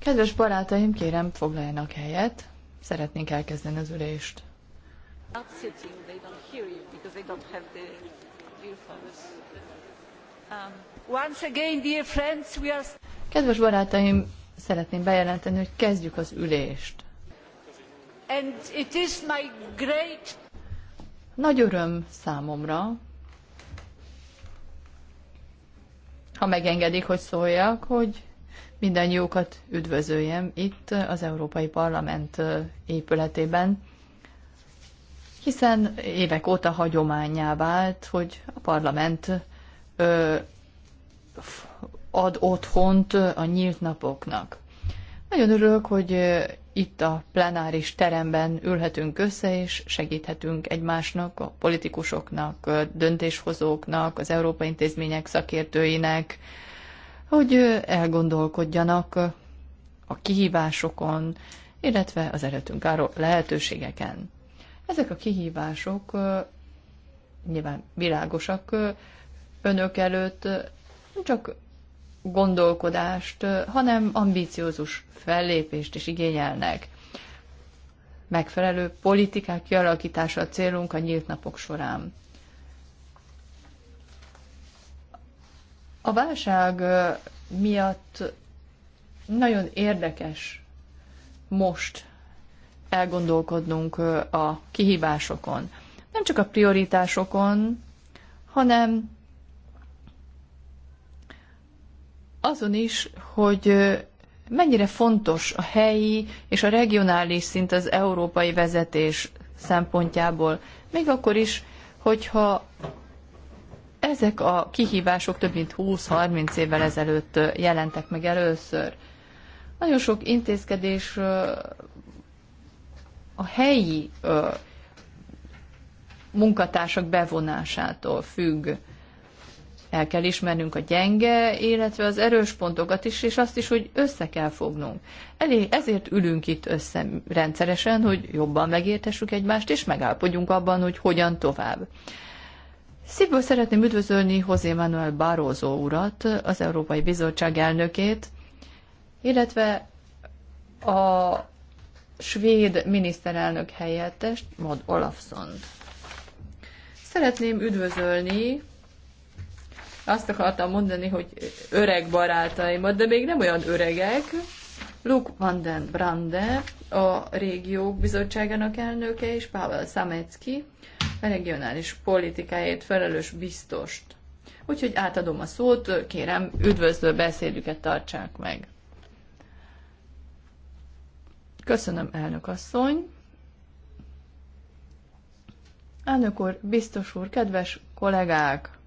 Kedves barátaim, kérem, foglaljanak helyet. Szeretnénk elkezdeni az ülést. Um, Kedves barátaim, szeretném bejelenteni, hogy kezdjük az ülést. And it is my great... Nagy öröm számomra, ha megengedik, hogy szóljak, hogy minden jókat üdvözöljem itt az Európai Parlament épületében, hiszen évek óta hagyományá vált, hogy a parlament ad otthont a nyílt napoknak. Nagyon örülök, hogy itt a plenáris teremben ülhetünk össze, és segíthetünk egymásnak, a politikusoknak, a döntéshozóknak, az Európai Intézmények szakértőinek, hogy elgondolkodjanak a kihívásokon, illetve az előttünk álló lehetőségeken. Ezek a kihívások nyilván világosak önök előtt, csak gondolkodást, hanem ambíciózus fellépést is igényelnek. Megfelelő politikák kialakítása a célunk a nyílt napok során. A válság miatt nagyon érdekes most elgondolkodnunk a kihívásokon. Nem csak a prioritásokon, hanem azon is, hogy mennyire fontos a helyi és a regionális szint az európai vezetés szempontjából, még akkor is, hogyha ezek a kihívások több mint 20-30 évvel ezelőtt jelentek meg először. Nagyon sok intézkedés a helyi munkatársak bevonásától függ. El kell ismernünk a gyenge, illetve az erős pontokat is, és azt is, hogy össze kell fognunk. Elég, ezért ülünk itt össze rendszeresen, hogy jobban megértessük egymást, és megállapodjunk abban, hogy hogyan tovább. Szívből szeretném üdvözölni José Manuel Barroso urat, az Európai Bizottság elnökét, illetve a svéd miniszterelnök helyettest, Mod Olafson. Szeretném üdvözölni azt akartam mondani, hogy öreg barátaimat, de még nem olyan öregek. Luke van den Brande, a régiók bizottságának elnöke, és Pavel Szamecki, a regionális politikáért felelős biztost. Úgyhogy átadom a szót, kérem, üdvözlő beszédüket tartsák meg. Köszönöm, elnök asszony. Elnök úr, biztos úr, kedves kollégák!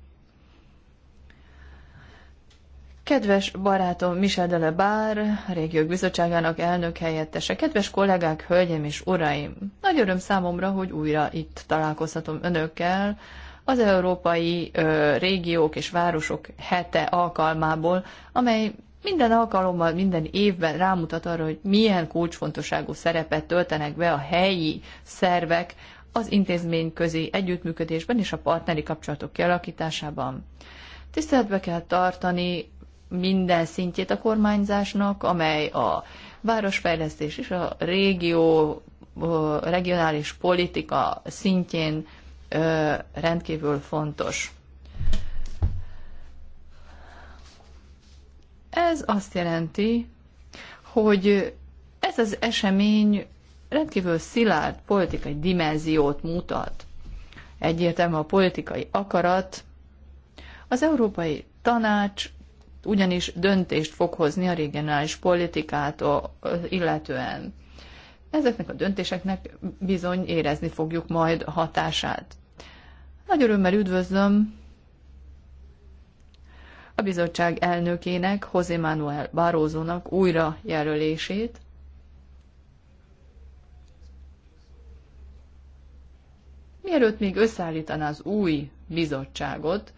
Kedves barátom Michel de Le Bár, a régiók bizottságának elnök helyettese, kedves kollégák, hölgyem és uraim! Nagy öröm számomra, hogy újra itt találkozhatom önökkel az Európai ö, Régiók és Városok hete alkalmából, amely minden alkalommal, minden évben rámutat arra, hogy milyen kulcsfontosságú szerepet töltenek be a helyi szervek az intézményközi együttműködésben és a partneri kapcsolatok kialakításában tiszteletbe kell tartani minden szintjét a kormányzásnak, amely a városfejlesztés és a régió, regionális politika szintjén rendkívül fontos. Ez azt jelenti, hogy ez az esemény rendkívül szilárd politikai dimenziót mutat. Egyértelmű a politikai akarat. Az Európai Tanács ugyanis döntést fog hozni a regionális politikát illetően. Ezeknek a döntéseknek bizony érezni fogjuk majd hatását. Nagy örömmel üdvözlöm a bizottság elnökének, José Manuel Barózónak újra jelölését. Mielőtt még összeállítaná az új bizottságot,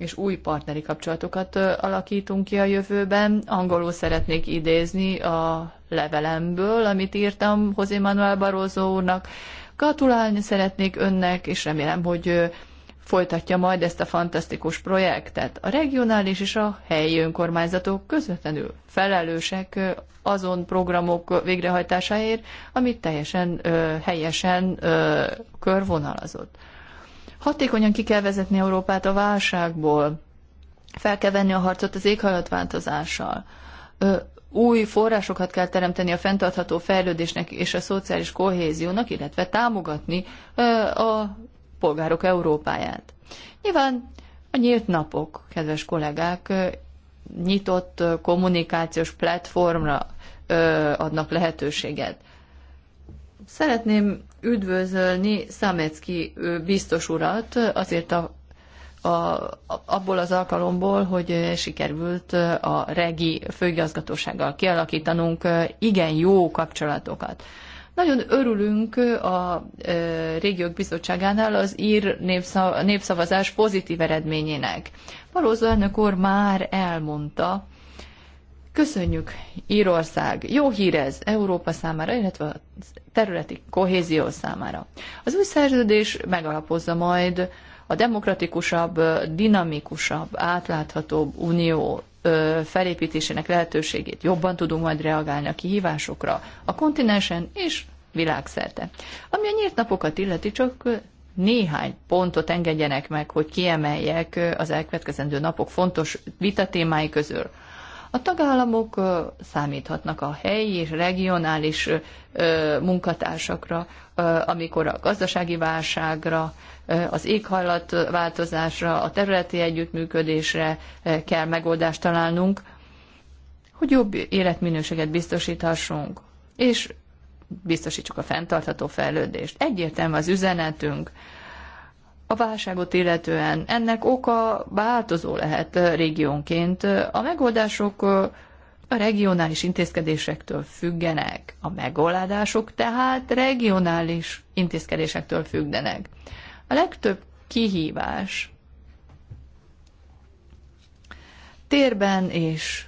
és új partneri kapcsolatokat alakítunk ki a jövőben. Angolul szeretnék idézni a levelemből, amit írtam José Manuel Barroso úrnak. Gratulálni szeretnék önnek, és remélem, hogy folytatja majd ezt a fantasztikus projektet. A regionális és a helyi önkormányzatok közvetlenül felelősek azon programok végrehajtásáért, amit teljesen helyesen körvonalazott. Hatékonyan ki kell vezetni Európát a válságból, fel kell venni a harcot az éghajlatváltozással, új forrásokat kell teremteni a fenntartható fejlődésnek és a szociális kohéziónak, illetve támogatni a polgárok Európáját. Nyilván a nyílt napok, kedves kollégák, nyitott kommunikációs platformra adnak lehetőséget. Szeretném üdvözölni Szamecki biztos urat azért a, a, abból az alkalomból, hogy sikerült a regi főigazgatósággal kialakítanunk igen jó kapcsolatokat. Nagyon örülünk a régiók bizottságánál az ír népszavazás pozitív eredményének. Valózó elnök úr már elmondta, Köszönjük Írország! Jó hír ez Európa számára, illetve a területi kohézió számára. Az új szerződés megalapozza majd a demokratikusabb, dinamikusabb, átláthatóbb unió felépítésének lehetőségét. Jobban tudunk majd reagálni a kihívásokra a kontinensen és világszerte. Ami a nyílt napokat illeti, csak néhány pontot engedjenek meg, hogy kiemeljek az elkövetkezendő napok fontos vitatémái közül. A tagállamok számíthatnak a helyi és regionális munkatársakra, amikor a gazdasági válságra, az éghajlatváltozásra, a területi együttműködésre kell megoldást találnunk, hogy jobb életminőséget biztosíthassunk, és biztosítsuk a fenntartható fejlődést. Egyértelmű az üzenetünk, a válságot illetően ennek oka változó lehet eh, régiónként. Eh, a megoldások eh, a regionális intézkedésektől függenek, a megoldások tehát regionális intézkedésektől függenek. A legtöbb kihívás térben és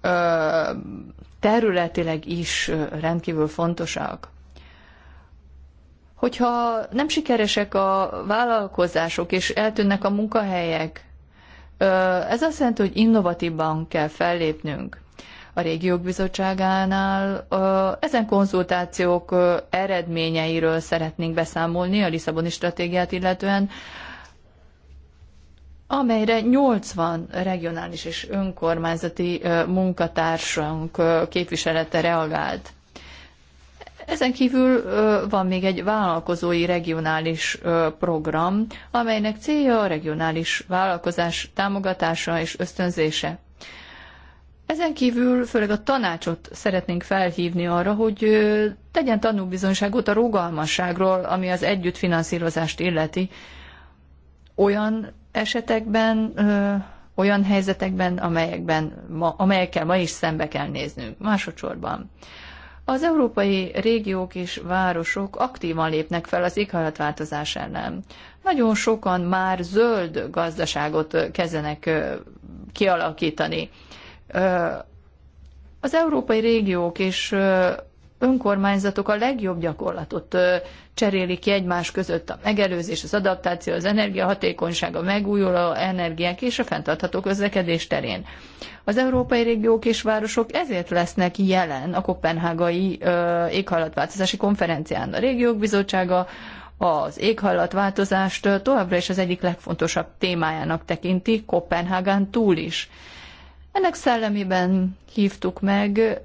ö, területileg is rendkívül fontosak. Hogyha nem sikeresek a vállalkozások és eltűnnek a munkahelyek, ez azt jelenti, hogy innovatívban kell fellépnünk. A régiók bizottságánál ezen konzultációk eredményeiről szeretnénk beszámolni a Lisszaboni stratégiát illetően, amelyre 80 regionális és önkormányzati munkatársunk képviselete reagált. Ezen kívül van még egy vállalkozói regionális program, amelynek célja a regionális vállalkozás támogatása és ösztönzése. Ezen kívül főleg a tanácsot szeretnénk felhívni arra, hogy tegyen tanúbizonyságot a rugalmasságról, ami az együttfinanszírozást illeti, olyan esetekben, olyan helyzetekben, amelyekben ma, amelyekkel ma is szembe kell néznünk. Másodszorban az európai régiók és városok aktívan lépnek fel az éghajlatváltozás ellen. Nagyon sokan már zöld gazdaságot kezdenek kialakítani. Az európai régiók és önkormányzatok a legjobb gyakorlatot cserélik ki egymás között a megelőzés, az adaptáció, az energiahatékonyság, a megújuló energiák és a fenntartható közlekedés terén. Az európai régiók és városok ezért lesznek jelen a kopenhágai éghajlatváltozási konferencián. A régiók bizottsága az éghajlatváltozást továbbra is az egyik legfontosabb témájának tekinti, Kopenhágán túl is. Ennek szellemében hívtuk meg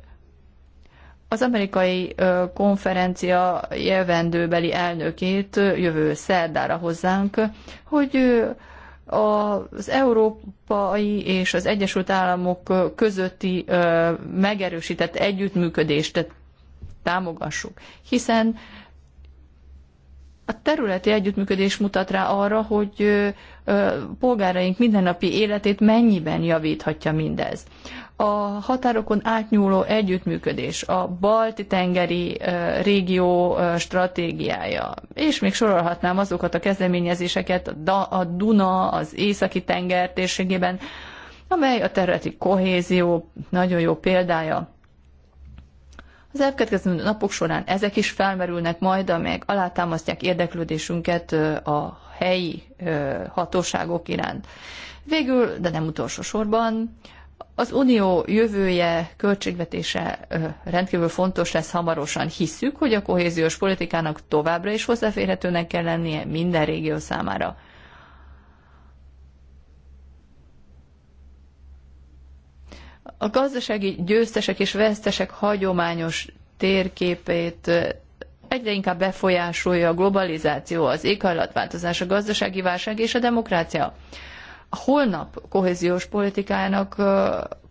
az amerikai konferencia jövendőbeli elnökét jövő szerdára hozzánk, hogy az európai és az Egyesült Államok közötti megerősített együttműködést támogassuk, hiszen a területi együttműködés mutat rá arra, hogy polgáraink mindennapi életét mennyiben javíthatja mindez a határokon átnyúló együttműködés, a balti-tengeri régió stratégiája, és még sorolhatnám azokat a kezdeményezéseket a Duna, az Északi-tenger térségében, amely a területi kohézió nagyon jó példája. Az elkövetkező napok során ezek is felmerülnek majd, amelyek alátámasztják érdeklődésünket a helyi hatóságok iránt. Végül, de nem utolsó sorban, az unió jövője, költségvetése rendkívül fontos lesz hamarosan. Hisszük, hogy a kohéziós politikának továbbra is hozzáférhetőnek kell lennie minden régió számára. A gazdasági győztesek és vesztesek hagyományos térképét egyre inkább befolyásolja a globalizáció, az éghajlatváltozás, a gazdasági válság és a demokrácia holnap kohéziós politikájának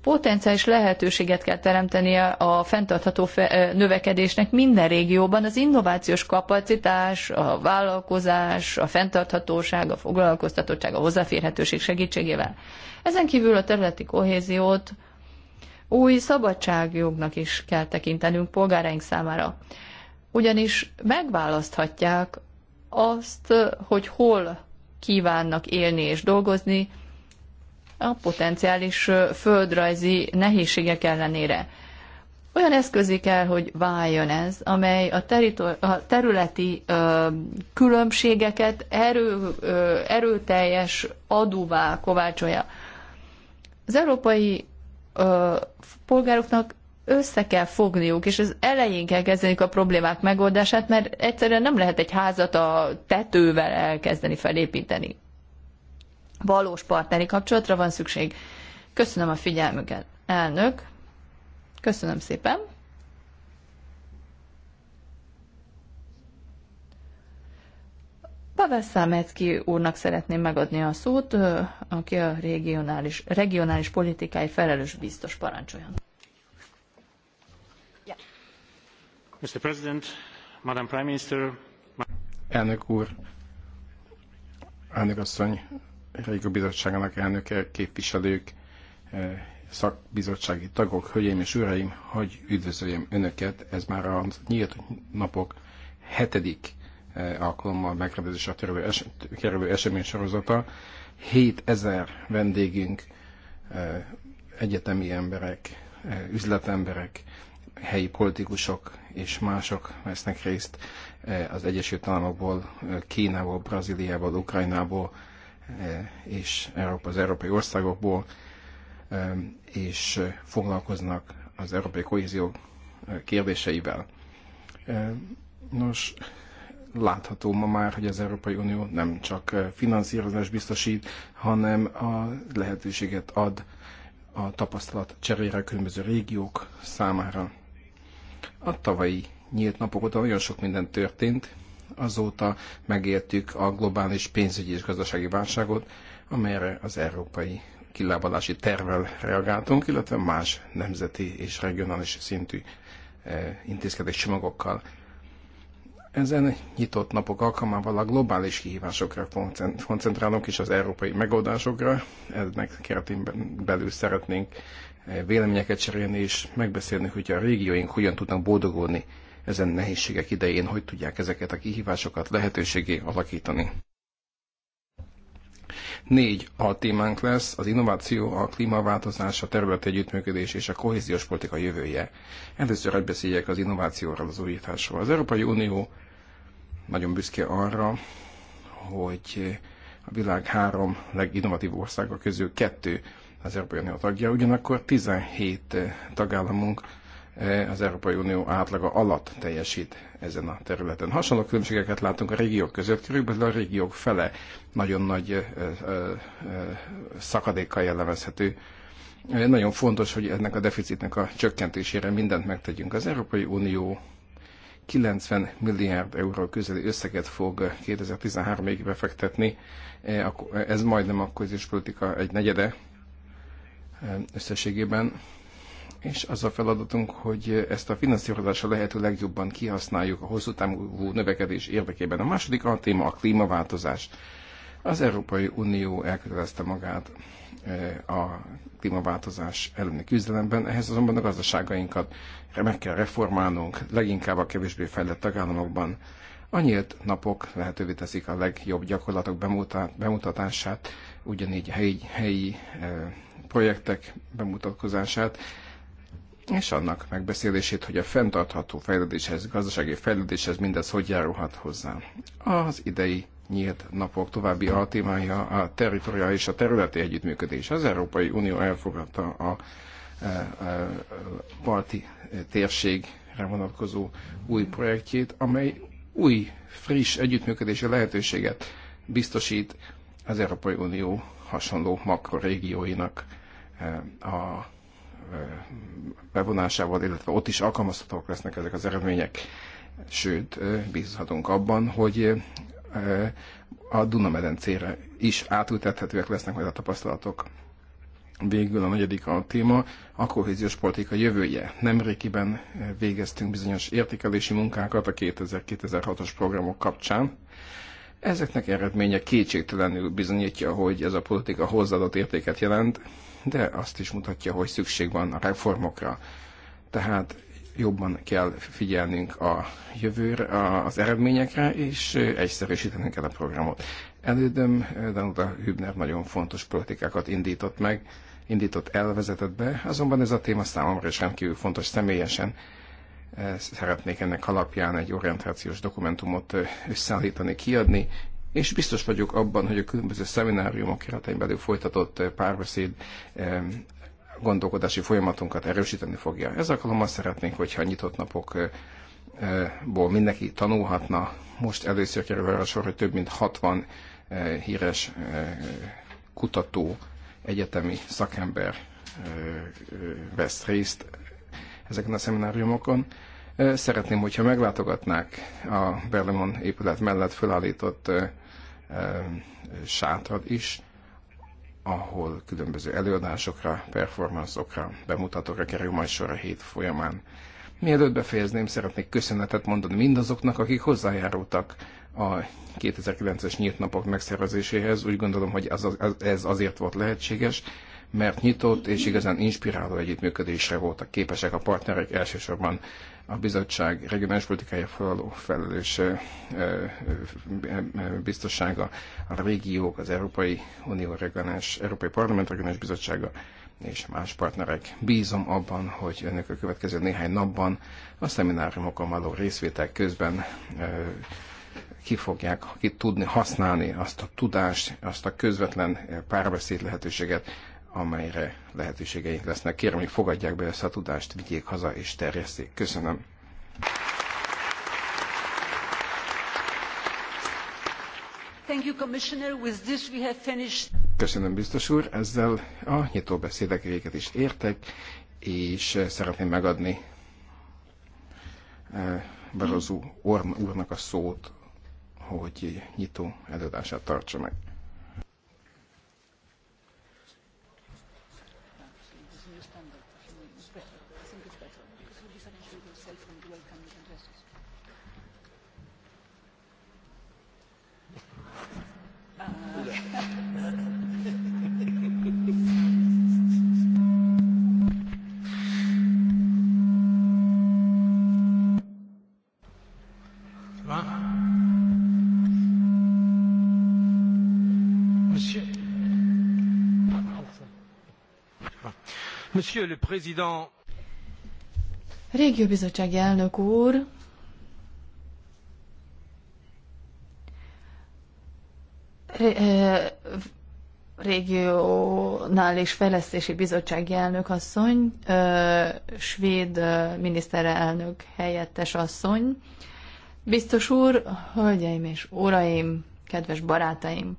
potenciális lehetőséget kell teremtenie a fenntartható növekedésnek minden régióban. Az innovációs kapacitás, a vállalkozás, a fenntarthatóság, a foglalkoztatottság, a hozzáférhetőség segítségével. Ezen kívül a területi kohéziót új szabadságjognak is kell tekintenünk polgáraink számára. Ugyanis megválaszthatják azt, hogy hol kívánnak élni és dolgozni a potenciális földrajzi nehézségek ellenére. Olyan eszközé kell, hogy váljon ez, amely a, a területi ö, különbségeket erő, ö, erőteljes adóvá kovácsolja. Az európai ö, polgároknak össze kell fogniuk, és az elején kell kezdeni a problémák megoldását, mert egyszerűen nem lehet egy házat a tetővel elkezdeni felépíteni. Valós partneri kapcsolatra van szükség. Köszönöm a figyelmüket, elnök. Köszönöm szépen. Pavel Számecki úrnak szeretném megadni a szót, aki a regionális, regionális politikai felelős biztos parancsoljon. Elnök úr, elnök asszony, Régi Bizottságának elnöke, képviselők, eh, szakbizottsági tagok, hölgyeim és uraim, hogy üdvözöljem önöket. Ez már a nyílt napok hetedik eh, alkalommal megrendezésre kerülő, es- kerülő esemény sorozata. 7000 vendégünk, eh, egyetemi emberek, üzletemberek, helyi politikusok és mások vesznek részt eh, az Egyesült Államokból, eh, Kínából, Brazíliából, Ukrajnából eh, és az európai országokból, és foglalkoznak az európai kohézió kérdéseivel. Nos, látható ma már, hogy az Európai Unió nem csak finanszírozás biztosít, hanem a lehetőséget ad a tapasztalat cserére különböző régiók számára. A tavalyi nyílt napok óta nagyon sok minden történt, azóta megértük a globális pénzügyi és gazdasági válságot, amelyre az európai kilábalási tervvel reagáltunk, illetve más nemzeti és regionális szintű e, intézkedés csomagokkal. Ezen nyitott napok alkalmával a globális kihívásokra koncentrálunk és az európai megoldásokra. Ennek keretében belül szeretnénk véleményeket cserélni, és megbeszélni, hogy a régióink hogyan tudnak boldogulni ezen nehézségek idején, hogy tudják ezeket a kihívásokat lehetőségé alakítani. Négy a témánk lesz, az innováció, a klímaváltozás, a területi együttműködés és a kohéziós politika jövője. Először beszéljek az innovációról, az újításról. Az Európai Unió nagyon büszke arra, hogy a világ három leginnovatív országa közül kettő az Európai Unió tagja, ugyanakkor 17 eh, tagállamunk eh, az Európai Unió átlaga alatt teljesít ezen a területen. Hasonló különbségeket látunk a régiók között, körülbelül a régiók fele nagyon nagy eh, szakadékkal jellemezhető. Nagyon fontos, hogy ennek a deficitnek a csökkentésére mindent megtegyünk. Az Európai Unió 90 milliárd euró közeli összeget fog 2013-ig befektetni, ez majdnem a közös politika egy negyede, összességében, és az a feladatunk, hogy ezt a finanszírozásra lehető legjobban kihasználjuk a hosszú távú növekedés érdekében. A második a téma a klímaváltozás. Az Európai Unió elkötelezte magát eh, a klímaváltozás elleni küzdelemben, ehhez azonban a gazdaságainkat meg kell reformálnunk, leginkább a kevésbé fejlett tagállamokban. A nyílt napok lehetővé teszik a legjobb gyakorlatok bemutatását, ugyanígy helyi, helyi eh, projektek bemutatkozását, és annak megbeszélését, hogy a fenntartható fejlődéshez, gazdasági fejlődéshez mindez hogy járulhat hozzá. Az idei nyílt napok további altimája a territoriális és a területi együttműködés. Az Európai Unió elfogadta a e, e, balti térségre vonatkozó új projektjét, amely új, friss együttműködési lehetőséget biztosít az Európai Unió hasonló makrorégióinak Eh, a eh, bevonásával, illetve ott is alkalmazhatók lesznek ezek az eredmények. Sőt, eh, bízhatunk abban, hogy a Dunamedencére is átültethetőek lesznek majd a tapasztalatok. Végül a negyedik a téma, a kohéziós politika jövője. Nemrégiben végeztünk bizonyos értékelési munkákat a 2006 os programok kapcsán. Ezeknek eredménye kétségtelenül bizonyítja, hogy ez a politika hozzáadott értéket jelent, de azt is mutatja, hogy szükség van a reformokra. Tehát jobban kell figyelnünk a jövőre, az eredményekre, és egyszerűsítenünk kell a programot. Elődöm Danuta Hübner nagyon fontos politikákat indított meg, indított elvezetett be, azonban ez a téma számomra is rendkívül fontos személyesen. Szeretnék ennek alapján egy orientációs dokumentumot összeállítani, kiadni, és biztos vagyok abban, hogy a különböző szemináriumok keretein belül folytatott eh, párbeszéd eh, gondolkodási folyamatunkat erősíteni fogja. Ez alkalommal szeretnénk, hogyha nyitott napokból eh, mindenki tanulhatna. Most először kerül a sor, hogy több mint 60 híres kutató, egyetemi szakember vesz részt ezeken a szemináriumokon. Szeretném, hogyha meglátogatnák a Berlimon épület mellett fölállított sátrad is, ahol különböző előadásokra, performanszokra, bemutatókra kerül majd sor a hét folyamán. Mielőtt befejezném, szeretnék köszönetet mondani mindazoknak, akik hozzájárultak a 2009-es nyílt napok megszervezéséhez. Úgy gondolom, hogy ez, ez azért volt lehetséges, mert nyitott és igazán inspiráló együttműködésre voltak képesek a partnerek, elsősorban a bizottság regionális politikája felelő felelős biztossága, a régiók, az Európai Unió regionális, Európai Parlament regionális bizottsága és más partnerek. Bízom abban, hogy önök a következő néhány napban a szemináriumokon való részvétel közben ki fogják ki tudni használni azt a tudást, azt a közvetlen párbeszéd lehetőséget, amelyre lehetőségeink lesznek. Kérem, hogy fogadják be ezt a tudást, vigyék haza és terjesszék. Köszönöm. Thank you, Commissioner. With this we have finished. Köszönöm, biztos úr. Ezzel a nyitó beszédek véget is értek, és szeretném megadni eh, Barozó úrnak a szót, hogy nyitó előadását tartsa meg. Monsieur le Président. Régióbizottsági elnök úr, eh, regionális fejlesztési bizottsági elnök asszony, eh, svéd eh, miniszterelnök helyettes asszony, biztos úr, hölgyeim és uraim, kedves barátaim!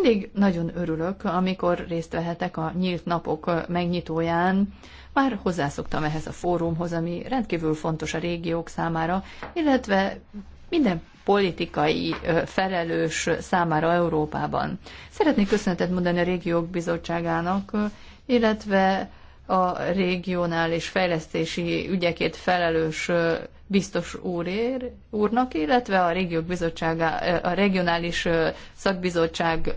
Mindig nagyon örülök, amikor részt vehetek a nyílt napok megnyitóján. Már hozzászoktam ehhez a fórumhoz, ami rendkívül fontos a régiók számára, illetve minden politikai felelős számára Európában. Szeretnék köszönetet mondani a régiók bizottságának, illetve a regionális fejlesztési ügyekért felelős biztos úrér, úrnak, illetve a a regionális szakbizottság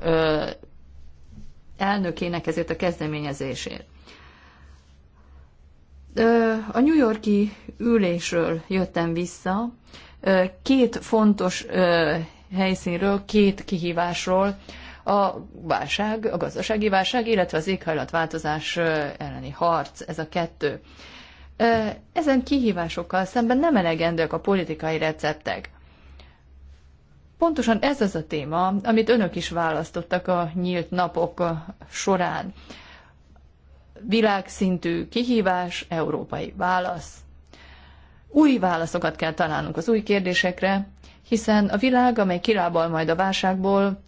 elnökének ezért a kezdeményezésért. A New Yorki ülésről jöttem vissza. Két fontos helyszínről, két kihívásról, a válság, a gazdasági válság, illetve az éghajlatváltozás elleni harc, ez a kettő. Ezen kihívásokkal szemben nem elegendőek a politikai receptek. Pontosan ez az a téma, amit önök is választottak a nyílt napok során. Világszintű kihívás, európai válasz. Új válaszokat kell találnunk az új kérdésekre, hiszen a világ, amely kilábal majd a válságból,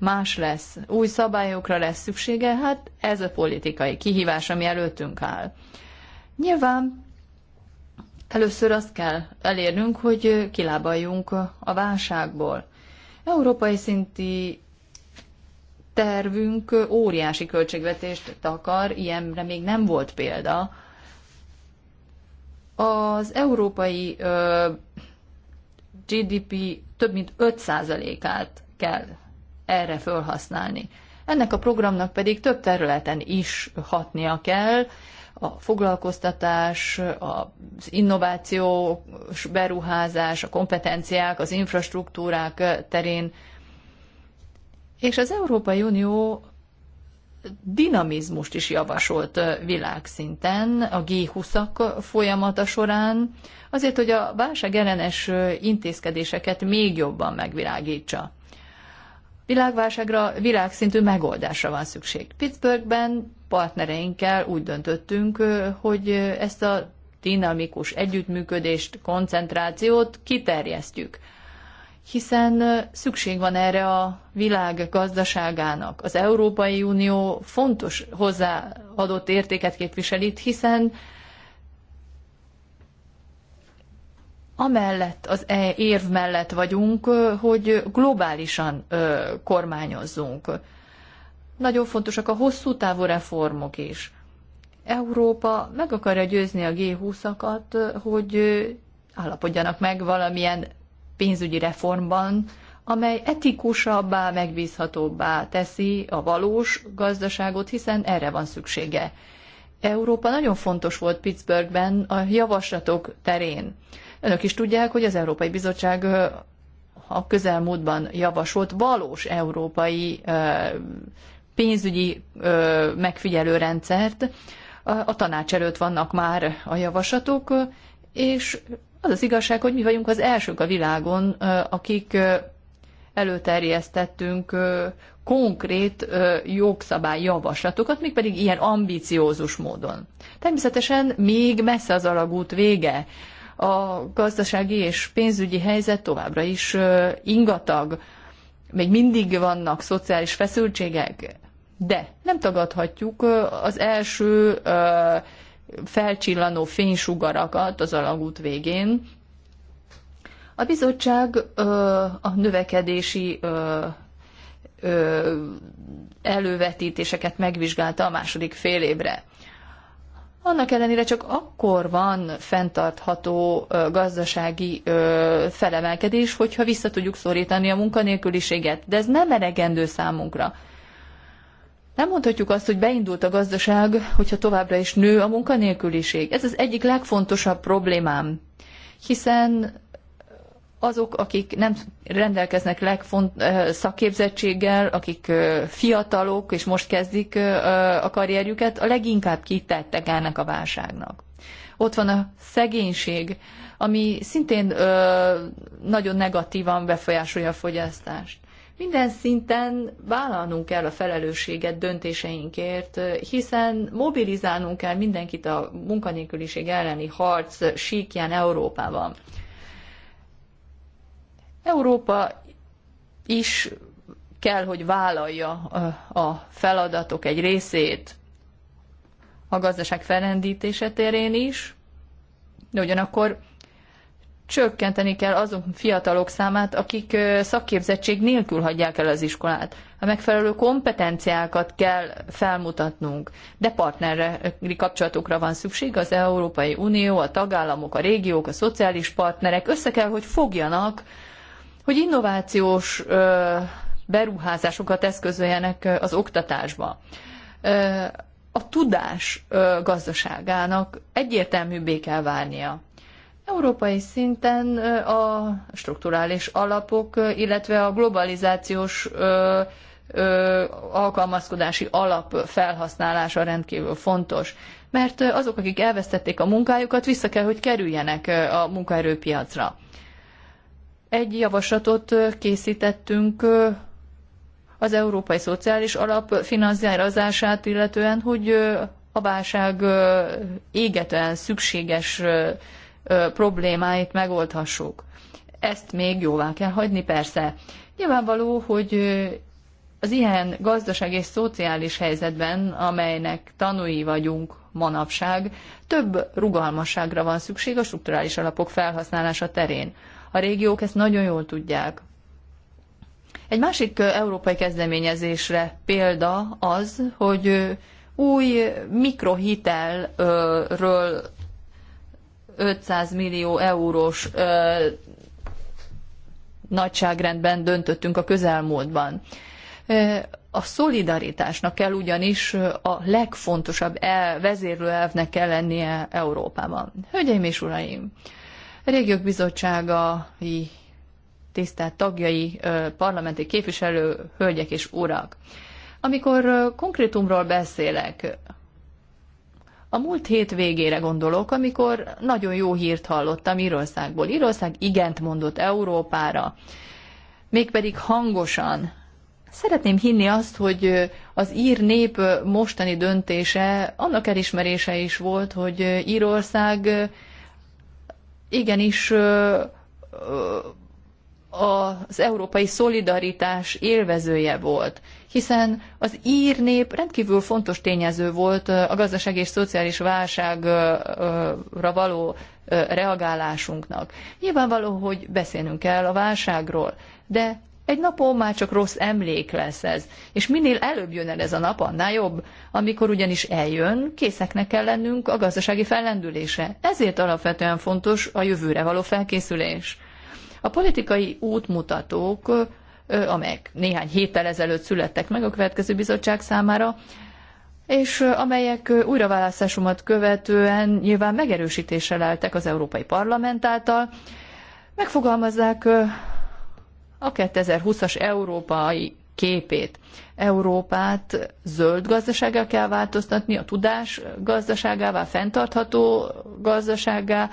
más lesz, új szabályokra lesz szüksége, hát ez a politikai kihívás, ami előttünk áll. Nyilván először azt kell elérnünk, hogy kilábaljunk a válságból. Európai szinti tervünk óriási költségvetést takar, ilyenre még nem volt példa. Az európai GDP több mint 5%-át kell erre felhasználni. Ennek a programnak pedig több területen is hatnia kell, a foglalkoztatás, az innovációs beruházás, a kompetenciák, az infrastruktúrák terén. És az Európai Unió dinamizmust is javasolt világszinten a G20-ak folyamata során, azért, hogy a válság ellenes intézkedéseket még jobban megvilágítsa világválságra világszintű megoldásra van szükség. Pittsburghben partnereinkkel úgy döntöttünk, hogy ezt a dinamikus együttműködést, koncentrációt kiterjesztjük. Hiszen szükség van erre a világ gazdaságának. Az Európai Unió fontos hozzáadott értéket képviselít, hiszen amellett, az e érv mellett vagyunk, hogy globálisan kormányozzunk. Nagyon fontosak a hosszú távú reformok is. Európa meg akarja győzni a G20-akat, hogy állapodjanak meg valamilyen pénzügyi reformban, amely etikusabbá, megbízhatóbbá teszi a valós gazdaságot, hiszen erre van szüksége. Európa nagyon fontos volt Pittsburghben a javaslatok terén. Önök is tudják, hogy az Európai Bizottság a közelmúltban javasolt valós európai pénzügyi megfigyelő rendszert. A tanács előtt vannak már a javaslatok, és az az igazság, hogy mi vagyunk az elsők a világon, akik előterjesztettünk konkrét jogszabály javaslatokat, pedig ilyen ambiciózus módon. Természetesen még messze az alagút vége a gazdasági és pénzügyi helyzet továbbra is ingatag, még mindig vannak szociális feszültségek, de nem tagadhatjuk az első felcsillanó fénysugarakat az alagút végén. A bizottság a növekedési elővetítéseket megvizsgálta a második fél évre annak ellenére csak akkor van fenntartható gazdasági felemelkedés, hogyha vissza tudjuk szorítani a munkanélküliséget. De ez nem elegendő számunkra. Nem mondhatjuk azt, hogy beindult a gazdaság, hogyha továbbra is nő a munkanélküliség. Ez az egyik legfontosabb problémám, hiszen azok, akik nem rendelkeznek legfont szakképzettséggel, akik fiatalok, és most kezdik a karrierjüket, a leginkább kitettek ennek a válságnak. Ott van a szegénység, ami szintén nagyon negatívan befolyásolja a fogyasztást. Minden szinten vállalnunk kell a felelősséget döntéseinkért, hiszen mobilizálnunk kell mindenkit a munkanélküliség elleni harc síkján Európában Európa is kell, hogy vállalja a feladatok egy részét a gazdaság felrendítése terén is, de ugyanakkor csökkenteni kell azon fiatalok számát, akik szakképzettség nélkül hagyják el az iskolát. A megfelelő kompetenciákat kell felmutatnunk, de partneri kapcsolatokra van szükség, az Európai Unió, a tagállamok, a régiók, a szociális partnerek össze kell, hogy fogjanak hogy innovációs beruházásokat eszközöljenek az oktatásba. A tudás gazdaságának egyértelműbbé kell válnia. Európai szinten a strukturális alapok, illetve a globalizációs alkalmazkodási alap felhasználása rendkívül fontos, mert azok, akik elvesztették a munkájukat, vissza kell, hogy kerüljenek a munkaerőpiacra egy javaslatot készítettünk az Európai Szociális Alap finanszírozását, illetően, hogy a válság égetően szükséges problémáit megoldhassuk. Ezt még jóvá kell hagyni, persze. Nyilvánvaló, hogy az ilyen gazdaság és szociális helyzetben, amelynek tanúi vagyunk manapság, több rugalmasságra van szükség a strukturális alapok felhasználása terén. A régiók ezt nagyon jól tudják. Egy másik európai kezdeményezésre példa az, hogy új mikrohitelről 500 millió eurós nagyságrendben döntöttünk a közelmúltban. A szolidaritásnak kell ugyanis a legfontosabb el, vezérlőelvnek kell lennie Európában. Hölgyeim és uraim, Régiók Bizottságai tisztelt tagjai, parlamenti képviselő, hölgyek és urak. Amikor konkrétumról beszélek, a múlt hét végére gondolok, amikor nagyon jó hírt hallottam Írországból. Írország igent mondott Európára, mégpedig hangosan. Szeretném hinni azt, hogy az ír nép mostani döntése annak elismerése is volt, hogy Írország igenis az európai szolidaritás élvezője volt, hiszen az ír nép rendkívül fontos tényező volt a gazdaság és szociális válságra való reagálásunknak. Nyilvánvaló, hogy beszélnünk kell a válságról, de egy napon már csak rossz emlék lesz ez. És minél előbb jön el ez a nap, annál jobb. Amikor ugyanis eljön, készeknek kell lennünk a gazdasági fellendülése. Ezért alapvetően fontos a jövőre való felkészülés. A politikai útmutatók, amelyek néhány héttel ezelőtt születtek meg a következő bizottság számára, és amelyek újraválasztásomat követően nyilván megerősítéssel álltak az Európai Parlament által, megfogalmazzák a 2020-as európai képét. Európát zöld gazdasággal kell változtatni, a tudás gazdaságává, fenntartható gazdaságá.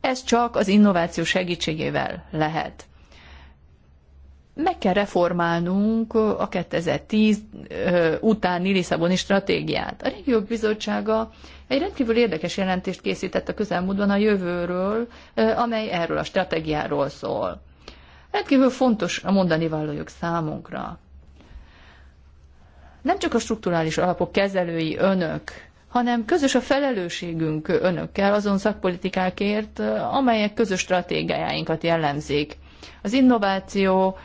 Ez csak az innováció segítségével lehet. Meg kell reformálnunk a 2010 utáni Lisszaboni stratégiát. A régiók bizottsága egy rendkívül érdekes jelentést készített a közelmúltban a jövőről, amely erről a stratégiáról szól. Rendkívül fontos a mondani valójuk számunkra. Nem csak a strukturális alapok kezelői önök, hanem közös a felelősségünk önökkel azon szakpolitikákért, amelyek közös stratégiáinkat jellemzik. Az innováció,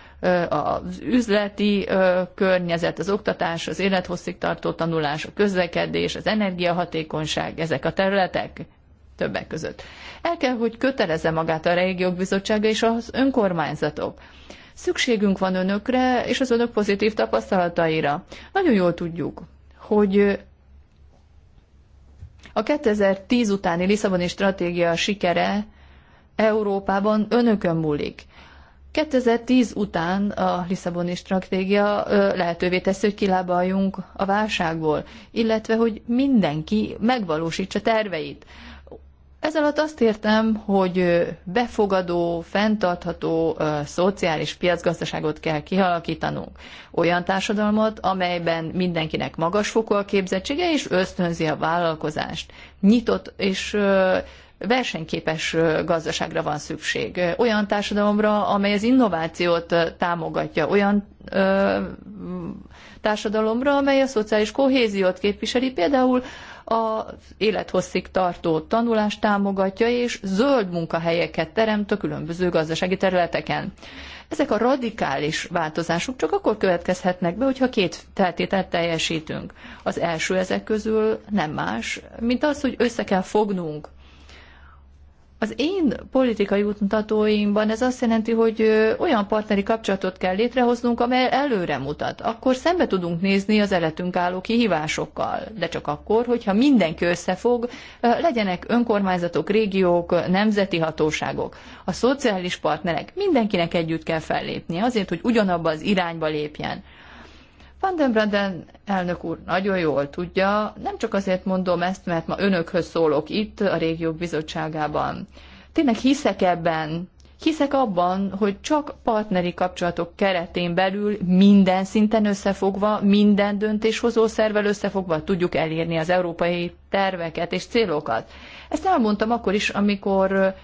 az üzleti környezet, az oktatás, az élethosszig tartó tanulás, a közlekedés, az energiahatékonyság, ezek a területek többek között. El kell, hogy kötelezze magát a régiók bizottsága és az önkormányzatok. Szükségünk van önökre és az önök pozitív tapasztalataira. Nagyon jól tudjuk, hogy a 2010 utáni Lisszaboni stratégia sikere Európában önökön múlik. 2010 után a Lisszaboni stratégia lehetővé teszi, hogy kilábaljunk a válságból, illetve hogy mindenki megvalósítsa terveit. Ez alatt azt értem, hogy befogadó, fenntartható szociális piacgazdaságot kell kialakítanunk. Olyan társadalmat, amelyben mindenkinek magas fokú a képzettsége és ösztönzi a vállalkozást. Nyitott és versenyképes gazdaságra van szükség. Olyan társadalomra, amely az innovációt támogatja, olyan ö, társadalomra, amely a szociális kohéziót képviseli, például a élethosszig tartó tanulást támogatja, és zöld munkahelyeket teremt a különböző gazdasági területeken. Ezek a radikális változások csak akkor következhetnek be, hogyha két feltételt teljesítünk. Az első ezek közül nem más, mint az, hogy össze kell fognunk az én politikai útmutatóimban ez azt jelenti, hogy olyan partneri kapcsolatot kell létrehoznunk, amely előre mutat. Akkor szembe tudunk nézni az eletünk álló kihívásokkal, de csak akkor, hogyha mindenki összefog, legyenek önkormányzatok, régiók, nemzeti hatóságok, a szociális partnerek, mindenkinek együtt kell fellépni azért, hogy ugyanabba az irányba lépjen. Van den Branden elnök úr nagyon jól tudja, nem csak azért mondom ezt, mert ma önökhöz szólok itt a régiók bizottságában. Tényleg hiszek ebben, hiszek abban, hogy csak partneri kapcsolatok keretén belül minden szinten összefogva, minden döntéshozó szervel összefogva tudjuk elérni az európai terveket és célokat. Ezt elmondtam akkor is, amikor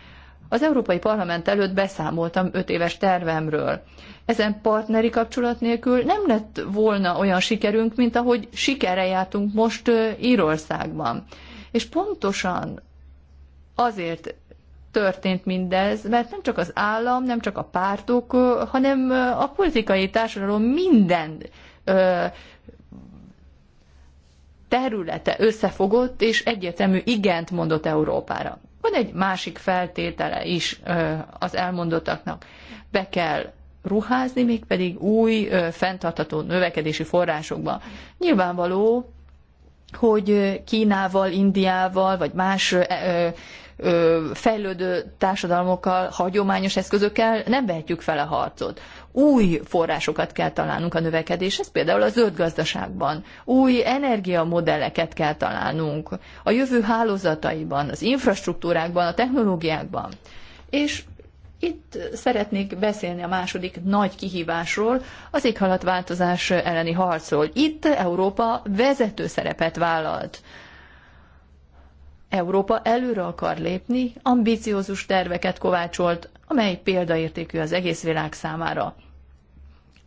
az Európai Parlament előtt beszámoltam öt éves tervemről. Ezen partneri kapcsolat nélkül nem lett volna olyan sikerünk, mint ahogy sikere jártunk most Írországban. És pontosan azért történt mindez, mert nem csak az állam, nem csak a pártok, hanem a politikai társadalom minden területe összefogott, és egyetemű igent mondott Európára. Van egy másik feltétele is az elmondottaknak. Be kell ruházni, mégpedig új, fenntartható növekedési forrásokba. Nyilvánvaló, hogy Kínával, Indiával, vagy más fejlődő társadalmokkal, hagyományos eszközökkel nem vehetjük fel a harcot új forrásokat kell találnunk a növekedéshez, például a zöld gazdaságban. Új energiamodelleket kell találnunk a jövő hálózataiban, az infrastruktúrákban, a technológiákban. És itt szeretnék beszélni a második nagy kihívásról, az éghalatváltozás elleni harcról. Itt Európa vezető szerepet vállalt Európa előre akar lépni, ambiciózus terveket kovácsolt, amely példaértékű az egész világ számára.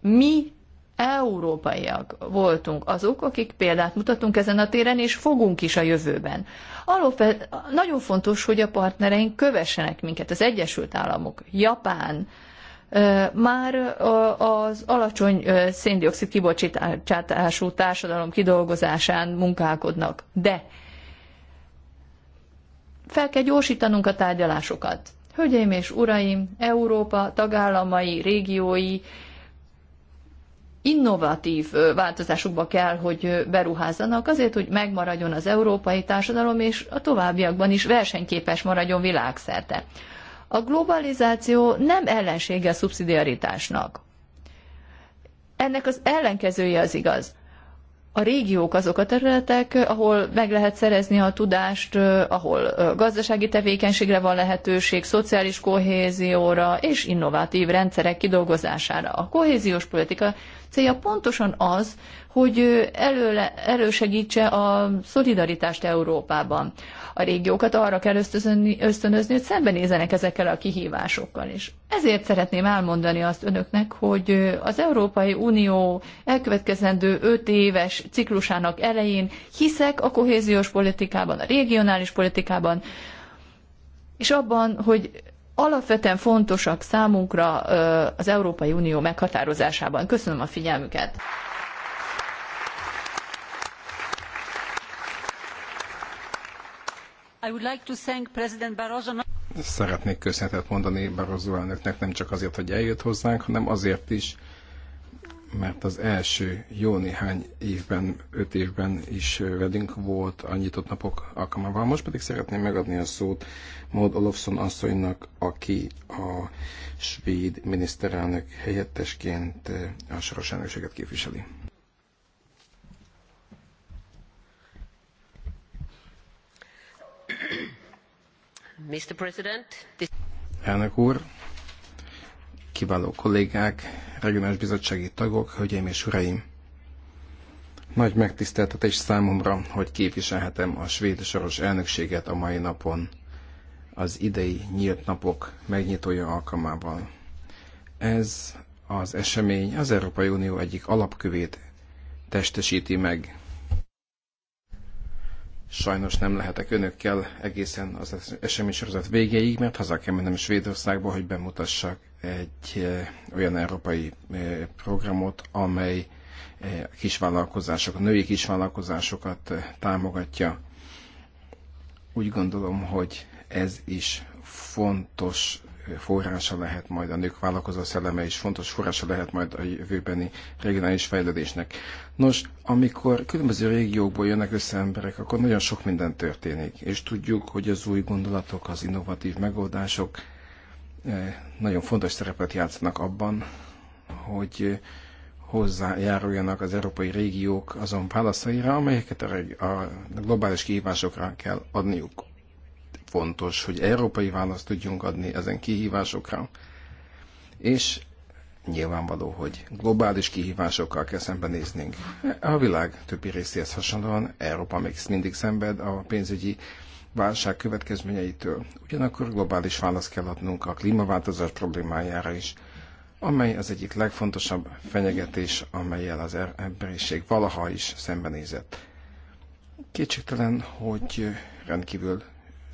Mi európaiak voltunk azok, akik példát mutatunk ezen a téren, és fogunk is a jövőben. nagyon fontos, hogy a partnereink kövessenek minket, az Egyesült Államok, Japán, már az alacsony széndiokszid kibocsátású társadalom kidolgozásán munkálkodnak, de fel kell gyorsítanunk a tárgyalásokat. Hölgyeim és uraim, Európa tagállamai, régiói innovatív változásukba kell, hogy beruházzanak azért, hogy megmaradjon az európai társadalom, és a továbbiakban is versenyképes maradjon világszerte. A globalizáció nem ellensége a szubszidiaritásnak. Ennek az ellenkezője az igaz a régiók azok a területek, ahol meg lehet szerezni a tudást, ahol gazdasági tevékenységre van lehetőség, szociális kohézióra és innovatív rendszerek kidolgozására. A kohéziós politika célja pontosan az, hogy előle, elősegítse a szolidaritást Európában. A régiókat arra kell ösztönözni, ösztönözni hogy szembenézenek ezekkel a kihívásokkal. És ezért szeretném elmondani azt önöknek, hogy az Európai Unió elkövetkezendő öt éves ciklusának elején hiszek a kohéziós politikában, a regionális politikában, és abban, hogy alapvetően fontosak számunkra az Európai Unió meghatározásában. Köszönöm a figyelmüket! Szeretnék köszönetet mondani Barroso elnöknek nem csak azért, hogy eljött hozzánk, hanem azért is, mert az első jó néhány évben, öt évben is velünk volt a nyitott napok alkalmával. Most pedig szeretném megadni a szót Maud Olofsson asszonynak, aki a svéd miniszterelnök helyettesként a soros elnökséget képviseli. Mr. President, this... Elnök úr, kiváló kollégák, regionális bizottsági tagok, hölgyeim és uraim! Nagy megtiszteltetés számomra, hogy képviselhetem a svéd soros elnökséget a mai napon, az idei nyílt napok megnyitója alkalmával. Ez az esemény az Európai Unió egyik alapkövét testesíti meg Sajnos nem lehetek önökkel egészen az eseménysorozat végéig, mert haza kell mennem Svédországba, hogy bemutassak egy eh, olyan európai eh, programot, amely eh, kisvállalkozások, női kisvállalkozásokat támogatja. Úgy gondolom, hogy ez is fontos forrása lehet majd a nők vállalkozó szelleme, és fontos forrása lehet majd a jövőbeni regionális fejlődésnek. Nos, amikor különböző régiókból jönnek össze emberek, akkor nagyon sok minden történik, és tudjuk, hogy az új gondolatok, az innovatív megoldások eh, nagyon fontos szerepet játszanak abban, hogy eh, hozzájáruljanak az európai régiók azon válaszaira, amelyeket a globális kihívásokra kell adniuk fontos, hogy európai választ tudjunk adni ezen kihívásokra, és nyilvánvaló, hogy globális kihívásokkal kell szembenéznünk. A világ többi részéhez hasonlóan Európa még mindig szenved a pénzügyi válság következményeitől. Ugyanakkor globális választ kell adnunk a klímaváltozás problémájára is, amely az egyik legfontosabb fenyegetés, amelyel az er- emberiség valaha is szembenézett. Kétségtelen, hogy rendkívül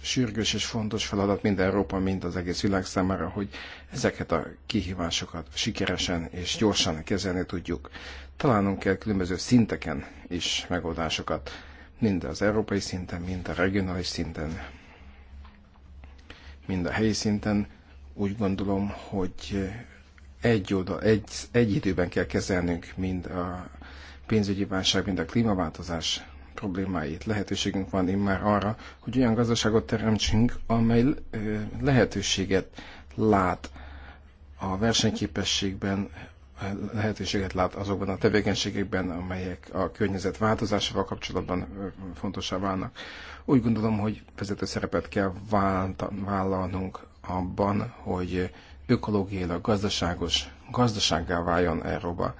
sürgős és fontos feladat mind Európa, mind az egész világ számára, hogy ezeket a kihívásokat sikeresen és gyorsan kezelni tudjuk. Találnunk kell különböző szinteken is megoldásokat, mind az európai szinten, mind a regionális szinten, mind a helyi szinten. Úgy gondolom, hogy egy, oda, egy, egy időben kell kezelnünk mind a pénzügyi válság, mind a klímaváltozás problémáit. Lehetőségünk van immár arra, hogy olyan gazdaságot teremtsünk, amely lehetőséget lát a versenyképességben, lehetőséget lát azokban a tevékenységekben, amelyek a környezet változásával kapcsolatban fontosá válnak. Úgy gondolom, hogy vezető szerepet kell vállalnunk abban, hogy ökológiailag gazdaságos gazdasággá váljon Európa.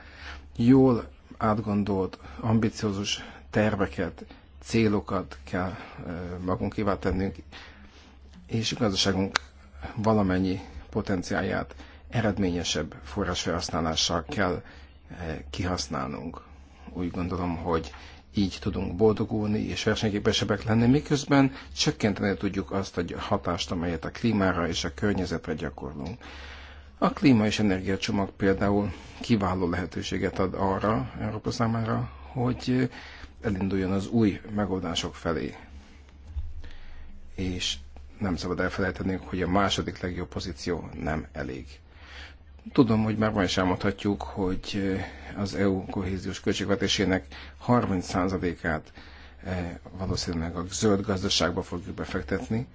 Jól átgondolt, ambiciózus terveket, célokat kell magunkévá tennünk, és a gazdaságunk valamennyi potenciáját eredményesebb forrásfelhasználással kell kihasználnunk. Úgy gondolom, hogy így tudunk boldogulni és versenyképesebbek lenni, miközben csökkenteni tudjuk azt a hatást, amelyet a klímára és a környezetre gyakorlunk. A klíma és energiacsomag például kiváló lehetőséget ad arra Európa számára, hogy elinduljon az új megoldások felé. És nem szabad elfelejteni, hogy a második legjobb pozíció nem elég. Tudom, hogy már majd sem hogy eh, az EU kohéziós költségvetésének 30%-át eh, valószínűleg a zöld gazdaságba fogjuk befektetni.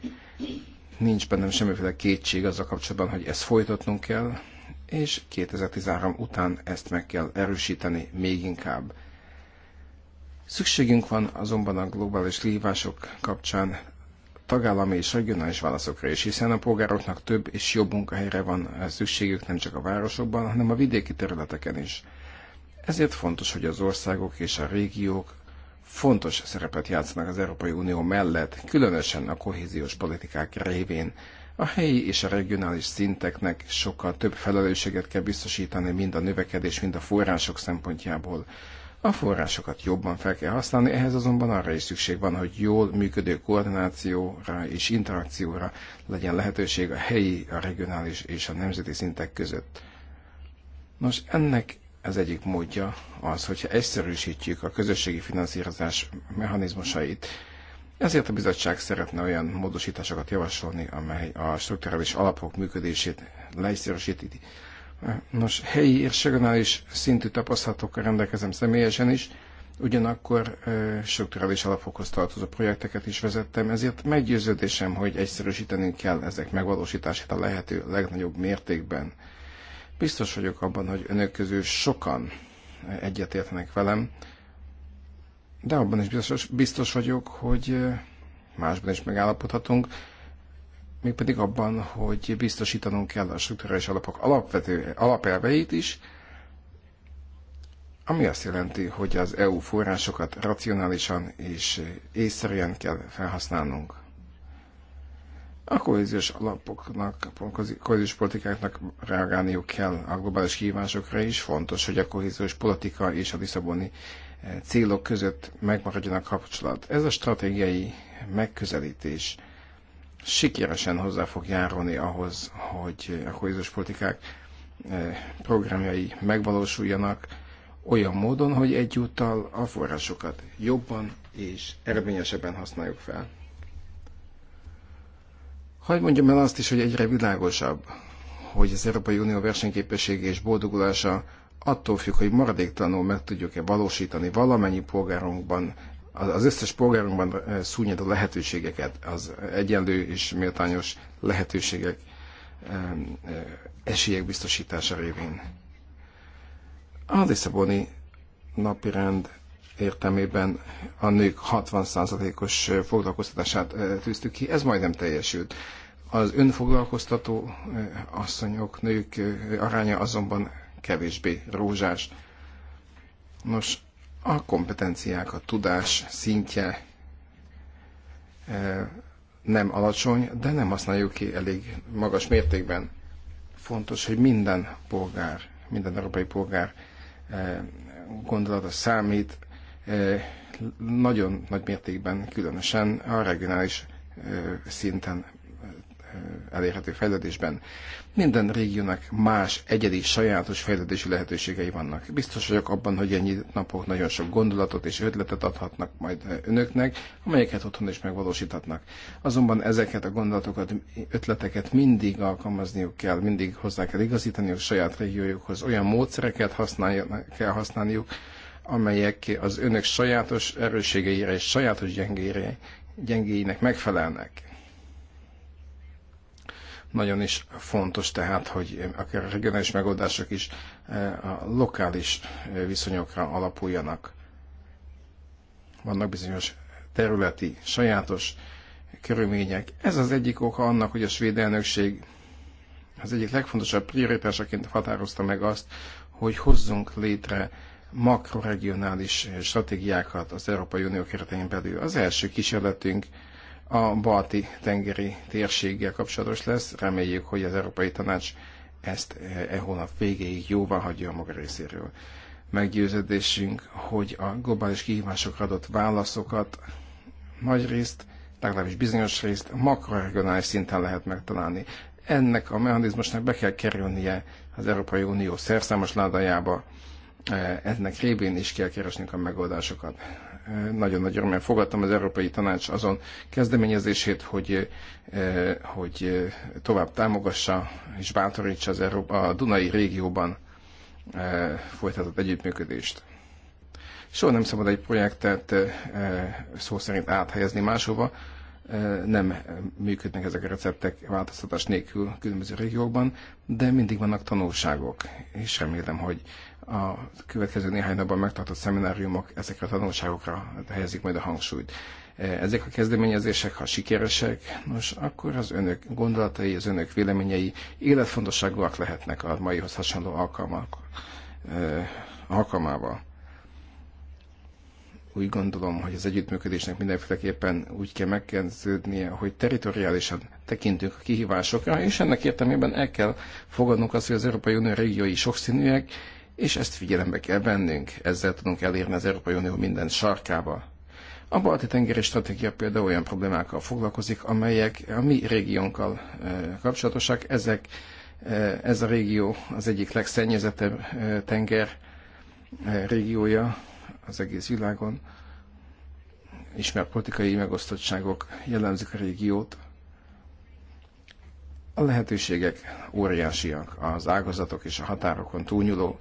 Nincs bennem semmiféle kétség azzal kapcsolatban, hogy ezt folytatnunk kell, és 2013 után ezt meg kell erősíteni még inkább Szükségünk van azonban a globális kihívások kapcsán tagállami és regionális válaszokra is, hiszen a polgároknak több és jobb munkahelyre van szükségük nem csak a városokban, hanem a vidéki területeken is. Ezért fontos, hogy az országok és a régiók fontos szerepet játszanak az Európai Unió mellett, különösen a kohéziós politikák révén. A helyi és a regionális szinteknek sokkal több felelősséget kell biztosítani mind a növekedés, mind a források szempontjából a forrásokat jobban fel kell használni, ehhez azonban arra is szükség van, hogy jól működő koordinációra és interakcióra legyen lehetőség a helyi, a regionális és a nemzeti szintek között. Nos, ennek az egyik módja az, hogyha egyszerűsítjük a közösségi finanszírozás mechanizmusait, ezért a bizottság szeretne olyan módosításokat javasolni, amely a strukturális alapok működését leegyszerűsíti, Nos, helyi és regionális szintű tapasztalatokkal rendelkezem személyesen is, ugyanakkor strukturális alapokhoz tartozó projekteket is vezettem, ezért meggyőződésem, hogy egyszerűsítenünk kell ezek megvalósítását a lehető legnagyobb mértékben. Biztos vagyok abban, hogy önök közül sokan egyetértenek velem, de abban is biztos, biztos vagyok, hogy másban is megállapodhatunk, mégpedig abban, hogy biztosítanunk kell a struktúrális alapok alapvető alapelveit is, ami azt jelenti, hogy az EU forrásokat racionálisan és észszerűen kell felhasználnunk. A kohéziós alapoknak, kohéziós politikáknak reagálniuk kell a globális kihívásokra is. Fontos, hogy a kohéziós politika és a Lisszaboni eh, célok között megmaradjon a kapcsolat. Ez a stratégiai megközelítés sikeresen hozzá fog járulni ahhoz, hogy a kohéziós politikák eh, programjai megvalósuljanak olyan módon, hogy egyúttal a forrásokat jobban és eredményesebben használjuk fel. Hogy mondjam el azt is, hogy egyre világosabb, hogy az Európai Unió versenyképessége és boldogulása attól függ, hogy maradéktalanul meg tudjuk-e valósítani valamennyi polgárunkban az összes polgárunkban eh, szúnyad a lehetőségeket, az egyenlő és méltányos lehetőségek, eh, esélyek biztosítása révén. A Lisszaboni napirend értelmében a nők 60%-os eh, foglalkoztatását tűztük ki, ez majdnem teljesült. Az önfoglalkoztató asszonyok, nők aránya azonban kevésbé rózsás. Nos, a kompetenciák, a tudás szintje e, nem alacsony, de nem használjuk ki elég magas mértékben. Fontos, hogy minden polgár, minden európai polgár e, gondolata számít, e, nagyon nagy mértékben, különösen a regionális szinten elérhető fejlődésben. Minden régiónak más egyedi, sajátos fejlődési lehetőségei vannak. Biztos vagyok abban, hogy ennyi napok nagyon sok gondolatot és ötletet adhatnak majd eh, önöknek, amelyeket otthon is megvalósíthatnak. Azonban ezeket a gondolatokat, ötleteket mindig alkalmazniuk kell, mindig hozzá kell igazítaniuk saját régiójukhoz. Olyan módszereket kell használniuk, amelyek az önök sajátos erősségeire és sajátos gyengére, gyengéinek megfelelnek nagyon is fontos tehát, hogy akár a regionális megoldások is eh, a lokális eh, viszonyokra alapuljanak. Vannak bizonyos területi, sajátos körülmények. Ez az egyik oka annak, hogy a svéd elnökség az egyik legfontosabb prioritásaként határozta meg azt, hogy hozzunk létre makroregionális eh, stratégiákat az Európai Unió keretein belül. Az első kísérletünk a balti tengeri térséggel kapcsolatos lesz. Reméljük, hogy az Európai Tanács ezt eh, e hónap végéig jóvá hagyja a maga részéről. Meggyőződésünk, hogy a globális kihívásokra adott válaszokat nagy részt, legalábbis bizonyos részt makroregionális szinten lehet megtalálni. Ennek a mechanizmusnak be kell kerülnie az Európai Unió szerszámos ládájába, eh, ennek révén is kell keresnünk a megoldásokat nagyon nagy örömmel fogadtam az Európai Tanács azon kezdeményezését, hogy, eh, hogy tovább támogassa és bátorítsa az Európa, a Dunai régióban eh, folytatott együttműködést. Soha nem szabad egy projektet eh, szó szerint áthelyezni máshova, nem működnek ezek a receptek változtatás nélkül különböző régiókban, de mindig vannak tanulságok, és remélem, hogy a következő néhány napban megtartott szemináriumok ezekre a tanulságokra helyezik majd a hangsúlyt. E, ezek a kezdeményezések, ha sikeresek, nos, akkor az önök gondolatai, az önök véleményei életfontosságúak lehetnek a maihoz hasonló alkalmak, e, alkalmával. Úgy gondolom, hogy az együttműködésnek mindenféleképpen úgy kell megkezdődnie, hogy teritoriálisan tekintünk a kihívásokra, és ennek értelmében el kell fogadnunk azt, hogy az Európai Unió régiói sokszínűek, és ezt figyelembe kell vennünk, ezzel tudunk elérni az Európai Unió minden sarkába. A balti tengeri stratégia például olyan problémákkal foglalkozik, amelyek a mi régiónkkal e, kapcsolatosak. Ezek, e, ez a régió az egyik legszennyezettebb e, tenger régiója az egész világon. Ismert politikai megosztottságok jellemzik a régiót. A lehetőségek óriásiak, az ágazatok és a határokon túlnyúló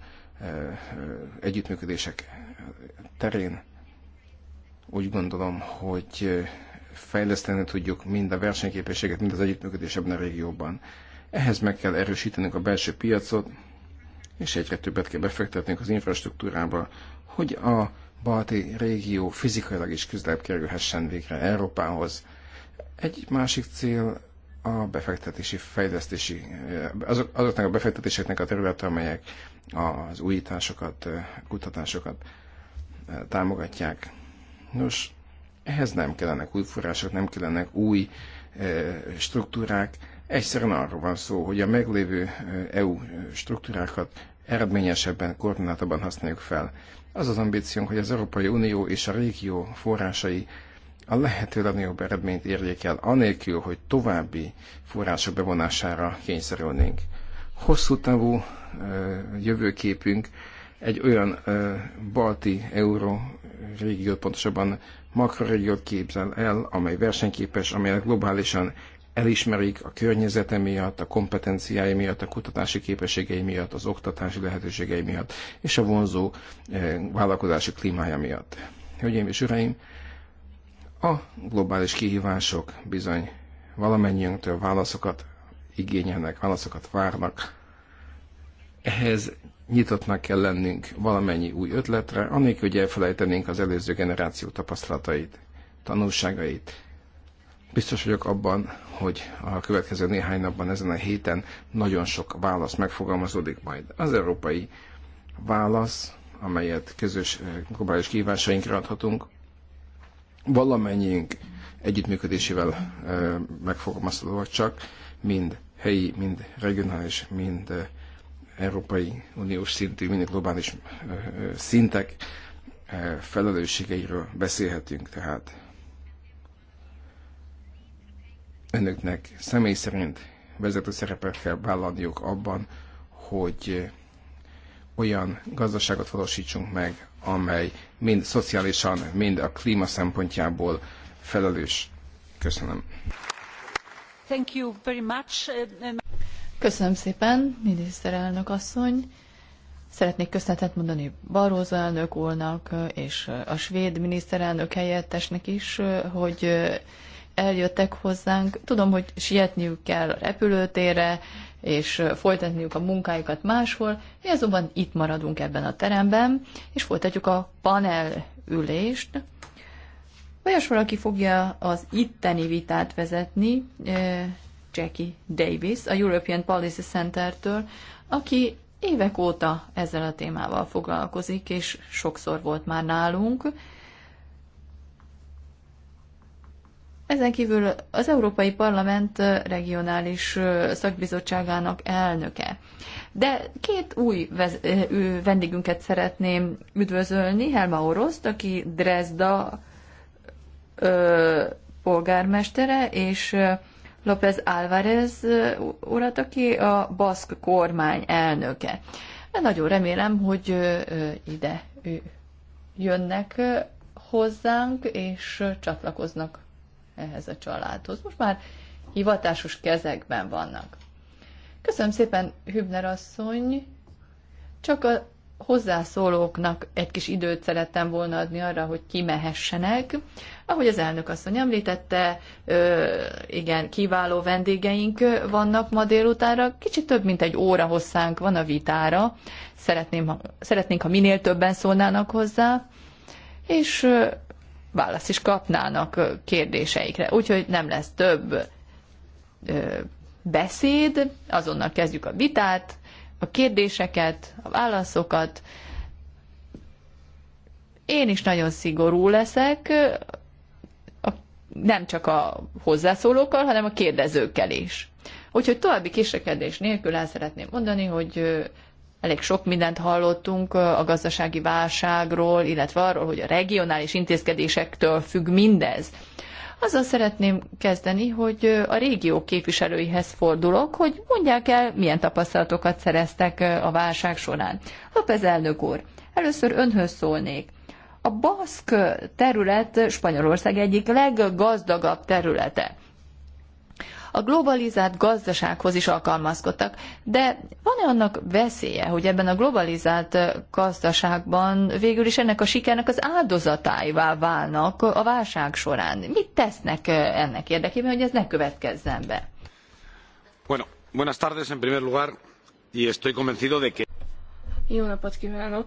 együttműködések terén úgy gondolom, hogy fejleszteni tudjuk mind a versenyképességet, mind az együttműködés ebben a régióban. Ehhez meg kell erősítenünk a belső piacot, és egyre többet kell befektetnünk az infrastruktúrába, hogy a balti régió fizikailag is közelebb kerülhessen végre Európához. Egy másik cél a befektetési fejlesztési, azok, azoknak a befektetéseknek a területe, amelyek az újításokat, kutatásokat támogatják. Nos, ehhez nem kellenek új források, nem kellenek új struktúrák. Egyszerűen arról van szó, hogy a meglévő EU struktúrákat eredményesebben, koordinátabban használjuk fel. Az az ambíciónk, hogy az Európai Unió és a régió forrásai a lehető legnagyobb eredményt érjék el, anélkül, hogy további források bevonására kényszerülnénk hosszú távú jövőképünk egy olyan balti euró régiót, pontosabban makroregiót képzel el, amely versenyképes, amelyet globálisan elismerik a környezete miatt, a kompetenciái miatt, a kutatási képességei miatt, az oktatási lehetőségei miatt, és a vonzó vállalkozási klímája miatt. Hölgyeim és uraim, a globális kihívások bizony valamennyiünktől válaszokat igényelnek, válaszokat várnak. Ehhez nyitottnak kell lennünk valamennyi új ötletre, anélkül, hogy elfelejtenénk az előző generáció tapasztalatait, tanulságait. Biztos vagyok abban, hogy a következő néhány napban, ezen a héten nagyon sok válasz megfogalmazódik majd. Az európai válasz, amelyet közös eh, globális kívánsainkra adhatunk, valamennyiünk együttműködésével eh, megfogalmazódik csak, mind helyi, mind regionális, mind Európai Uniós szintű, mind globális szintek felelősségeiről beszélhetünk. Tehát önöknek személy szerint vezető szerepet kell vállalniuk abban, hogy olyan gazdaságot valósítsunk meg, amely mind szociálisan, mind a klíma szempontjából felelős. Köszönöm. Thank you very much. Uh, uh, Köszönöm szépen, miniszterelnök asszony. Szeretnék köszönetet mondani Barroso elnök úrnak uh, és a svéd miniszterelnök helyettesnek is, hogy eljöttek hozzánk. Tudom, hogy sietniük kell a repülőtérre, és folytatniuk a munkájukat máshol. Mi azonban itt maradunk ebben a teremben, és folytatjuk a panel ülést. Vajos valaki fogja az itteni vitát vezetni, Jackie Davis, a European Policy Center-től, aki évek óta ezzel a témával foglalkozik, és sokszor volt már nálunk. Ezen kívül az Európai Parlament regionális szakbizottságának elnöke. De két új vendégünket szeretném üdvözölni, Helma Oroszt, aki Dresda ö, polgármestere, és López Álvarez urat, aki a baszk kormány elnöke. Nagyon remélem, hogy ide jönnek hozzánk, és csatlakoznak ehhez a családhoz. Most már hivatásos kezekben vannak. Köszönöm szépen, Hübner asszony. Csak a hozzászólóknak egy kis időt szerettem volna adni arra, hogy kimehessenek. Ahogy az elnök asszony említette, igen, kiváló vendégeink vannak ma délutánra. Kicsit több, mint egy óra hosszánk van a vitára. Szeretném, ha, szeretnénk, ha minél többen szólnának hozzá, és választ is kapnának kérdéseikre. Úgyhogy nem lesz több beszéd, azonnal kezdjük a vitát a kérdéseket, a válaszokat. Én is nagyon szigorú leszek, a, nem csak a hozzászólókkal, hanem a kérdezőkkel is. Úgyhogy további késekedés nélkül el szeretném mondani, hogy elég sok mindent hallottunk a gazdasági válságról, illetve arról, hogy a regionális intézkedésektől függ mindez. Azzal szeretném kezdeni, hogy a régió képviselőihez fordulok, hogy mondják el, milyen tapasztalatokat szereztek a válság során. López elnök úr, először önhöz szólnék. A baszk terület Spanyolország egyik leggazdagabb területe a globalizált gazdasághoz is alkalmazkodtak. De van-e annak veszélye, hogy ebben a globalizált gazdaságban végül is ennek a sikernek az áldozatáivá válnak a válság során? Mit tesznek ennek érdekében, hogy ez ne következzen be? Bueno, buenas tardes en primer lugar, y estoy convencido de que... Jó napot kívánok!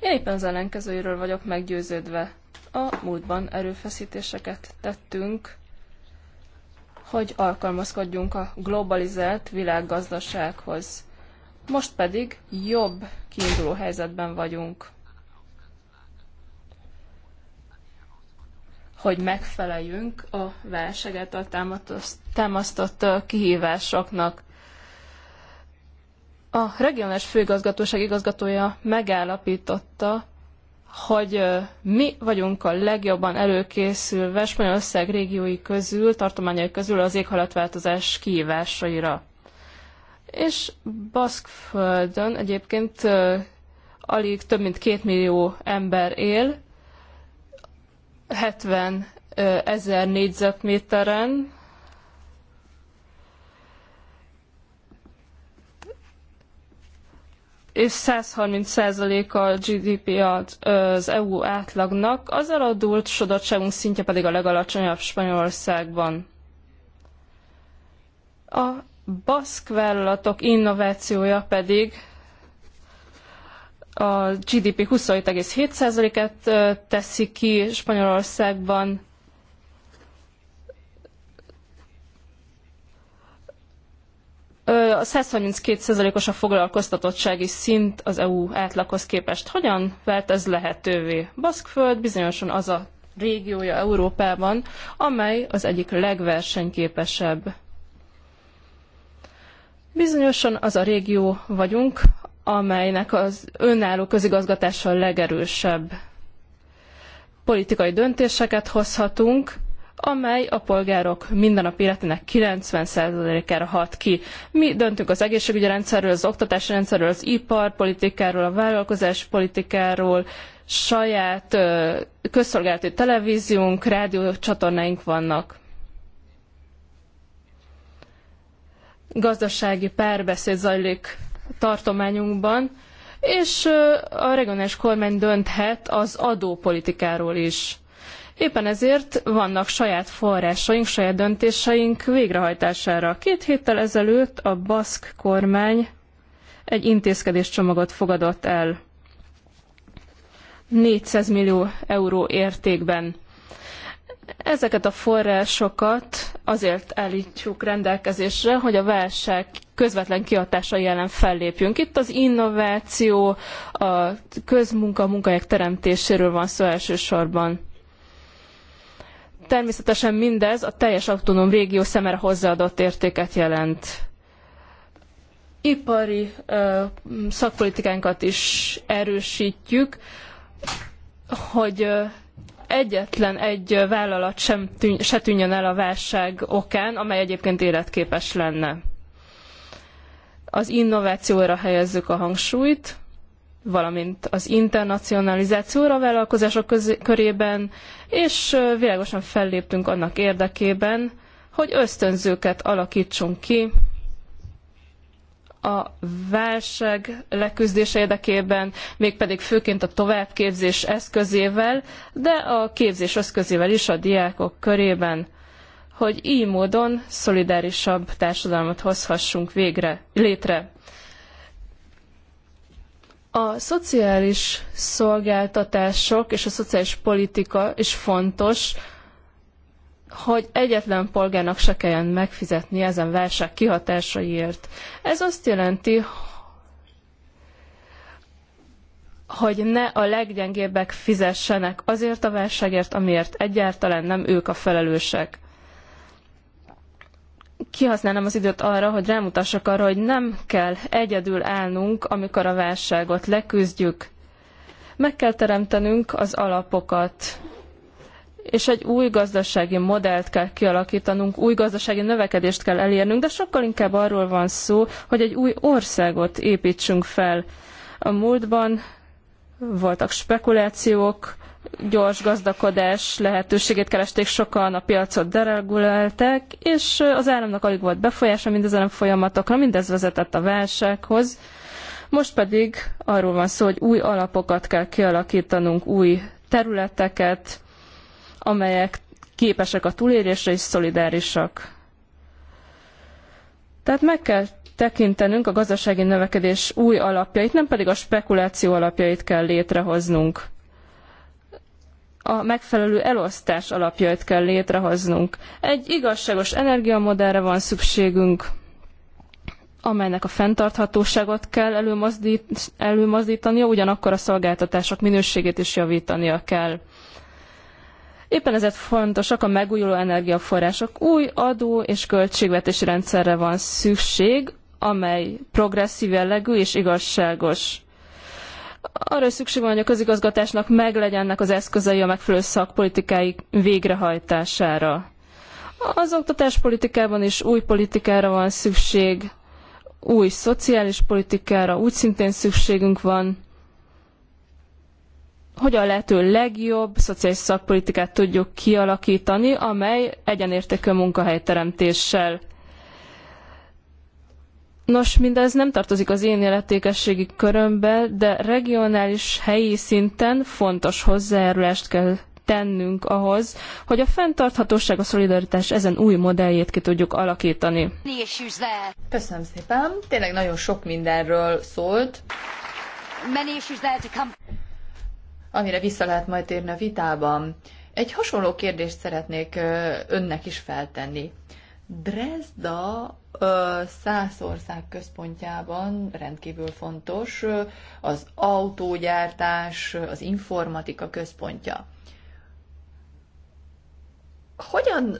Én éppen az ellenkezőjéről vagyok meggyőződve. A múltban erőfeszítéseket tettünk hogy alkalmazkodjunk a globalizált világgazdasághoz. Most pedig jobb kiinduló helyzetben vagyunk. hogy megfeleljünk a válság a támasztott kihívásoknak. A regionális főigazgatóság igazgatója megállapította, hogy mi vagyunk a legjobban előkészülve Spanyolország régiói közül, tartományai közül az éghajlatváltozás kihívásaira. És Baszkföldön egyébként alig több mint két millió ember él, 70 ezer négyzetméteren, és 130% a GDP az EU átlagnak, az eladósodottságunk szintje pedig a legalacsonyabb Spanyolországban. A baszk vállalatok innovációja pedig a GDP 27,7%-át teszi ki Spanyolországban, a 132%-os a foglalkoztatottsági szint az EU átlaghoz képest. Hogyan vált ez lehetővé? Baszkföld bizonyosan az a régiója Európában, amely az egyik legversenyképesebb. Bizonyosan az a régió vagyunk, amelynek az önálló közigazgatása a legerősebb. Politikai döntéseket hozhatunk, amely a polgárok mindennapi életének 90%-ára hat ki. Mi döntünk az egészségügyi rendszerről, az oktatási rendszerről, az iparpolitikáról, a vállalkozáspolitikáról, saját közszolgálati televíziónk, rádiócsatornáink vannak. Gazdasági párbeszéd zajlik tartományunkban, és a regionális kormány dönthet az adópolitikáról is Éppen ezért vannak saját forrásaink, saját döntéseink végrehajtására. Két héttel ezelőtt a baszk kormány egy intézkedéscsomagot fogadott el 400 millió euró értékben. Ezeket a forrásokat azért állítjuk rendelkezésre, hogy a válság közvetlen kihatásai ellen fellépjünk. Itt az innováció, a közmunka munkahelyek teremtéséről van szó elsősorban természetesen mindez a teljes autonóm régió szemére hozzáadott értéket jelent. Ipari ö, szakpolitikánkat is erősítjük, hogy ö, egyetlen egy vállalat sem tűn, se tűnjön el a válság okán, amely egyébként életképes lenne. Az innovációra helyezzük a hangsúlyt, valamint az internacionalizációra a vállalkozások köz- körében, és világosan felléptünk annak érdekében, hogy ösztönzőket alakítsunk ki a válság leküzdése érdekében, mégpedig főként a továbbképzés eszközével, de a képzés eszközével is a diákok körében, hogy így módon szolidárisabb társadalmat hozhassunk végre, létre. A szociális szolgáltatások és a szociális politika is fontos, hogy egyetlen polgárnak se kelljen megfizetni ezen válság kihatásaiért. Ez azt jelenti, hogy ne a leggyengébbek fizessenek azért a válságért, amiért egyáltalán nem ők a felelősek kihasználnám az időt arra, hogy rámutassak arra, hogy nem kell egyedül állnunk, amikor a válságot leküzdjük. Meg kell teremtenünk az alapokat, és egy új gazdasági modellt kell kialakítanunk, új gazdasági növekedést kell elérnünk, de sokkal inkább arról van szó, hogy egy új országot építsünk fel. A múltban voltak spekulációk, gyors gazdakodás lehetőségét keresték sokan, a piacot deregulálták, és az államnak alig volt befolyása mindezen a folyamatokra, mindez vezetett a válsághoz. Most pedig arról van szó, hogy új alapokat kell kialakítanunk, új területeket, amelyek képesek a túlélésre és szolidárisak. Tehát meg kell tekintenünk a gazdasági növekedés új alapjait, nem pedig a spekuláció alapjait kell létrehoznunk a megfelelő elosztás alapjait kell létrehoznunk. Egy igazságos energiamodellre van szükségünk, amelynek a fenntarthatóságot kell előmozdít, előmozdítania, ugyanakkor a szolgáltatások minőségét is javítania kell. Éppen ezért fontosak a megújuló energiaforrások. Új adó és költségvetési rendszerre van szükség, amely progresszív jellegű és igazságos. Arra is szükség van, hogy a közigazgatásnak meglegyennek az eszközei a megfelelő szakpolitikái végrehajtására. Az oktatáspolitikában is új politikára van szükség, új szociális politikára úgy szintén szükségünk van, hogy a lehető legjobb szociális szakpolitikát tudjuk kialakítani, amely egyenértékű munkahelyteremtéssel Nos, mindez nem tartozik az én életékességi körömbe, de regionális, helyi szinten fontos hozzájárulást kell tennünk ahhoz, hogy a fenntarthatóság, a szolidaritás ezen új modelljét ki tudjuk alakítani. Köszönöm szépen, tényleg nagyon sok mindenről szólt. Amire vissza lehet majd térni a vitában. Egy hasonló kérdést szeretnék önnek is feltenni. Dresda száz ország központjában rendkívül fontos az autógyártás, az informatika központja. Hogyan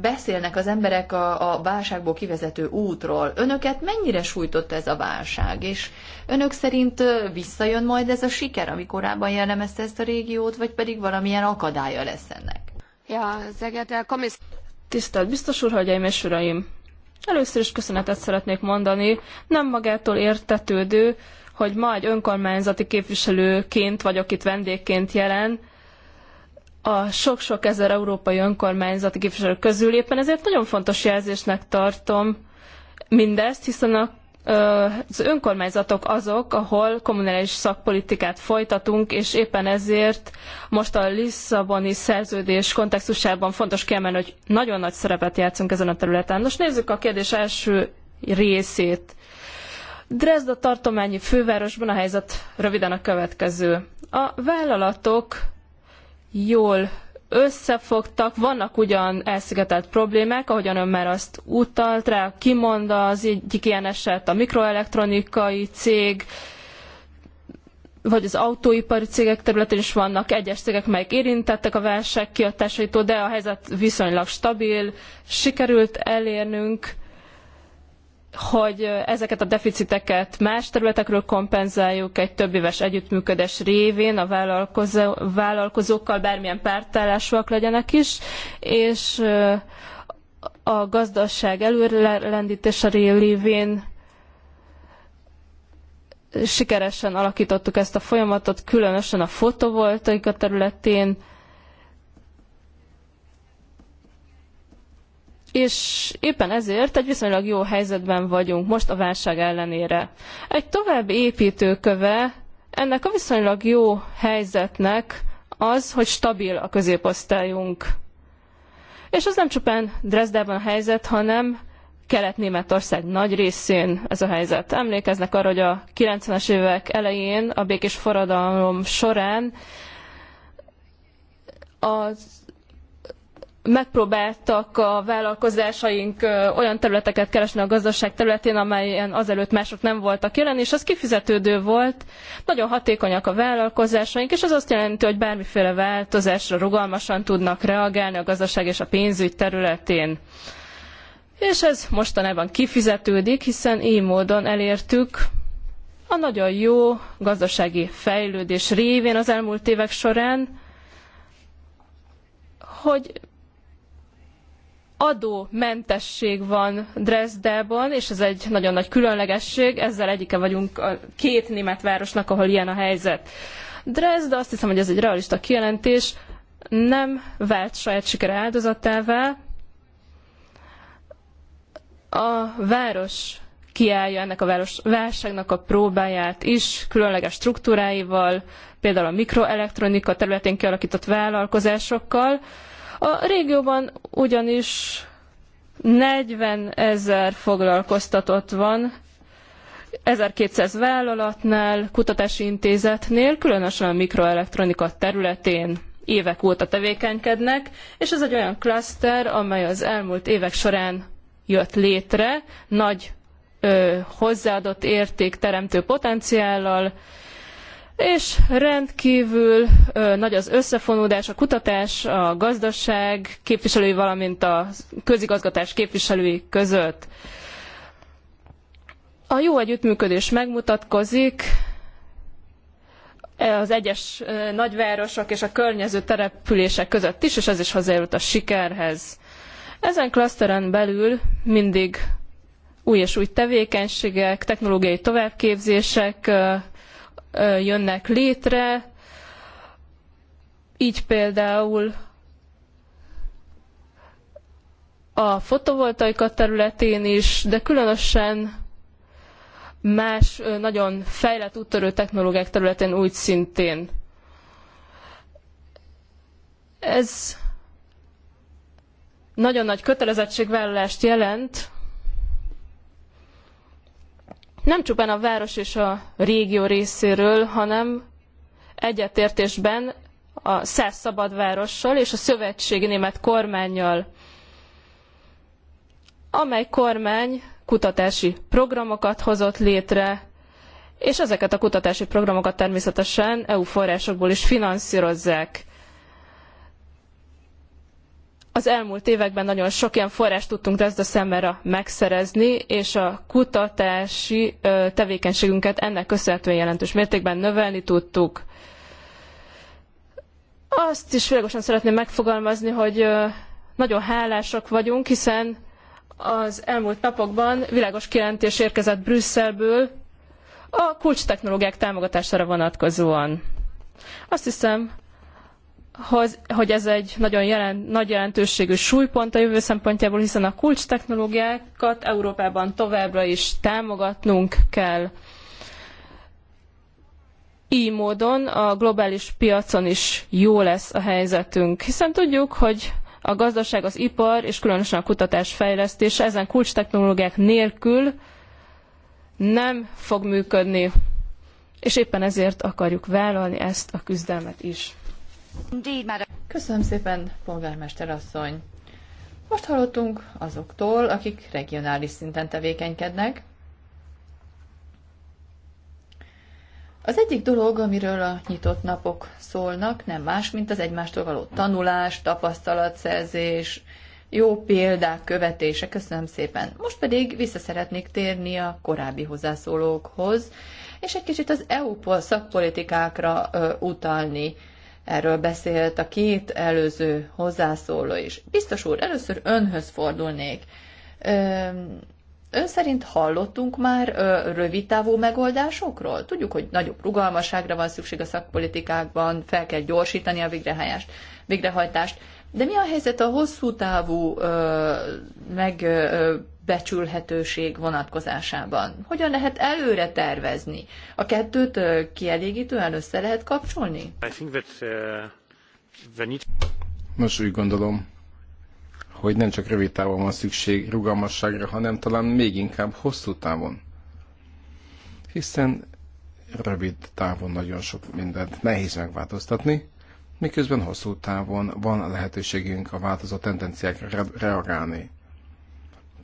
beszélnek az emberek a, a válságból kivezető útról? Önöket mennyire sújtott ez a válság? És önök szerint visszajön majd ez a siker, ami korábban jellemezte ezt a régiót, vagy pedig valamilyen akadálya lesz ennek? Ja, Zegedel, komisz... Tisztelt biztos úr, hölgyeim és uraim! Először is köszönetet szeretnék mondani. Nem magától értetődő, hogy ma egy önkormányzati képviselőként vagyok itt vendégként jelen, a sok-sok ezer európai önkormányzati képviselő közül éppen ezért nagyon fontos jelzésnek tartom mindezt, hiszen a az önkormányzatok azok, ahol kommunális szakpolitikát folytatunk, és éppen ezért most a Lisszaboni szerződés kontextusában fontos kiemelni, hogy nagyon nagy szerepet játszunk ezen a területen. Most nézzük a kérdés első részét. Dresda tartományi fővárosban a helyzet röviden a következő. A vállalatok jól összefogtak, vannak ugyan elszigetelt problémák, ahogyan ön már azt utalt rá, kimond az egyik ilyen eset a mikroelektronikai cég, vagy az autóipari cégek területén is vannak egyes cégek, melyek érintettek a válság kiadásaitól, de a helyzet viszonylag stabil, sikerült elérnünk hogy ezeket a deficiteket más területekről kompenzáljuk egy több éves együttműködés révén a vállalkozó, vállalkozókkal, bármilyen pártállásúak legyenek is, és a gazdaság előrelendítése révén sikeresen alakítottuk ezt a folyamatot, különösen a fotovoltaika területén, és éppen ezért egy viszonylag jó helyzetben vagyunk most a válság ellenére. Egy további építőköve ennek a viszonylag jó helyzetnek az, hogy stabil a középosztályunk. És az nem csupán Dresdában a helyzet, hanem Kelet-Németország nagy részén ez a helyzet. Emlékeznek arra, hogy a 90-es évek elején a békés forradalom során az megpróbáltak a vállalkozásaink olyan területeket keresni a gazdaság területén, amelyen azelőtt mások nem voltak jelen, és az kifizetődő volt. Nagyon hatékonyak a vállalkozásaink, és az azt jelenti, hogy bármiféle változásra rugalmasan tudnak reagálni a gazdaság és a pénzügy területén. És ez mostanában kifizetődik, hiszen így módon elértük a nagyon jó gazdasági fejlődés révén az elmúlt évek során, hogy adómentesség van Dresdában, és ez egy nagyon nagy különlegesség, ezzel egyike vagyunk a két német városnak, ahol ilyen a helyzet. Dresda, azt hiszem, hogy ez egy realista kijelentés, nem vált saját sikere áldozatává. A város kiállja ennek a város válságnak a próbáját is, különleges struktúráival, például a mikroelektronika területén kialakított vállalkozásokkal, a régióban ugyanis 40 ezer foglalkoztatott van, 1200 vállalatnál, kutatási intézetnél, különösen a mikroelektronika területén évek óta tevékenykednek, és ez egy olyan klaszter, amely az elmúlt évek során jött létre, nagy ö, hozzáadott érték teremtő potenciállal, és rendkívül ö, nagy az összefonódás, a kutatás, a gazdaság képviselői, valamint a közigazgatás képviselői között. A jó együttműködés megmutatkozik, az egyes nagyvárosok és a környező települések között is, és ez is hozzájárult a sikerhez. Ezen klaszteren belül mindig új és új tevékenységek, technológiai továbbképzések jönnek létre, így például a fotovoltaika területén is, de különösen más nagyon fejlett úttörő technológiák területén úgy szintén. Ez nagyon nagy kötelezettségvállalást jelent, nem csupán a város és a régió részéről, hanem egyetértésben a Szász Szabadvárossal és a szövetségi német kormányjal, amely kormány kutatási programokat hozott létre, és ezeket a kutatási programokat természetesen EU forrásokból is finanszírozzák. Az elmúlt években nagyon sok ilyen forrást tudtunk Dezda szemmelre megszerezni, és a kutatási tevékenységünket ennek köszönhetően jelentős mértékben növelni tudtuk. Azt is világosan szeretném megfogalmazni, hogy nagyon hálásak vagyunk, hiszen az elmúlt napokban világos kijelentés érkezett Brüsszelből a kulcs technológiák támogatására vonatkozóan. Azt hiszem, hogy ez egy nagyon nagy jelentőségű súlypont a jövő szempontjából, hiszen a kulcs technológiákat Európában továbbra is támogatnunk kell. Így módon a globális piacon is jó lesz a helyzetünk, hiszen tudjuk, hogy a gazdaság, az ipar és különösen a kutatás fejlesztése ezen kulcs technológiák nélkül nem fog működni. És éppen ezért akarjuk vállalni ezt a küzdelmet is. Köszönöm szépen, polgármester asszony. Most hallottunk azoktól, akik regionális szinten tevékenykednek. Az egyik dolog, amiről a nyitott napok szólnak, nem más, mint az egymástól való tanulás, tapasztalatszerzés, jó példák követése. Köszönöm szépen. Most pedig vissza szeretnék térni a korábbi hozzászólókhoz, és egy kicsit az EU szakpolitikákra ö, utalni Erről beszélt a két előző hozzászóló is. Biztos úr, először önhöz fordulnék. Ön szerint hallottunk már ö, rövidtávú megoldásokról? Tudjuk, hogy nagyobb rugalmasságra van szükség a szakpolitikákban, fel kell gyorsítani a végrehajtást, végrehajtást. de mi a helyzet a hosszú távú ö, meg ö, becsülhetőség vonatkozásában? Hogyan lehet előre tervezni? A kettőt kielégítően össze lehet kapcsolni? Uh, Nos, úgy gondolom, hogy nem csak rövid távon van szükség rugalmasságra, hanem talán még inkább hosszú távon. Hiszen rövid távon nagyon sok mindent nehéz megváltoztatni, miközben hosszú távon van lehetőségünk a változó tendenciákra reagálni.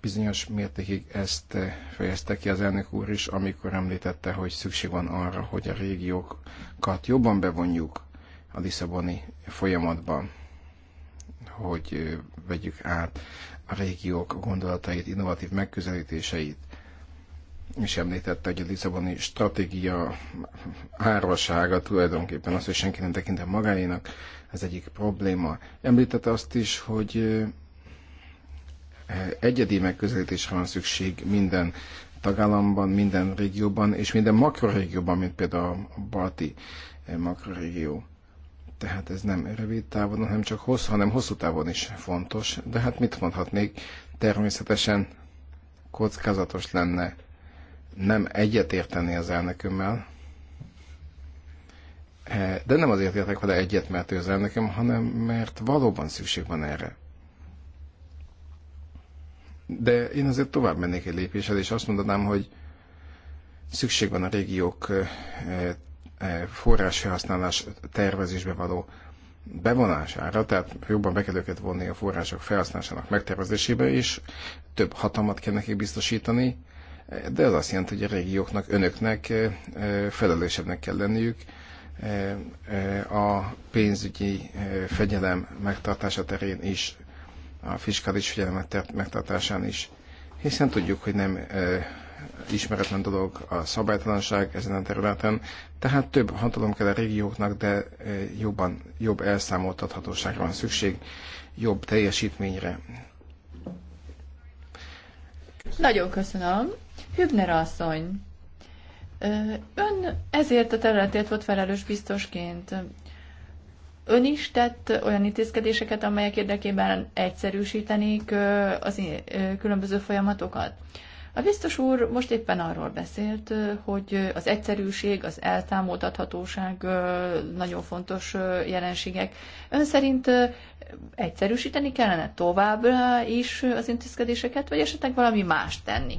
Bizonyos mértékig ezt eh, fejezte ki az elnök úr is, amikor említette, hogy szükség van arra, hogy a régiókat jobban bevonjuk a Lisszaboni folyamatban, hogy eh, vegyük át a régiók gondolatait, innovatív megközelítéseit, és említette, hogy a Lisszaboni stratégia árvasága tulajdonképpen az, hogy senki nem tekint magáénak, ez egyik probléma. Említette azt is, hogy eh, Egyedi megközelítésre van szükség minden tagállamban, minden régióban, és minden makrorégióban, mint például a balti eh, makrorégió. Tehát ez nem rövid távon, hanem csak hosszú, hanem hosszú távon is fontos. De hát mit mondhatnék? Természetesen kockázatos lenne nem egyetérteni az elnökömmel, eh, de nem azért értek vele egyet, mert ő az elnököm, hanem mert valóban szükség van erre. De én azért tovább mennék egy lépéssel, és azt mondanám, hogy szükség van a régiók forrásfelhasználás tervezésbe való bevonására, tehát jobban be kell őket vonni a források felhasználásának megtervezésébe, és több hatalmat kell nekik biztosítani, de ez azt jelenti, hogy a régióknak, önöknek felelősebbnek kell lenniük a pénzügyi fegyelem megtartása terén is a fiskális figyelmet megtartásán is, hiszen tudjuk, hogy nem e, ismeretlen dolog a szabálytalanság ezen a területen, tehát több hatalom kell a régióknak, de e, jobban, jobb elszámoltathatóságra van szükség, jobb teljesítményre. Nagyon köszönöm. Hübner asszony, ön ezért a területért volt felelős biztosként. Ön is tett olyan intézkedéseket, amelyek érdekében egyszerűsítenék az különböző folyamatokat. A biztos úr most éppen arról beszélt, hogy az egyszerűség, az eltámoltathatóság nagyon fontos jelenségek. Ön szerint egyszerűsíteni kellene tovább is az intézkedéseket, vagy esetleg valami más tenni?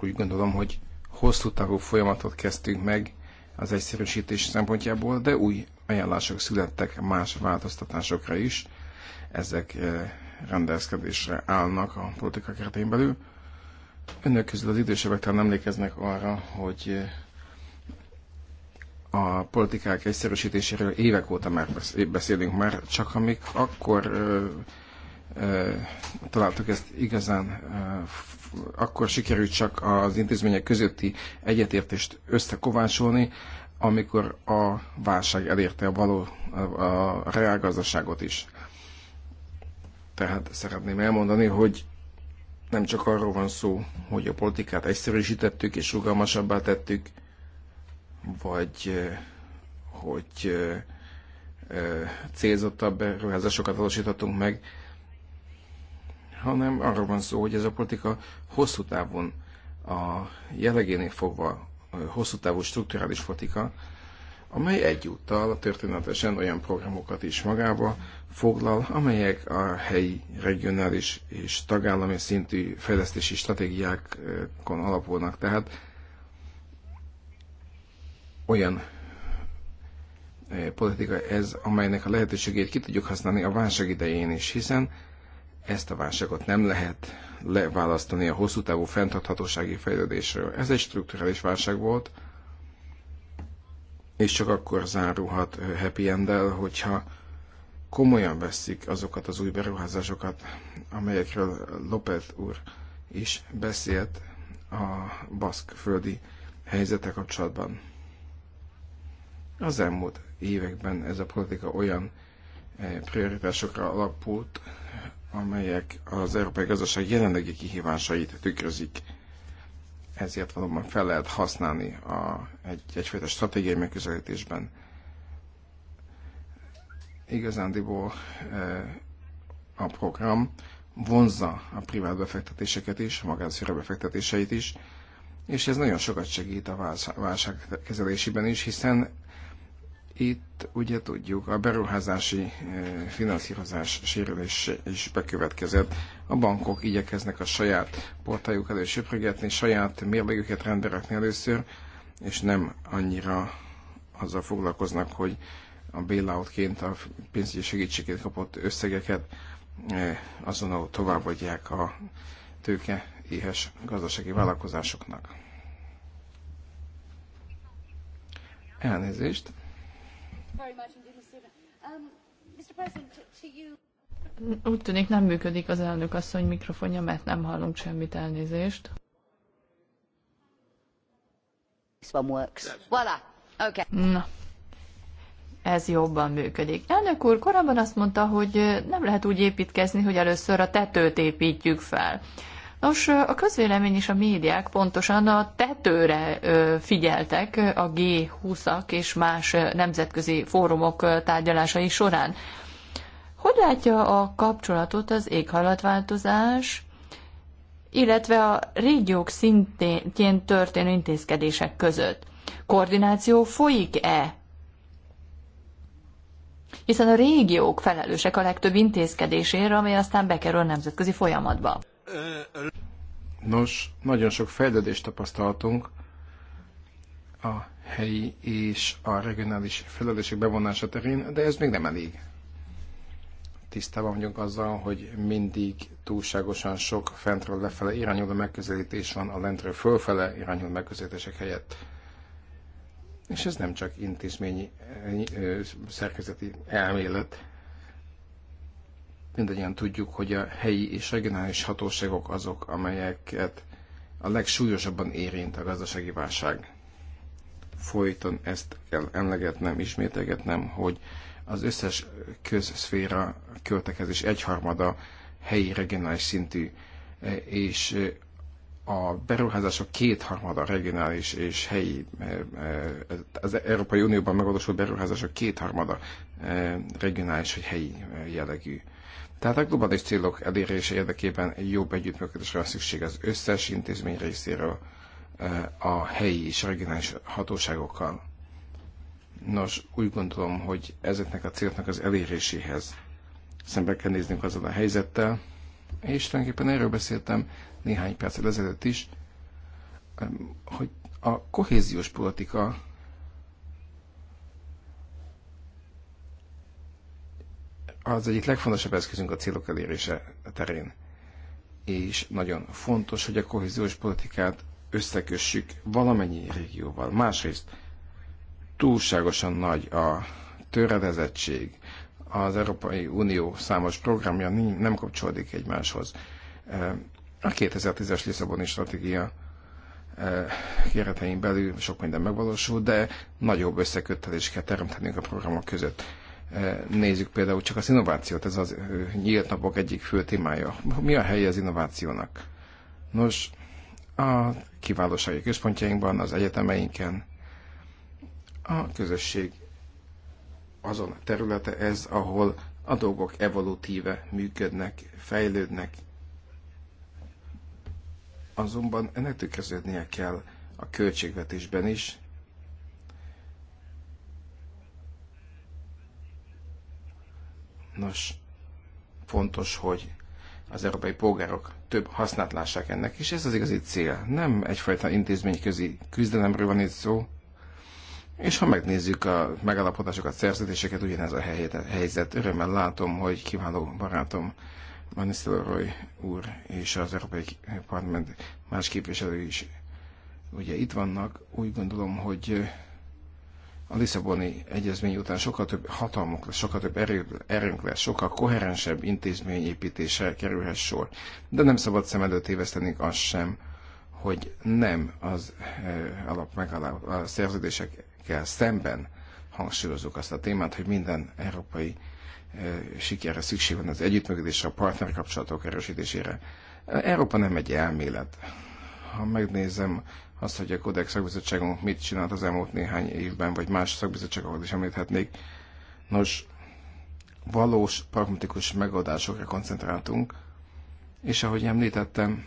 Úgy gondolom, hogy hosszú távú folyamatot kezdtünk meg az egyszerűsítés szempontjából, de új ajánlások születtek más változtatásokra is, ezek eh, rendelkezésre állnak a politika keretén belül. Önök közül az idősebbek talán emlékeznek arra, hogy eh, a politikák egyszerűsítéséről évek óta már beszélünk, már csak amik akkor eh, találtuk ezt igazán, akkor sikerült csak az intézmények közötti egyetértést összekovácsolni, amikor a válság elérte a való a reálgazdaságot is. Tehát szeretném elmondani, hogy nem csak arról van szó, hogy a politikát egyszerűsítettük és rugalmasabbá tettük, vagy eh, hogy eh, eh, célzottabb ruházásokat valósítottunk meg, hanem arról van szó, hogy ez a politika hosszú távon a jellegénél fogva hosszú távú strukturális politika, amely egyúttal történetesen olyan programokat is magába foglal, amelyek a helyi, regionális és tagállami szintű fejlesztési stratégiákon alapulnak. Tehát olyan eh, politika ez, amelynek a lehetőségét ki tudjuk használni a válság idején is, hiszen ezt a válságot nem lehet leválasztani a hosszú távú fenntarthatósági fejlődésről. Ez egy strukturális válság volt, és csak akkor zárulhat happy end hogyha komolyan veszik azokat az új beruházásokat, amelyekről Lopez úr is beszélt a baszk földi helyzete kapcsolatban. Az elmúlt években ez a politika olyan prioritásokra alapult, amelyek az európai gazdaság jelenlegi kihívásait tükrözik. Ezért valóban fel lehet használni a, egy, egyfajta stratégiai megközelítésben. Igazándiból eh, a program vonzza a privát befektetéseket is, a magánszféra befektetéseit is, és ez nagyon sokat segít a válság kezelésében is, hiszen itt ugye tudjuk, a beruházási eh, finanszírozás sérülés is bekövetkezett. A bankok igyekeznek a saját portájuk elő söprögetni, saját mérlegüket renderekni először, és nem annyira azzal foglalkoznak, hogy a bailoutként a pénzügyi segítségét kapott összegeket eh, azonnal továbbadják a tőke éhes gazdasági vállalkozásoknak. Elnézést! Um, úgy tűnik nem működik az elnök asszony mikrofonja, mert nem hallunk semmit elnézést. This one works. Voilà. Okay. Na, ez jobban működik. Elnök úr korábban azt mondta, hogy nem lehet úgy építkezni, hogy először a tetőt építjük fel. Nos, a közvélemény és a médiák pontosan a tetőre figyeltek a G20-ak és más nemzetközi fórumok tárgyalásai során. Hogy látja a kapcsolatot az éghajlatváltozás, illetve a régiók szintén történő intézkedések között? Koordináció folyik-e? Hiszen a régiók felelősek a legtöbb intézkedésért, amely aztán bekerül a nemzetközi folyamatba. Nos, nagyon sok fejlődést tapasztaltunk a helyi és a regionális felelősség bevonása terén, de ez még nem elég. Tisztában vagyunk azzal, hogy mindig túlságosan sok fentről lefele irányuló megközelítés van a lentről fölfele irányuló megközelítések helyett. És ez nem csak intézményi szerkezeti elmélet, mindannyian tudjuk, hogy a helyi és regionális hatóságok azok, amelyeket a legsúlyosabban érint a gazdasági válság. Folyton ezt kell emlegetnem, ismételgetnem, hogy az összes közszféra költekezés egyharmada helyi regionális szintű, és a beruházások kétharmada regionális és helyi, az Európai Unióban megvalósult beruházások kétharmada regionális vagy helyi jellegű. Tehát a globális célok elérése érdekében jobb együttműködésre van szükség az összes intézmény részéről eh, a helyi és regionális hatóságokkal. Nos, úgy gondolom, hogy ezeknek a céloknak az eléréséhez szembe kell néznünk azon a helyzettel, és tulajdonképpen erről beszéltem néhány perccel ezelőtt is, eh, hogy a kohéziós politika az egyik legfontosabb eszközünk a célok elérése terén. És nagyon fontos, hogy a kohéziós politikát összekössük valamennyi régióval. Másrészt túlságosan nagy a töredezettség, az Európai Unió számos programja nem kapcsolódik egymáshoz. A 2010-es Lisszaboni stratégia keretein belül sok minden megvalósul, de nagyobb összeköttelés kell teremtenünk a programok között. Eh, nézzük például csak az innovációt, ez az eh, nyílt napok egyik fő témája. Mi a helye az innovációnak? Nos, a kiválósági központjainkban, az egyetemeinken, a közösség azon a területe ez, ahol a dolgok evolutíve működnek, fejlődnek. Azonban ennek tükröződnie kell a költségvetésben is, Nos, fontos, hogy az európai polgárok több hasznát lássák ennek, és ez az igazi cél. Nem egyfajta intézményközi küzdelemről van itt szó, és ha megnézzük a megállapodásokat, szerződéseket, ugyanez a helyzet. Örömmel látom, hogy kiváló barátom Roy úr és az Európai Parlament más képviselői is ugye itt vannak. Úgy gondolom, hogy a Lisszaboni egyezmény után sokkal több hatalmunk lesz, sokkal több erő, erőnk lesz, sokkal koherensebb intézményépítése kerülhet sor. De nem szabad szem előtt évesztenünk az sem, hogy nem az eh, alap a szerződésekkel szemben hangsúlyozunk azt a témát, hogy minden európai eh, sikerre szükség van az együttműködésre, a partnerkapcsolatok erősítésére. Európa nem egy elmélet. Ha megnézem azt, hogy a Kodex szakbizottságunk mit csinált az elmúlt néhány évben, vagy más szakbizottságokat is említhetnék. Nos, valós, pragmatikus megoldásokra koncentráltunk, és ahogy említettem,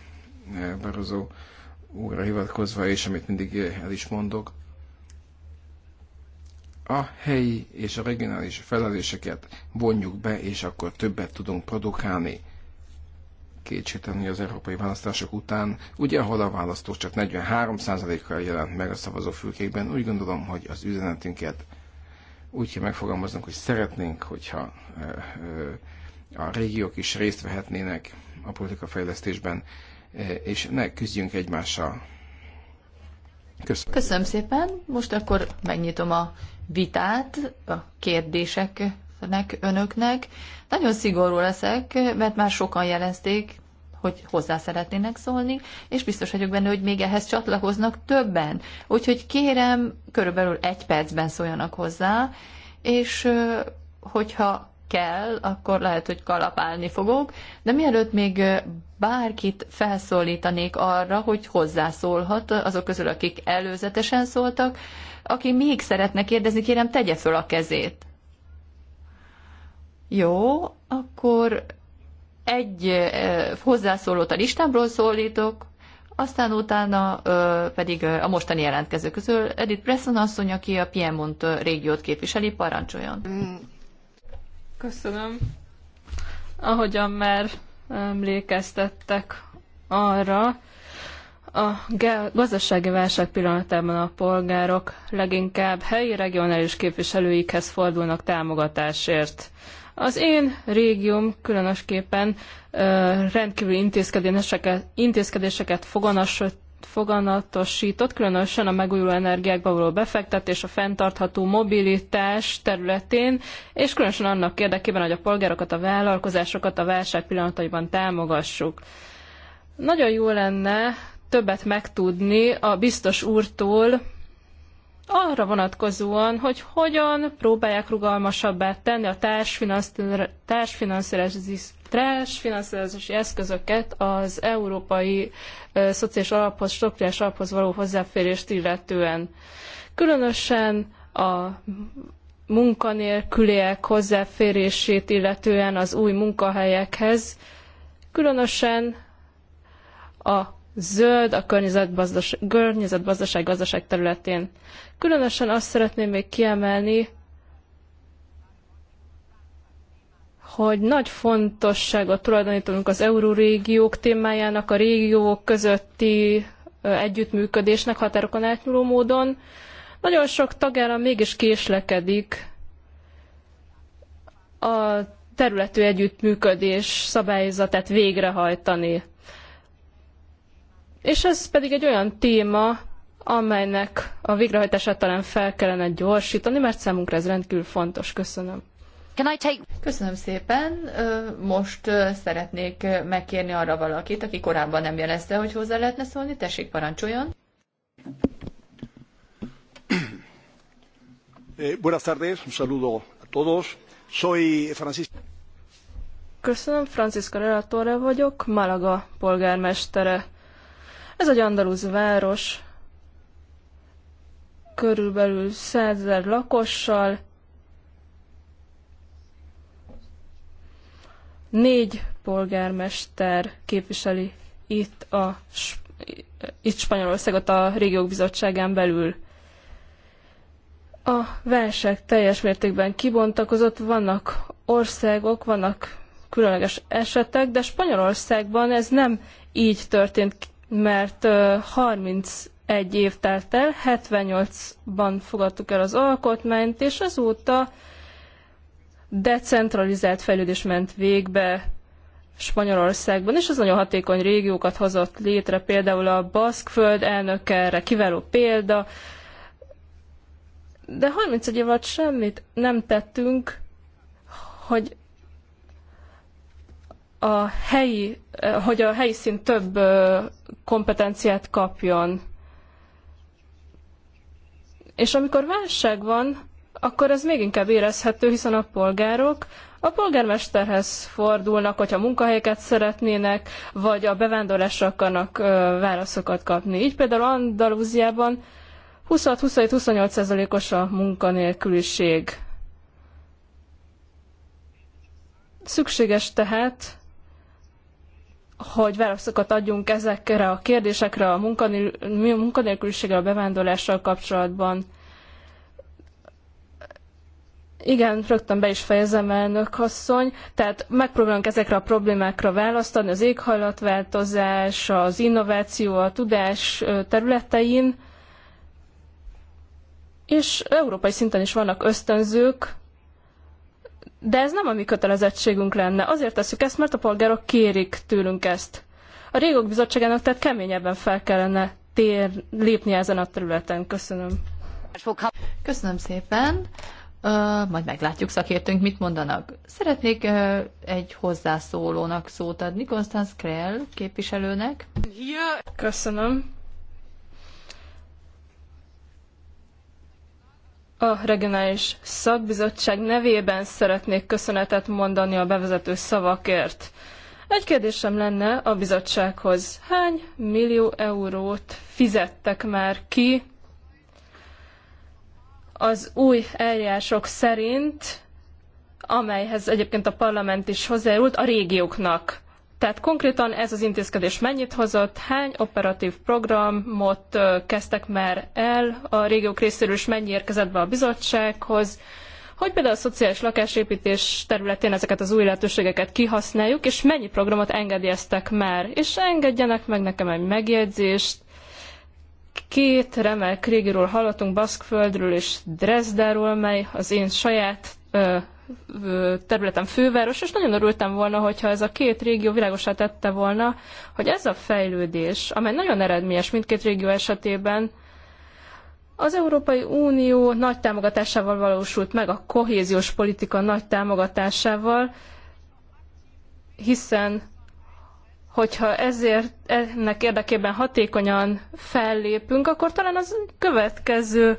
eh, Barozó úrra hivatkozva, és amit mindig el is mondok, a helyi és a regionális felelőseket vonjuk be, és akkor többet tudunk produkálni kétségtelenül az európai választások után, ugye ahol a választó csak 43%-kal jelent meg a szavazófülkékben, úgy gondolom, hogy az üzenetünket úgy kell megfogalmaznunk, hogy szeretnénk, hogyha a régiók is részt vehetnének a politika fejlesztésben, és ne küzdjünk egymással. Köszönöm. Köszönöm szépen. Most akkor megnyitom a vitát, a kérdések nek, önöknek. Nagyon szigorú leszek, mert már sokan jelezték, hogy hozzá szeretnének szólni, és biztos vagyok benne, hogy még ehhez csatlakoznak többen. Úgyhogy kérem, körülbelül egy percben szóljanak hozzá, és hogyha kell, akkor lehet, hogy kalapálni fogok, de mielőtt még bárkit felszólítanék arra, hogy hozzászólhat azok közül, akik előzetesen szóltak, aki még szeretne kérdezni, kérem, tegye föl a kezét. Jó, akkor egy hozzászólót a listámról szólítok, aztán utána pedig a mostani jelentkező közül Edith Presson asszony, aki a Piemont régiót képviseli, parancsoljon. Köszönöm. Ahogyan már emlékeztettek arra, a gazdasági válság pillanatában a polgárok leginkább helyi regionális képviselőikhez fordulnak támogatásért. Az én régium különösképpen rendkívül intézkedéseket, intézkedéseket foganas, foganatosított, különösen a megújuló energiákba való befektetés, a fenntartható mobilitás területén, és különösen annak érdekében, hogy a polgárokat, a vállalkozásokat a válság pillanataiban támogassuk. Nagyon jó lenne többet megtudni a biztos úrtól, arra vonatkozóan, hogy hogyan próbálják rugalmasabbá tenni a társfinanszírozási, társfinanszírozási eszközöket az Európai Szociális Alaphoz, Struktúrás Alaphoz való hozzáférést illetően. Különösen a munkanélküliek hozzáférését illetően az új munkahelyekhez, különösen a zöld a környezetgazdaság, gazdaság területén. Különösen azt szeretném még kiemelni, hogy nagy fontosságot tulajdonítunk az eurórégiók témájának, a régiók közötti együttműködésnek határokon átnyúló módon. Nagyon sok tagállam mégis késlekedik a területű együttműködés szabályzatát végrehajtani. És ez pedig egy olyan téma, amelynek a végrehajtását talán fel kellene gyorsítani, mert számunkra ez rendkívül fontos. Köszönöm. Köszönöm szépen. Most szeretnék megkérni arra valakit, aki korábban nem jelezte, hogy hozzá lehetne szólni. Tessék, parancsoljon. Eh, buenas tardes, un saludo a todos. Soy Francisco. Köszönöm, Francisco Relatore vagyok, Malaga polgármestere. Ez egy andalúz város, körülbelül 100 ezer lakossal, négy polgármester képviseli itt a itt Spanyolországot a régiók bizottságán belül. A válság teljes mértékben kibontakozott, vannak országok, vannak különleges esetek, de Spanyolországban ez nem így történt mert 31 év telt el, 78-ban fogadtuk el az alkotmányt, és azóta decentralizált fejlődés ment végbe Spanyolországban, és az nagyon hatékony régiókat hozott létre, például a Baszkföld elnöke erre kiváló példa, de 31 év alatt semmit nem tettünk, hogy a helyi, eh, hogy a helyi szint több eh, kompetenciát kapjon. És amikor válság van, akkor ez még inkább érezhető, hiszen a polgárok a polgármesterhez fordulnak, hogyha munkahelyeket szeretnének, vagy a bevándorlásra akarnak eh, válaszokat kapni. Így például Andalúziában 26-27-28 os a munkanélküliség. Szükséges tehát hogy válaszokat adjunk ezekre a kérdésekre a munkanélküliséggel, a bevándorlással kapcsolatban. Igen, rögtön be is fejezem, elnök asszony. Tehát megpróbálunk ezekre a problémákra választ adni, az éghajlatváltozás, az innováció, a tudás területein. És európai szinten is vannak ösztönzők, de ez nem a mi kötelezettségünk lenne. Azért tesszük ezt, mert a polgárok kérik tőlünk ezt. A Régok Bizottságának tehát keményebben fel kellene tér, lépni ezen a területen. Köszönöm. Köszönöm szépen. Uh, majd meglátjuk szakértőnk, mit mondanak. Szeretnék uh, egy hozzászólónak szót adni, Konstanz Krell képviselőnek. Köszönöm. A regionális szakbizottság nevében szeretnék köszönetet mondani a bevezető szavakért. Egy kérdésem lenne a bizottsághoz. Hány millió eurót fizettek már ki az új eljárások szerint, amelyhez egyébként a parlament is hozzájárult, a régióknak? Tehát konkrétan ez az intézkedés mennyit hozott, hány operatív programot kezdtek már el a régiók részéről, és mennyi érkezett be a bizottsághoz, hogy például a szociális lakásépítés területén ezeket az új lehetőségeket kihasználjuk, és mennyi programot engedélyeztek már. És engedjenek meg nekem egy megjegyzést. Két remek régiről hallottunk, Baszkföldről és Dresdáról, mely az én saját területen főváros, és nagyon örültem volna, hogyha ez a két régió világosá tette volna, hogy ez a fejlődés, amely nagyon eredményes mindkét régió esetében, az Európai Unió nagy támogatásával valósult meg, a kohéziós politika nagy támogatásával, hiszen hogyha ezért ennek érdekében hatékonyan fellépünk, akkor talán az következő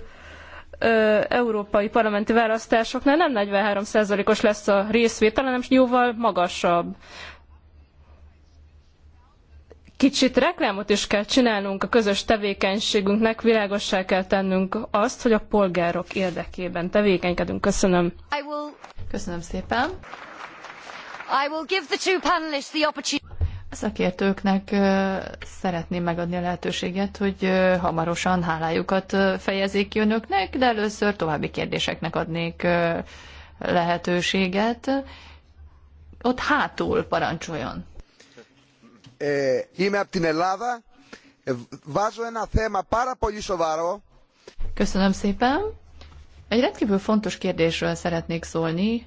ö, európai parlamenti választásoknál nem 43%-os lesz a részvétel, hanem jóval magasabb. Kicsit reklámot is kell csinálnunk a közös tevékenységünknek, világossá kell tennünk azt, hogy a polgárok érdekében tevékenykedünk. Köszönöm. Köszönöm szépen. I will give the two panelists the opportunity. A szakértőknek szeretném megadni a lehetőséget, hogy hamarosan hálájukat fejezik, ki önöknek, de először további kérdéseknek adnék lehetőséget. Ott hátul parancsoljon. Köszönöm szépen. Egy rendkívül fontos kérdésről szeretnék szólni,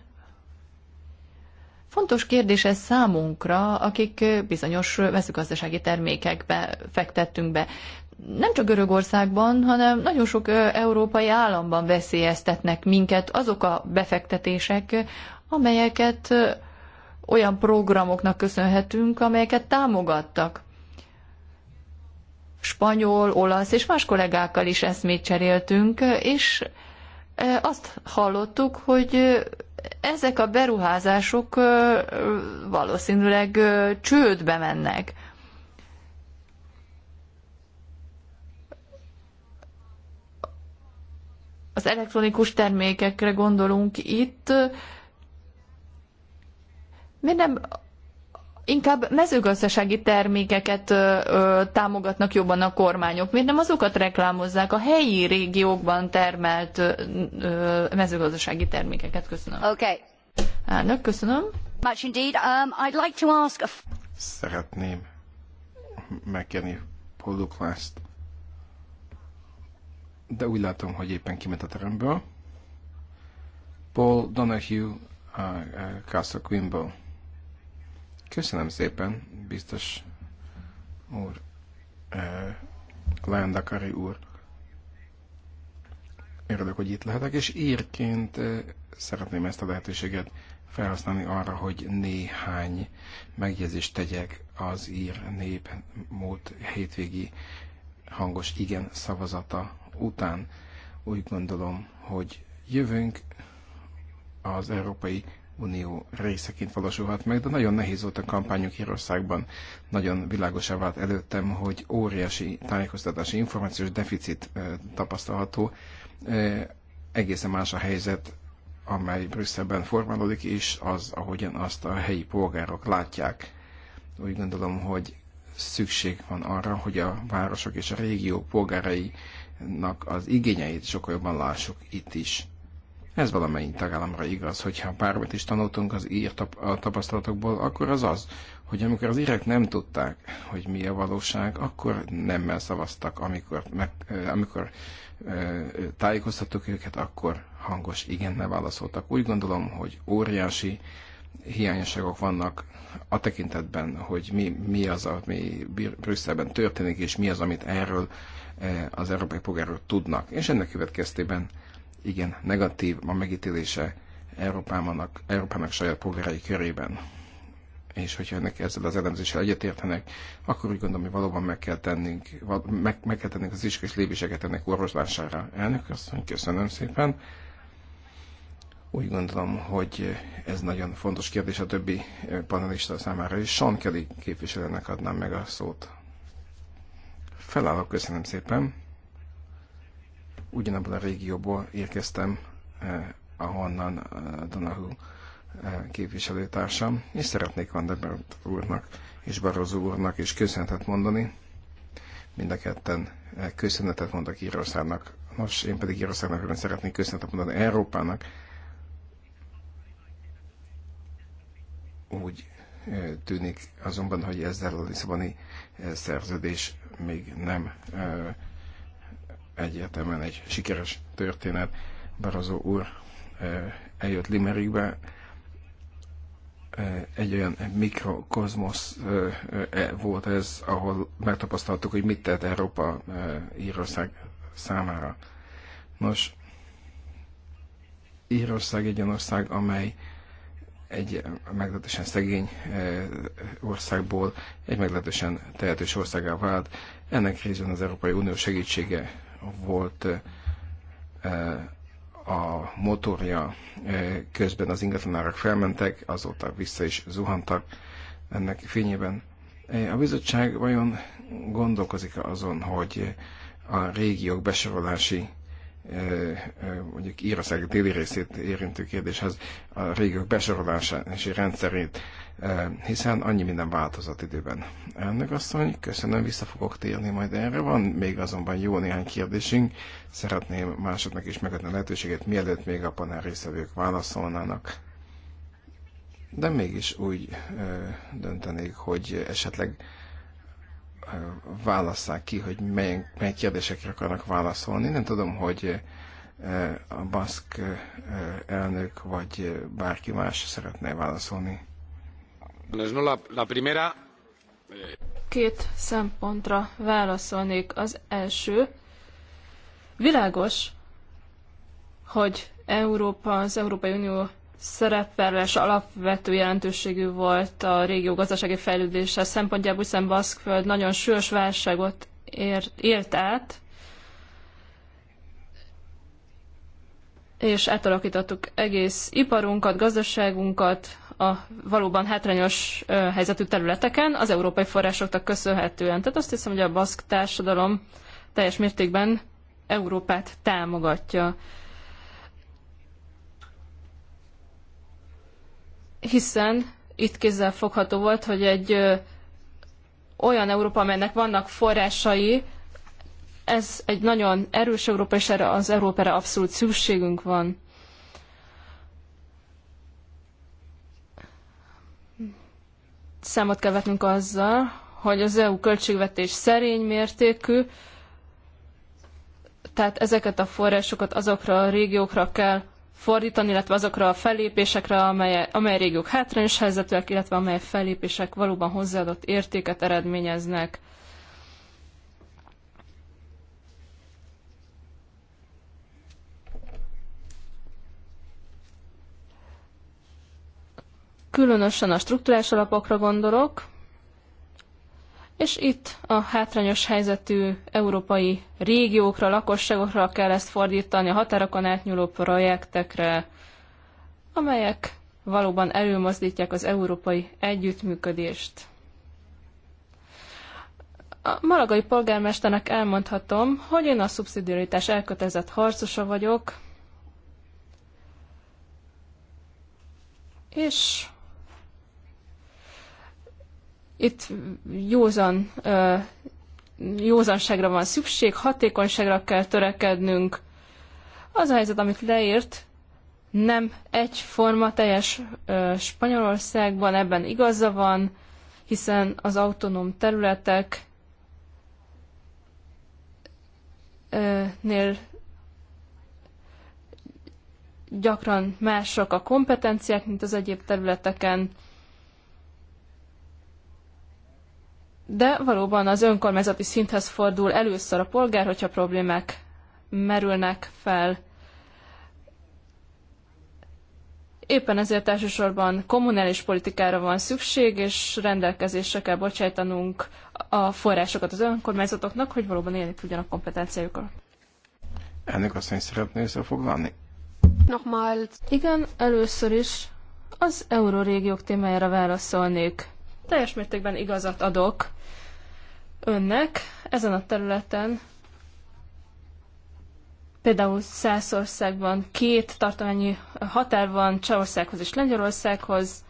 Fontos kérdés ez számunkra, akik bizonyos mezőgazdasági termékekbe fektettünk be. Nem csak Görögországban, hanem nagyon sok európai államban veszélyeztetnek minket azok a befektetések, amelyeket olyan programoknak köszönhetünk, amelyeket támogattak. Spanyol, olasz és más kollégákkal is eszmét cseréltünk, és azt hallottuk, hogy ezek a beruházások valószínűleg csődbe mennek. Az elektronikus termékekre gondolunk itt. Miért nem inkább mezőgazdasági termékeket ö, támogatnak jobban a kormányok. Miért nem azokat reklámozzák a helyi régiókban termelt ö, ö, mezőgazdasági termékeket? Köszönöm. Okay. Elnök, köszönöm. Much indeed. Um, I'd like to ask a... Szeretném megkérni Poluklást. De úgy látom, hogy éppen kiment a teremből. Paul Donahue, uh, uh, Castle Quimble. Köszönöm szépen, biztos úr, eh, Landakari úr. Örülök, hogy itt lehetek, és írként eh, szeretném ezt a lehetőséget felhasználni arra, hogy néhány megjegyzést tegyek az ír nép múlt hétvégi hangos igen szavazata után. Úgy gondolom, hogy jövünk az európai Unió részeként valósulhat meg, de nagyon nehéz volt a kampányunk Írországban. Nagyon világosá vált előttem, hogy óriási tájékoztatási információs deficit tapasztalható. Egészen más a helyzet, amely Brüsszelben formálódik, és az, ahogyan azt a helyi polgárok látják. Úgy gondolom, hogy szükség van arra, hogy a városok és a régió polgárainak az igényeit sokkal jobban lássuk itt is ez valamelyik tagállamra igaz, hogyha bármit is tanultunk az ír tapasztalatokból, akkor az az, hogy amikor az írek nem tudták, hogy mi a valóság, akkor nemmel szavaztak, amikor, meg, amikor tájékoztattuk őket, akkor hangos igennel válaszoltak. Úgy gondolom, hogy óriási hiányosságok vannak a tekintetben, hogy mi, mi az, ami Brüsszelben történik, és mi az, amit erről az európai polgárok tudnak. És ennek következtében igen negatív a megítélése Európának, Európának saját polgárai körében. És hogyha ennek ezzel az elemzéssel egyetértenek, akkor úgy gondolom, hogy valóban meg kell tennünk, meg, meg kell tennünk az iskolás lépéseket ennek orvoslására. Elnök asszony, köszönöm szépen. Úgy gondolom, hogy ez nagyon fontos kérdés a többi eh, panelista számára, és Sean Kelly képviselőnek adnám meg a szót. Felállok, köszönöm szépen ugyanabban a régióból érkeztem, eh, ahonnan eh, Donahue eh, képviselőtársam, és szeretnék Van Debert úrnak és Barroso úrnak is köszönetet mondani. Mind a ketten köszönetet mondok Írországnak. Nos, én pedig Írországnak ön szeretnék köszönetet mondani Európának. Úgy tűnik azonban, hogy ezzel a Lisszaboni szerződés még nem egyértelműen egy sikeres történet. Barazó úr eh, eljött Limerickbe, eh, egy olyan mikrokozmosz eh, volt ez, ahol megtapasztaltuk, hogy mit tett Európa Írország számára. Nos, Írország egy olyan ország, amely egy meglehetősen szegény országból egy meglehetősen tehetős országá vált. Ennek részben az Európai Unió segítsége volt eh, a motorja, eh, közben az ingatlanárak felmentek, azóta vissza is zuhantak ennek fényében. Eh, a bizottság vajon gondolkozik azon, hogy a régiók besorolási Eh, eh, mondjuk Írország déli részét érintő kérdéshez a régiók besorolási rendszerét, eh, hiszen annyi minden változott időben. Elnök asszony, köszönöm, vissza fogok térni majd erre. Van még azonban jó néhány kérdésünk. Szeretném másoknak is megadni a lehetőséget, mielőtt még a panel résztvevők válaszolnának. De mégis úgy döntenék, hogy esetleg válasszák ki, hogy mely, mely kérdésekre akarnak válaszolni. Nem tudom, hogy e, a baszk e, elnök vagy bárki más szeretne válaszolni. Eh, Két szempontra válaszolnék. Az első, világos, hogy Európa, az Európai Unió szerepelés alapvető jelentőségű volt a régió gazdasági fejlődése szempontjából, hiszen Baszkföld nagyon sűrös válságot ért, élt át, és átalakítottuk egész iparunkat, gazdaságunkat a valóban hátrányos helyzetű területeken, az európai forrásoknak köszönhetően. Tehát azt hiszem, hogy a baszk társadalom teljes mértékben Európát támogatja. hiszen itt kézzel fogható volt, hogy egy ö, olyan Európa, amelynek vannak forrásai, ez egy nagyon erős Európa, és erre az Európára abszolút szükségünk van. Számot kell vetnünk azzal, hogy az EU költségvetés szerény mértékű, tehát ezeket a forrásokat azokra a régiókra kell fordítani, illetve azokra a fellépésekre, amely, amely régiók hátrányos helyzetűek, illetve amely fellépések valóban hozzáadott értéket eredményeznek. Különösen a struktúrás alapokra gondolok, és itt a hátrányos helyzetű európai régiókra, lakosságokra kell ezt fordítani, a határokon átnyúló projektekre, amelyek valóban előmozdítják az európai együttműködést. A malagai polgármesternek elmondhatom, hogy én a szubszidiaritás elkötelezett harcosa vagyok, és itt józan, józanságra van szükség, hatékonyságra kell törekednünk. Az a helyzet, amit leírt, nem egyforma teljes Spanyolországban, ebben igaza van, hiszen az autonóm területek nél gyakran mások a kompetenciák, mint az egyéb területeken. De valóban az önkormányzati szinthez fordul először a polgár, hogyha problémák merülnek fel. Éppen ezért elsősorban kommunális politikára van szükség, és rendelkezésre kell bocsájtanunk a forrásokat az önkormányzatoknak, hogy valóban élni tudjanak kompetenciájukkal. Ennek azt hiszem, szeretné összefoglalni? Nochmal. Igen, először is az euróregiók témájára válaszolnék teljes mértékben igazat adok önnek ezen a területen. Például Szászországban két tartományi határ van Csehországhoz és Lengyelországhoz.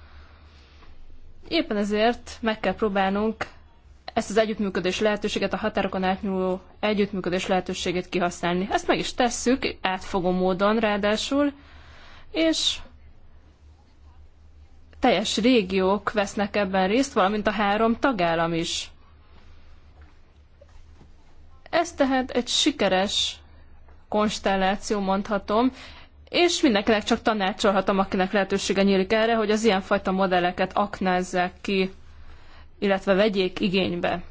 Éppen ezért meg kell próbálnunk ezt az együttműködés lehetőséget, a határokon átnyúló együttműködés lehetőségét kihasználni. Ezt meg is tesszük, átfogó módon ráadásul, és teljes régiók vesznek ebben részt, valamint a három tagállam is. Ez tehát egy sikeres konstelláció, mondhatom, és mindenkinek csak tanácsolhatom, akinek lehetősége nyílik erre, hogy az ilyenfajta modelleket aknázzák ki, illetve vegyék igénybe.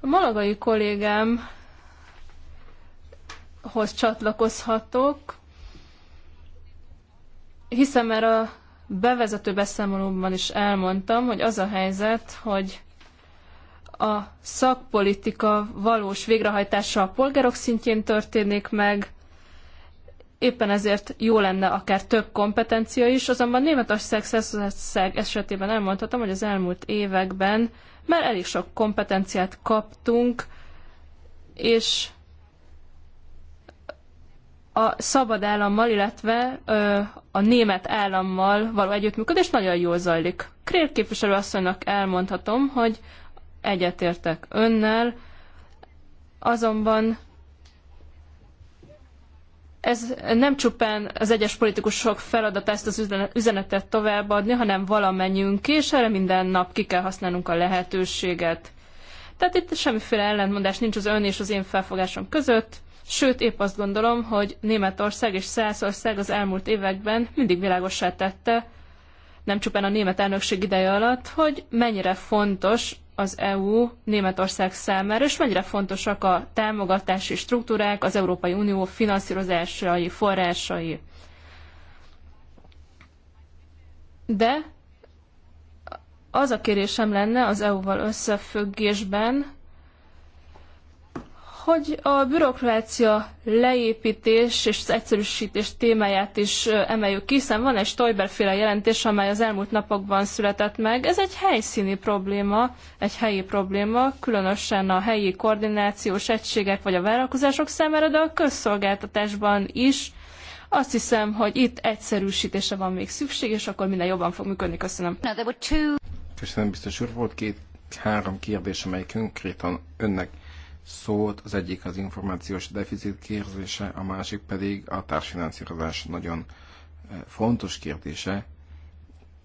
A malagai kollégámhoz csatlakozhatok, hiszen már a bevezető beszámolóban is elmondtam, hogy az a helyzet, hogy a szakpolitika valós végrehajtása a polgárok szintjén történik meg, éppen ezért jó lenne akár több kompetencia is, azonban Németország Szeszország esetében elmondhatom, hogy az elmúlt években már elég sok kompetenciát kaptunk, és a szabad állammal, illetve ö, a német állammal való együttműködés nagyon jól zajlik. Krél képviselő asszonynak elmondhatom, hogy egyetértek önnel, azonban ez nem csupán az egyes politikusok feladata ezt az üzenetet továbbadni, hanem valamennyünk, és erre minden nap ki kell használnunk a lehetőséget. Tehát itt semmiféle ellentmondás nincs az ön és az én felfogásom között. Sőt, épp azt gondolom, hogy Németország és Szászország az elmúlt években mindig világossá tette, nem csupán a német elnökség ideje alatt, hogy mennyire fontos az EU Németország számára, és mennyire fontosak a támogatási struktúrák, az Európai Unió finanszírozásai, forrásai. De az a kérésem lenne az EU-val összefüggésben, hogy a bürokrácia leépítés és az egyszerűsítés témáját is emeljük ki, hiszen van egy Stoiber-féle jelentés, amely az elmúlt napokban született meg. Ez egy helyszíni probléma, egy helyi probléma, különösen a helyi koordinációs egységek vagy a vállalkozások számára, de a közszolgáltatásban is. Azt hiszem, hogy itt egyszerűsítése van még szükség, és akkor minden jobban fog működni. Köszönöm. Köszönöm, biztos úr. Volt két, három kérdés, amely konkrétan önnek szót, az egyik az információs deficit kérdése, a másik pedig a társfinanszírozás nagyon eh, fontos kérdése,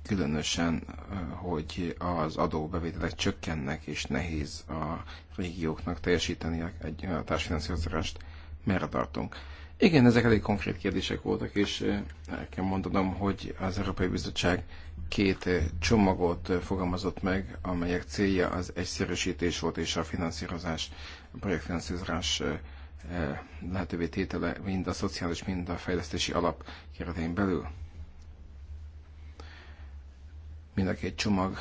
különösen, eh, hogy az adóbevételek csökkennek, és nehéz a régióknak teljesíteni egy társfinanszírozást. Merre tartunk? Igen, ezek elég konkrét kérdések voltak, és eh, el kell mondanom, hogy az Európai Bizottság két csomagot fogalmazott meg, amelyek célja az egyszerűsítés volt és a finanszírozás projektfinanszírozás eh, lehetővé tétele mind a szociális, mind a fejlesztési alap keretén belül. Mind a két csomag,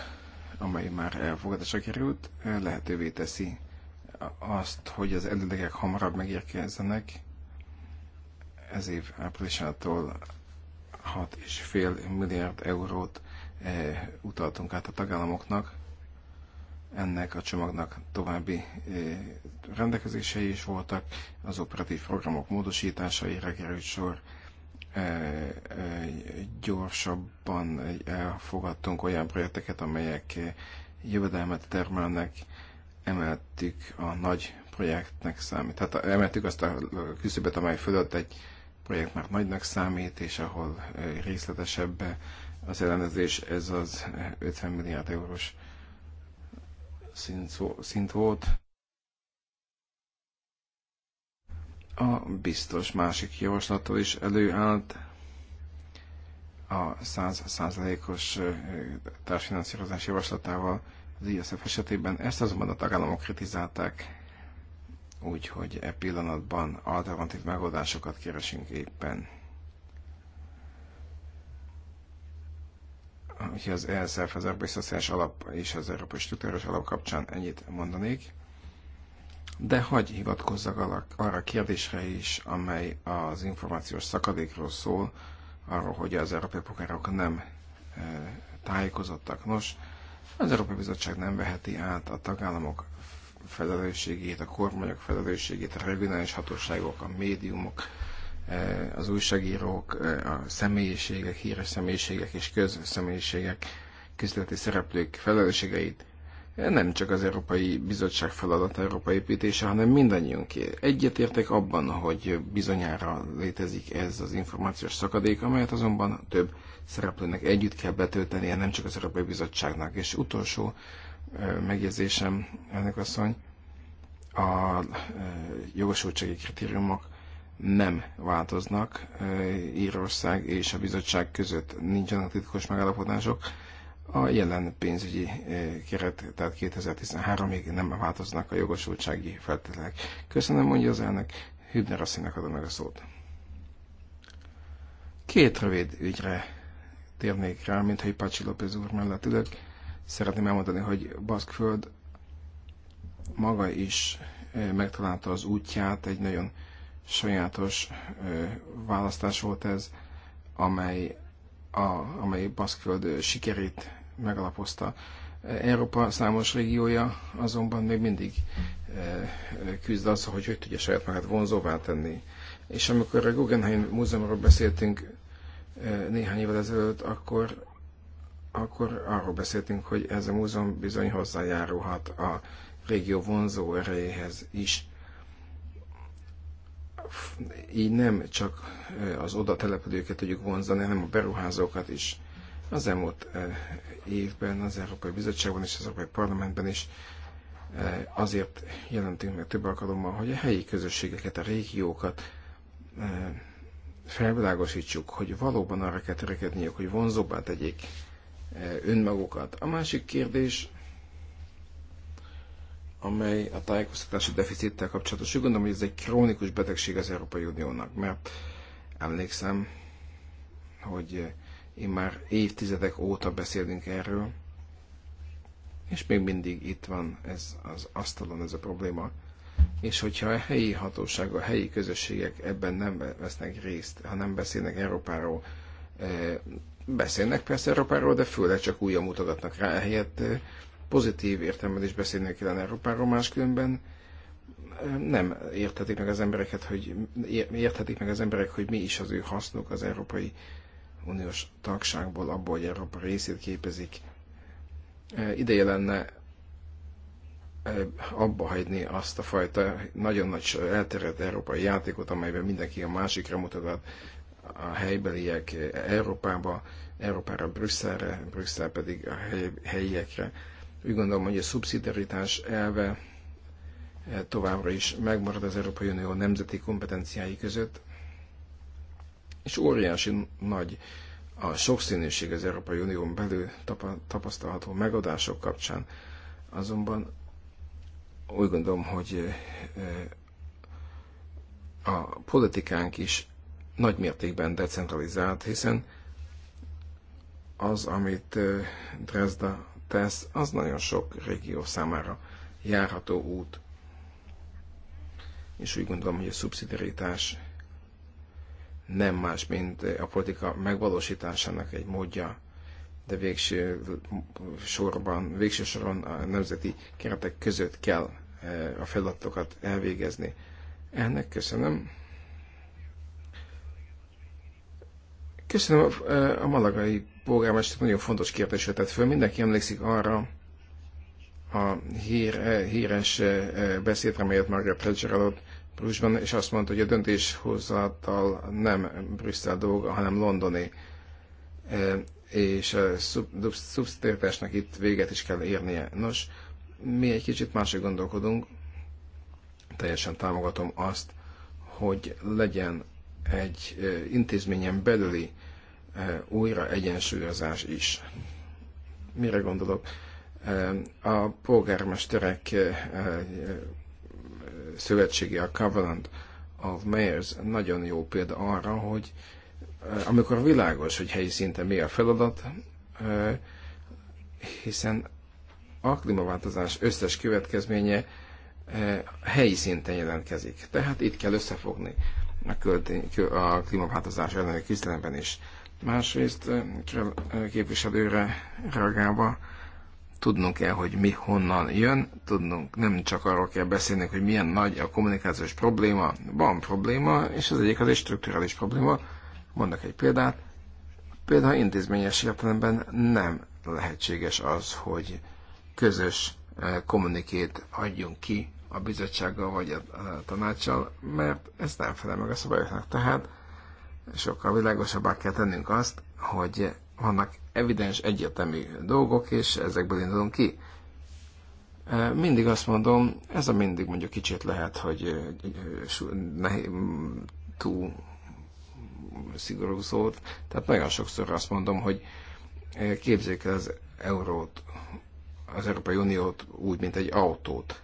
amely már elfogadásra került, eh, lehetővé teszi azt, hogy az elődegek hamarabb megérkezzenek. Ez év áprilisától 6,5 milliárd eurót eh, utaltunk át a tagállamoknak ennek a csomagnak további eh, rendelkezései is voltak, az operatív programok módosításaira került sor, eh, eh, gyorsabban elfogadtunk olyan projekteket, amelyek jövedelmet termelnek, emeltük a nagy projektnek számít. Tehát emeltük azt a küszöbet, amely fölött egy projekt már nagynak számít, és ahol részletesebb az ellenezés, ez az 50 milliárd eurós szint volt. A biztos másik javaslata is előállt a 100%-os társfinanszírozás javaslatával az ISF esetében. Ezt azonban a tagállamok kritizálták, úgyhogy e pillanatban alternatív megoldásokat keresünk éppen. hogy az ESF, az Európai Szociális Alap és az Európai Struktúrás Alap kapcsán ennyit mondanék. De hagy hivatkozzak arra a kérdésre is, amely az információs szakadékról szól, arról, hogy az európai polgárok nem e, tájékozottak. Nos, az Európai Bizottság nem veheti át a tagállamok felelősségét, a kormányok felelősségét, a regionális hatóságok, a médiumok, az újságírók, a személyiségek, híres személyiségek és közszemélyiségek, közleti szereplők felelősségeit. Nem csak az Európai Bizottság feladata európai építése, hanem mindannyiunké. Egyetértek abban, hogy bizonyára létezik ez az információs szakadék, amelyet azonban több szereplőnek együtt kell betöltenie, nem csak az Európai Bizottságnak. És utolsó megjegyzésem, elnök asszony, a jogosultsági kritériumok nem változnak Írország és a bizottság között nincsenek titkos megállapodások. A jelen pénzügyi keret, tehát 2013-ig nem változnak a jogosultsági feltételek. Köszönöm, mondja az elnök. Hübner asszonynak adom meg a szót. Két rövid ügyre térnék rá, mint egy Pacsi López úr mellett ülök. Szeretném elmondani, hogy Baszkföld maga is megtalálta az útját egy nagyon sajátos választás volt ez, amely, a, amely Baszkföld sikerét megalapozta. Európa számos régiója azonban még mindig küzd az, hogy hogy tudja saját magát vonzóvá tenni. És amikor a Guggenheim Múzeumról beszéltünk néhány évvel ezelőtt, akkor, akkor arról beszéltünk, hogy ez a múzeum bizony hozzájárulhat a régió vonzó erejéhez is így nem csak az oda települőket tudjuk vonzani, hanem a beruházókat is. Az elmúlt évben az Európai Bizottságban és az Európai Parlamentben is azért jelentünk meg több alkalommal, hogy a helyi közösségeket, a régiókat felvilágosítsuk, hogy valóban arra kell törekedniük, hogy vonzóbbá tegyék önmagukat. A másik kérdés amely a tájékoztatási deficittel kapcsolatos. Úgy gondolom, hogy ez egy krónikus betegség az Európai Uniónak, mert emlékszem, hogy én már évtizedek óta beszélünk erről, és még mindig itt van ez az asztalon ez a probléma. És hogyha a helyi hatóság, a helyi közösségek ebben nem vesznek részt, ha nem beszélnek Európáról, eh, beszélnek persze Európáról, de főleg csak újra mutogatnak rá, helyett eh, pozitív értelemben is beszélni kellene Európáról, máskülönben nem érthetik meg az embereket, hogy érthetik meg az emberek, hogy mi is az ő hasznuk az Európai Uniós tagságból, abból, hogy Európa részét képezik. Ideje lenne abba hagyni azt a fajta nagyon nagy elterjedt európai játékot, amelyben mindenki a másikra mutat, a helybeliek Európába, Európára, Brüsszelre, Brüsszel pedig a helyiekre. Úgy gondolom, hogy a szubszidiaritás elve eh, továbbra is megmarad az Európai Unió nemzeti kompetenciái között, és óriási nagy a sokszínűség az Európai Unión belül tapasztalható megadások kapcsán. Azonban úgy gondolom, hogy eh, a politikánk is nagy mértékben decentralizált, hiszen az, amit eh, Dresda tesz, az nagyon sok régió számára járható út. És úgy gondolom, hogy a szubszidiaritás nem más, mint a politika megvalósításának egy módja, de végső sorban, végső soron a nemzeti keretek között kell eh, a feladatokat elvégezni. Ennek köszönöm. Köszönöm, a malagai polgármester nagyon fontos kérdést tett föl. Mindenki emlékszik arra a hír, híres beszédre, amelyet Margaret Thatcher adott Brüsszben, és azt mondta, hogy a döntéshozatal nem Brüsszel dolga, hanem londoni. És a szubszidiaritásnak itt véget is kell érnie. Nos, mi egy kicsit máshogy gondolkodunk, teljesen támogatom azt, hogy legyen egy intézményen belüli újra egyensúlyozás is. Mire gondolok? A polgármesterek szövetsége, a Covenant of Mayors nagyon jó példa arra, hogy amikor világos, hogy helyi szinten mi a feladat, hiszen a klímaváltozás összes következménye helyi szinten jelentkezik. Tehát itt kell összefogni a, a klímaváltozás elleni küzdelemben is. Másrészt képviselőre reagálva tudnunk kell, hogy mi honnan jön, tudnunk, nem csak arról kell beszélnünk, hogy milyen nagy a kommunikációs probléma, van probléma, és az egyik az egy strukturális probléma. Mondok egy példát, például intézményes értelemben nem lehetséges az, hogy közös kommunikét adjunk ki a bizottsággal vagy a tanácssal, mert ez nem felel meg a szabályoknak. Tehát sokkal világosabbá kell tennünk azt, hogy vannak evidens, egyértelmű dolgok, és ezekből indulunk ki. Mindig azt mondom, ez a mindig mondjuk kicsit lehet, hogy nehéz, túl szigorú szót. Tehát nagyon sokszor azt mondom, hogy képzék el az eurót, az Európai Uniót úgy, mint egy autót.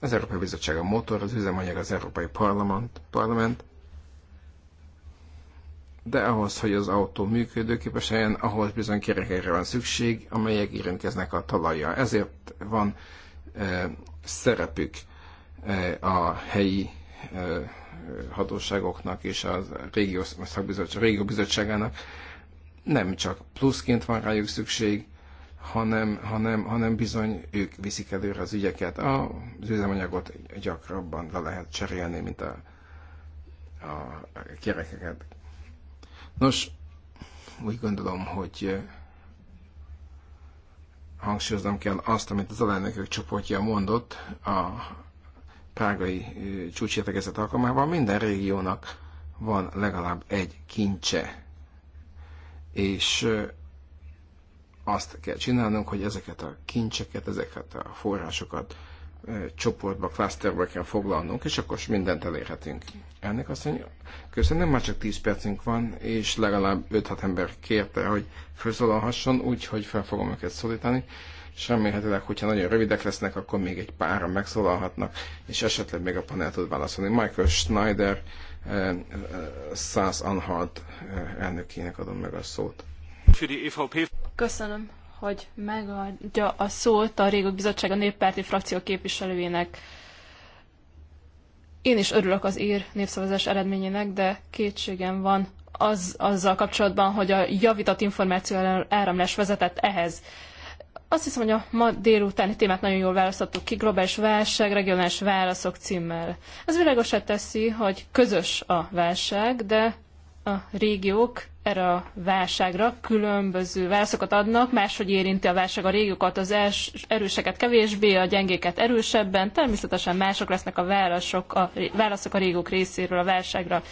Az Európai Bizottság a motor, az üzemanyag az Európai Parlament, parlament de ahhoz, hogy az autó működőképes legyen, ahhoz bizony kerekekre van szükség, amelyek érintkeznek a talajjal. Ezért van e, szerepük e, a helyi e, hatóságoknak és a régió, a régió bizottságának. Nem csak pluszként van rájuk szükség, hanem, hanem, hanem bizony ők viszik előre az ügyeket. Az üzemanyagot gyakrabban le lehet cserélni, mint a, a kerekeket. Nos, úgy gondolom, hogy hangsúlyoznom kell azt, amit az alelnökök csoportja mondott a prágai csúcsértekezet alkalmával. Minden régiónak van legalább egy kincse, és azt kell csinálnunk, hogy ezeket a kincseket, ezeket a forrásokat csoportba, klaszterbe kell foglalnunk, és akkor mindent elérhetünk. Ennek azt mondja, köszönöm, már csak 10 percünk van, és legalább 5-6 ember kérte, hogy felszólalhasson, úgyhogy fel fogom őket szólítani, és remélhetőleg, hogyha nagyon rövidek lesznek, akkor még egy pára megszólalhatnak, és esetleg még a panel tud válaszolni. Michael Schneider, Szász Anhalt elnökének adom meg a szót. Für die EVP Köszönöm, hogy megadja a szót a Régok Bizottság a néppárti frakció képviselőjének. Én is örülök az ír népszavazás eredményének, de kétségem van az, azzal kapcsolatban, hogy a javított információ áramlás vezetett ehhez. Azt hiszem, hogy a ma délutáni témát nagyon jól választottuk ki, globális válság, regionális válaszok címmel. Ez világosá teszi, hogy közös a válság, de a régiók erre a válságra különböző válaszokat adnak, máshogy érinti a válság a régiókat, az erőseket kevésbé, a gyengéket erősebben, természetesen mások lesznek a válaszok a, válaszok a régiók részéről a válságra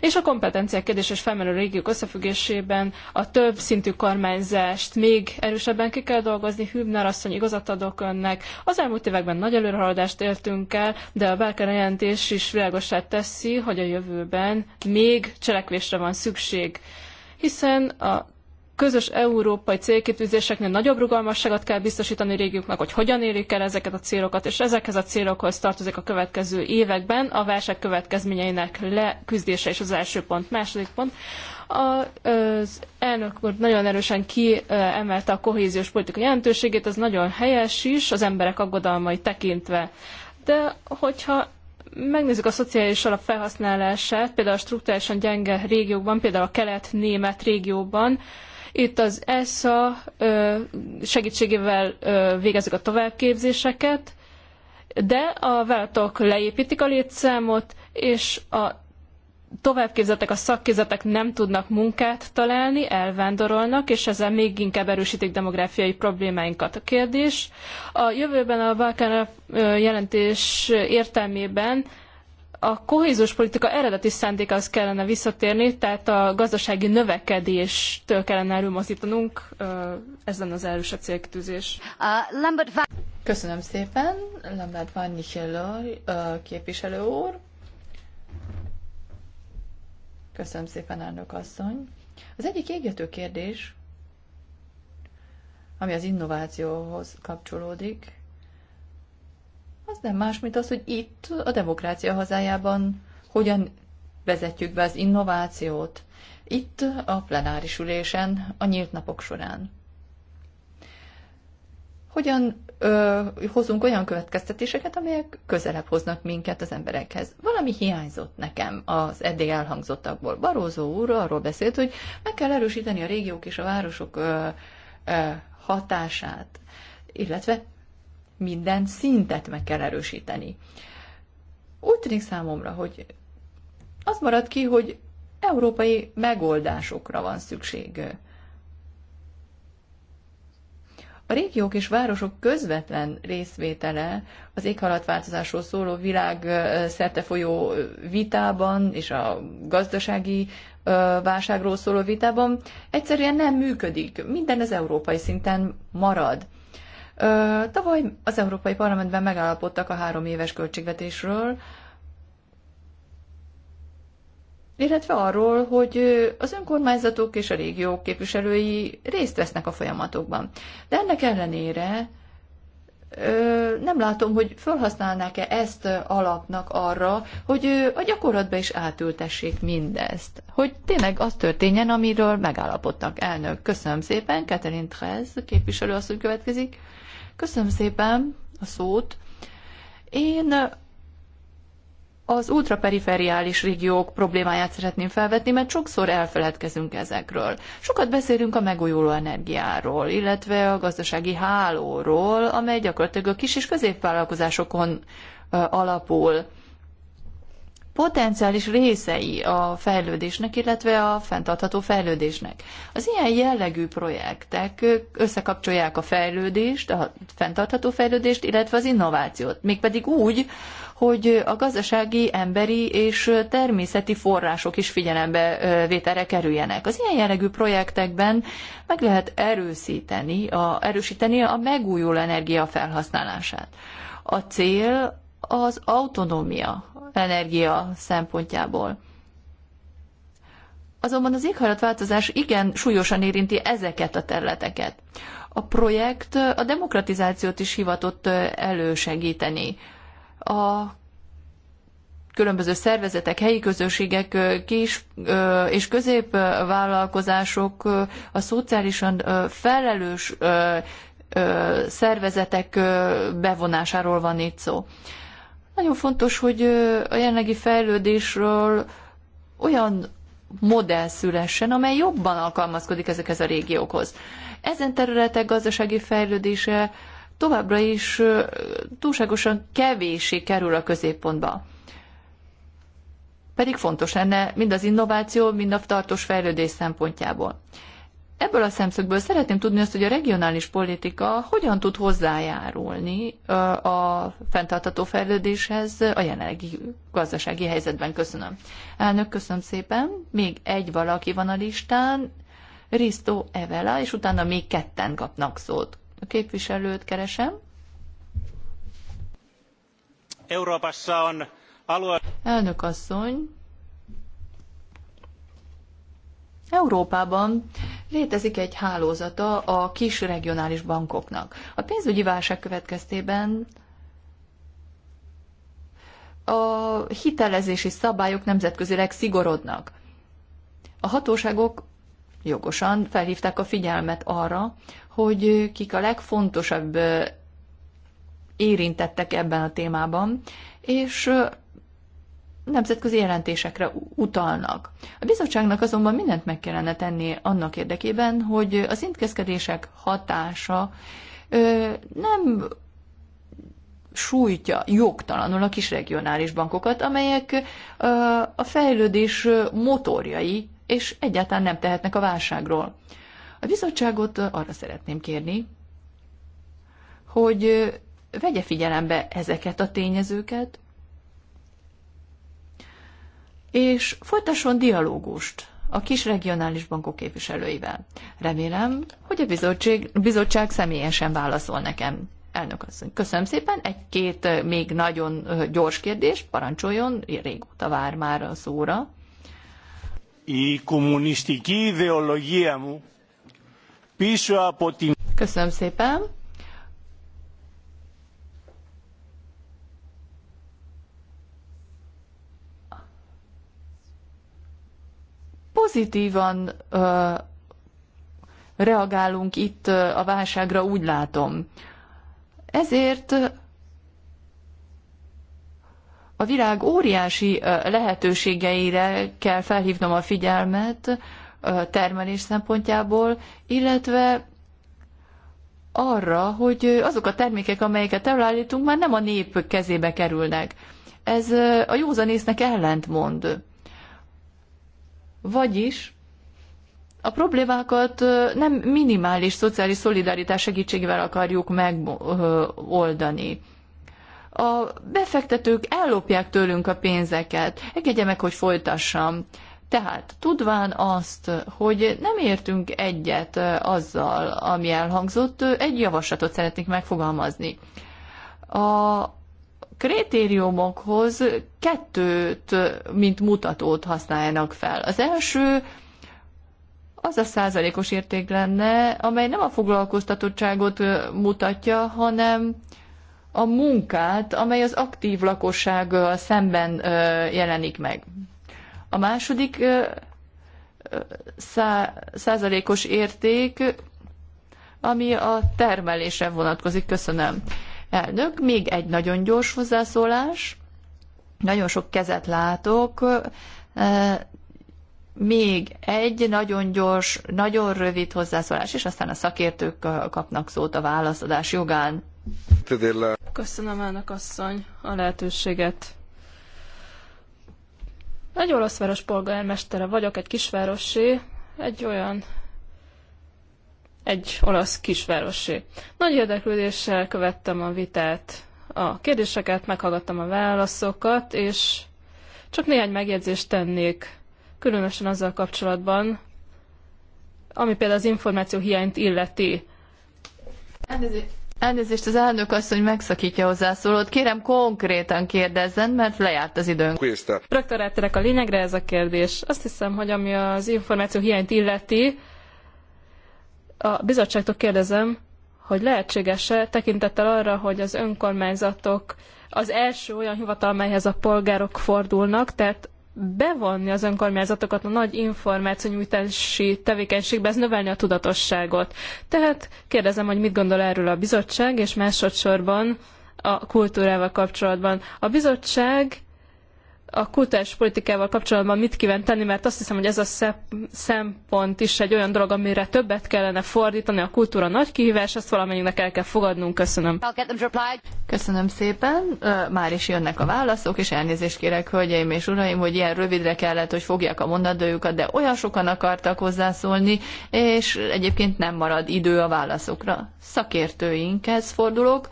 és a kompetenciák kérdés és felmerő régiók összefüggésében a több szintű kormányzást még erősebben ki kell dolgozni. Hübner asszony igazat adok önnek. Az elmúlt években nagy előrehaladást értünk el, de a Belker jelentés is világosá teszi, hogy a jövőben még cselekvésre van szükség hiszen a közös európai célkitűzéseknél nagyobb rugalmasságot kell biztosítani régióknak, hogy hogyan érik el ezeket a célokat, és ezekhez a célokhoz tartozik a következő években a válság következményeinek leküzdése és az első pont. Második pont, az elnök úr nagyon erősen kiemelte a kohéziós politika jelentőségét, ez nagyon helyes is, az emberek aggodalmai tekintve. De hogyha megnézzük a szociális alap felhasználását, például a struktúrálisan gyenge régiókban, például a kelet-német régióban, itt az ESA segítségével végezik a továbbképzéseket, de a vállalatok leépítik a létszámot, és a továbbképzettek, a szakképzettek nem tudnak munkát találni, elvándorolnak, és ezzel még inkább erősítik demográfiai problémáinkat. A kérdés a jövőben a Balkán jelentés értelmében a kohéziós politika eredeti szándékához kellene visszatérni, tehát a gazdasági növekedéstől kellene előmozdítanunk. Ez lenne az első célkitűzés. Köszönöm szépen, Lambert Van képviselő úr. Köszönöm szépen, elnök asszony. Az egyik égető kérdés, ami az innovációhoz kapcsolódik, az nem más, mint az, hogy itt a demokrácia hazájában hogyan vezetjük be az innovációt, itt a plenáris ülésen, a nyílt napok során. Hogyan ö, hozunk olyan következtetéseket, amelyek közelebb hoznak minket az emberekhez. Valami hiányzott nekem az eddig elhangzottakból. Barózó úr arról beszélt, hogy meg kell erősíteni a régiók és a városok ö, ö, hatását, illetve minden szintet meg kell erősíteni. Úgy tűnik számomra, hogy az marad ki, hogy európai megoldásokra van szükség. A régiók és városok közvetlen részvétele az éghalatváltozásról szóló világ szerte folyó vitában és a gazdasági válságról szóló vitában egyszerűen nem működik. Minden az európai szinten marad. Tavaly az Európai Parlamentben megállapodtak a három éves költségvetésről, illetve arról, hogy az önkormányzatok és a régiók képviselői részt vesznek a folyamatokban. De ennek ellenére nem látom, hogy felhasználnák-e ezt alapnak arra, hogy a gyakorlatba is átültessék mindezt. Hogy tényleg az történjen, amiről megállapodtak elnök. Köszönöm szépen, Katerin Trez képviselő asszony következik. Köszönöm szépen a szót. Én az ultraperiferiális régiók problémáját szeretném felvetni, mert sokszor elfeledkezünk ezekről. Sokat beszélünk a megújuló energiáról, illetve a gazdasági hálóról, amely gyakorlatilag a kis és középvállalkozásokon alapul potenciális részei a fejlődésnek, illetve a fenntartható fejlődésnek. Az ilyen jellegű projektek összekapcsolják a fejlődést, a fenntartható fejlődést, illetve az innovációt. Mégpedig úgy, hogy a gazdasági, emberi és természeti források is figyelembe vételre kerüljenek. Az ilyen jellegű projektekben meg lehet erősíteni a, erősíteni a megújuló energia felhasználását. A cél az autonómia energia szempontjából. Azonban az éghajlatváltozás igen súlyosan érinti ezeket a területeket. A projekt a demokratizációt is hivatott elősegíteni. A különböző szervezetek, helyi közösségek, kis és középvállalkozások, a szociálisan felelős szervezetek bevonásáról van itt szó. Nagyon fontos, hogy a jelenlegi fejlődésről olyan modell szülessen, amely jobban alkalmazkodik ezekhez a régiókhoz. Ezen területek gazdasági fejlődése továbbra is túlságosan kevéssé kerül a középpontba. Pedig fontos lenne mind az innováció, mind a tartós fejlődés szempontjából ebből a szemszögből szeretném tudni azt, hogy a regionális politika hogyan tud hozzájárulni a fenntartató fejlődéshez a jelenlegi gazdasági helyzetben. Köszönöm. Elnök, köszönöm szépen. Még egy valaki van a listán, Risto Evela, és utána még ketten kapnak szót. A képviselőt keresem. Európa on alue... Elnök asszony, Európában létezik egy hálózata a kis regionális bankoknak. A pénzügyi válság következtében a hitelezési szabályok nemzetközileg szigorodnak. A hatóságok jogosan felhívták a figyelmet arra, hogy kik a legfontosabb érintettek ebben a témában, és nemzetközi jelentésekre utalnak. A bizottságnak azonban mindent meg kellene tenni annak érdekében, hogy az intézkedések hatása nem sújtja jogtalanul a kis regionális bankokat, amelyek a fejlődés motorjai, és egyáltalán nem tehetnek a válságról. A bizottságot arra szeretném kérni, hogy vegye figyelembe ezeket a tényezőket, és folytasson dialógust a kis regionális bankok képviselőivel. Remélem, hogy a bizottság, bizottság személyesen válaszol nekem. Elnök asszony, köszönöm szépen. Egy-két még nagyon gyors kérdés, parancsoljon, régóta vár már a szóra. Köszönöm szépen. pozitívan ö, reagálunk itt a válságra, úgy látom. Ezért a világ óriási lehetőségeire kell felhívnom a figyelmet termelés szempontjából, illetve arra, hogy azok a termékek, amelyeket elállítunk, már nem a nép kezébe kerülnek. Ez a józanésznek ellentmond. Vagyis a problémákat nem minimális szociális szolidaritás segítségével akarjuk megoldani. A befektetők ellopják tőlünk a pénzeket. Engedje meg, hogy folytassam. Tehát, tudván azt, hogy nem értünk egyet azzal, ami elhangzott, egy javaslatot szeretnék megfogalmazni. A kritériumokhoz kettőt, mint mutatót használjanak fel. Az első az a százalékos érték lenne, amely nem a foglalkoztatottságot mutatja, hanem a munkát, amely az aktív lakosság szemben jelenik meg. A második százalékos érték, ami a termelésre vonatkozik. Köszönöm. Elnök, még egy nagyon gyors hozzászólás. Nagyon sok kezet látok. E, még egy nagyon gyors, nagyon rövid hozzászólás, és aztán a szakértők e, kapnak szót a válaszadás jogán. Köszönöm, elnök asszony, a lehetőséget. Egy olasz város polgármestere vagyok, egy kisvárosi, egy olyan egy olasz kisvárosi. Nagy érdeklődéssel követtem a vitát, a kérdéseket, meghallgattam a válaszokat, és csak néhány megjegyzést tennék, különösen azzal kapcsolatban, ami például az információ hiányt illeti. Elnézést, elnézést az elnök asszony megszakítja hozzászólót. Kérem konkrétan kérdezzen, mert lejárt az időnk. Rögtön a lényegre ez a kérdés. Azt hiszem, hogy ami az információ hiányt illeti, a bizottságtól kérdezem, hogy lehetséges-e tekintettel arra, hogy az önkormányzatok az első olyan hivatal, melyhez a polgárok fordulnak, tehát bevonni az önkormányzatokat a nagy információnyújtási tevékenységbe, ez növelni a tudatosságot. Tehát kérdezem, hogy mit gondol erről a bizottság, és másodszorban a kultúrával kapcsolatban. A bizottság a kultúrás politikával kapcsolatban mit kíván tenni, mert azt hiszem, hogy ez a szempont is egy olyan dolog, amire többet kellene fordítani, a kultúra nagy kihívás, ezt valamennyinek el kell fogadnunk. Köszönöm. Köszönöm szépen, már is jönnek a válaszok, és elnézést kérek, hölgyeim és uraim, hogy ilyen rövidre kellett, hogy fogják a mondandójukat, de olyan sokan akartak hozzászólni, és egyébként nem marad idő a válaszokra. Szakértőinkhez fordulok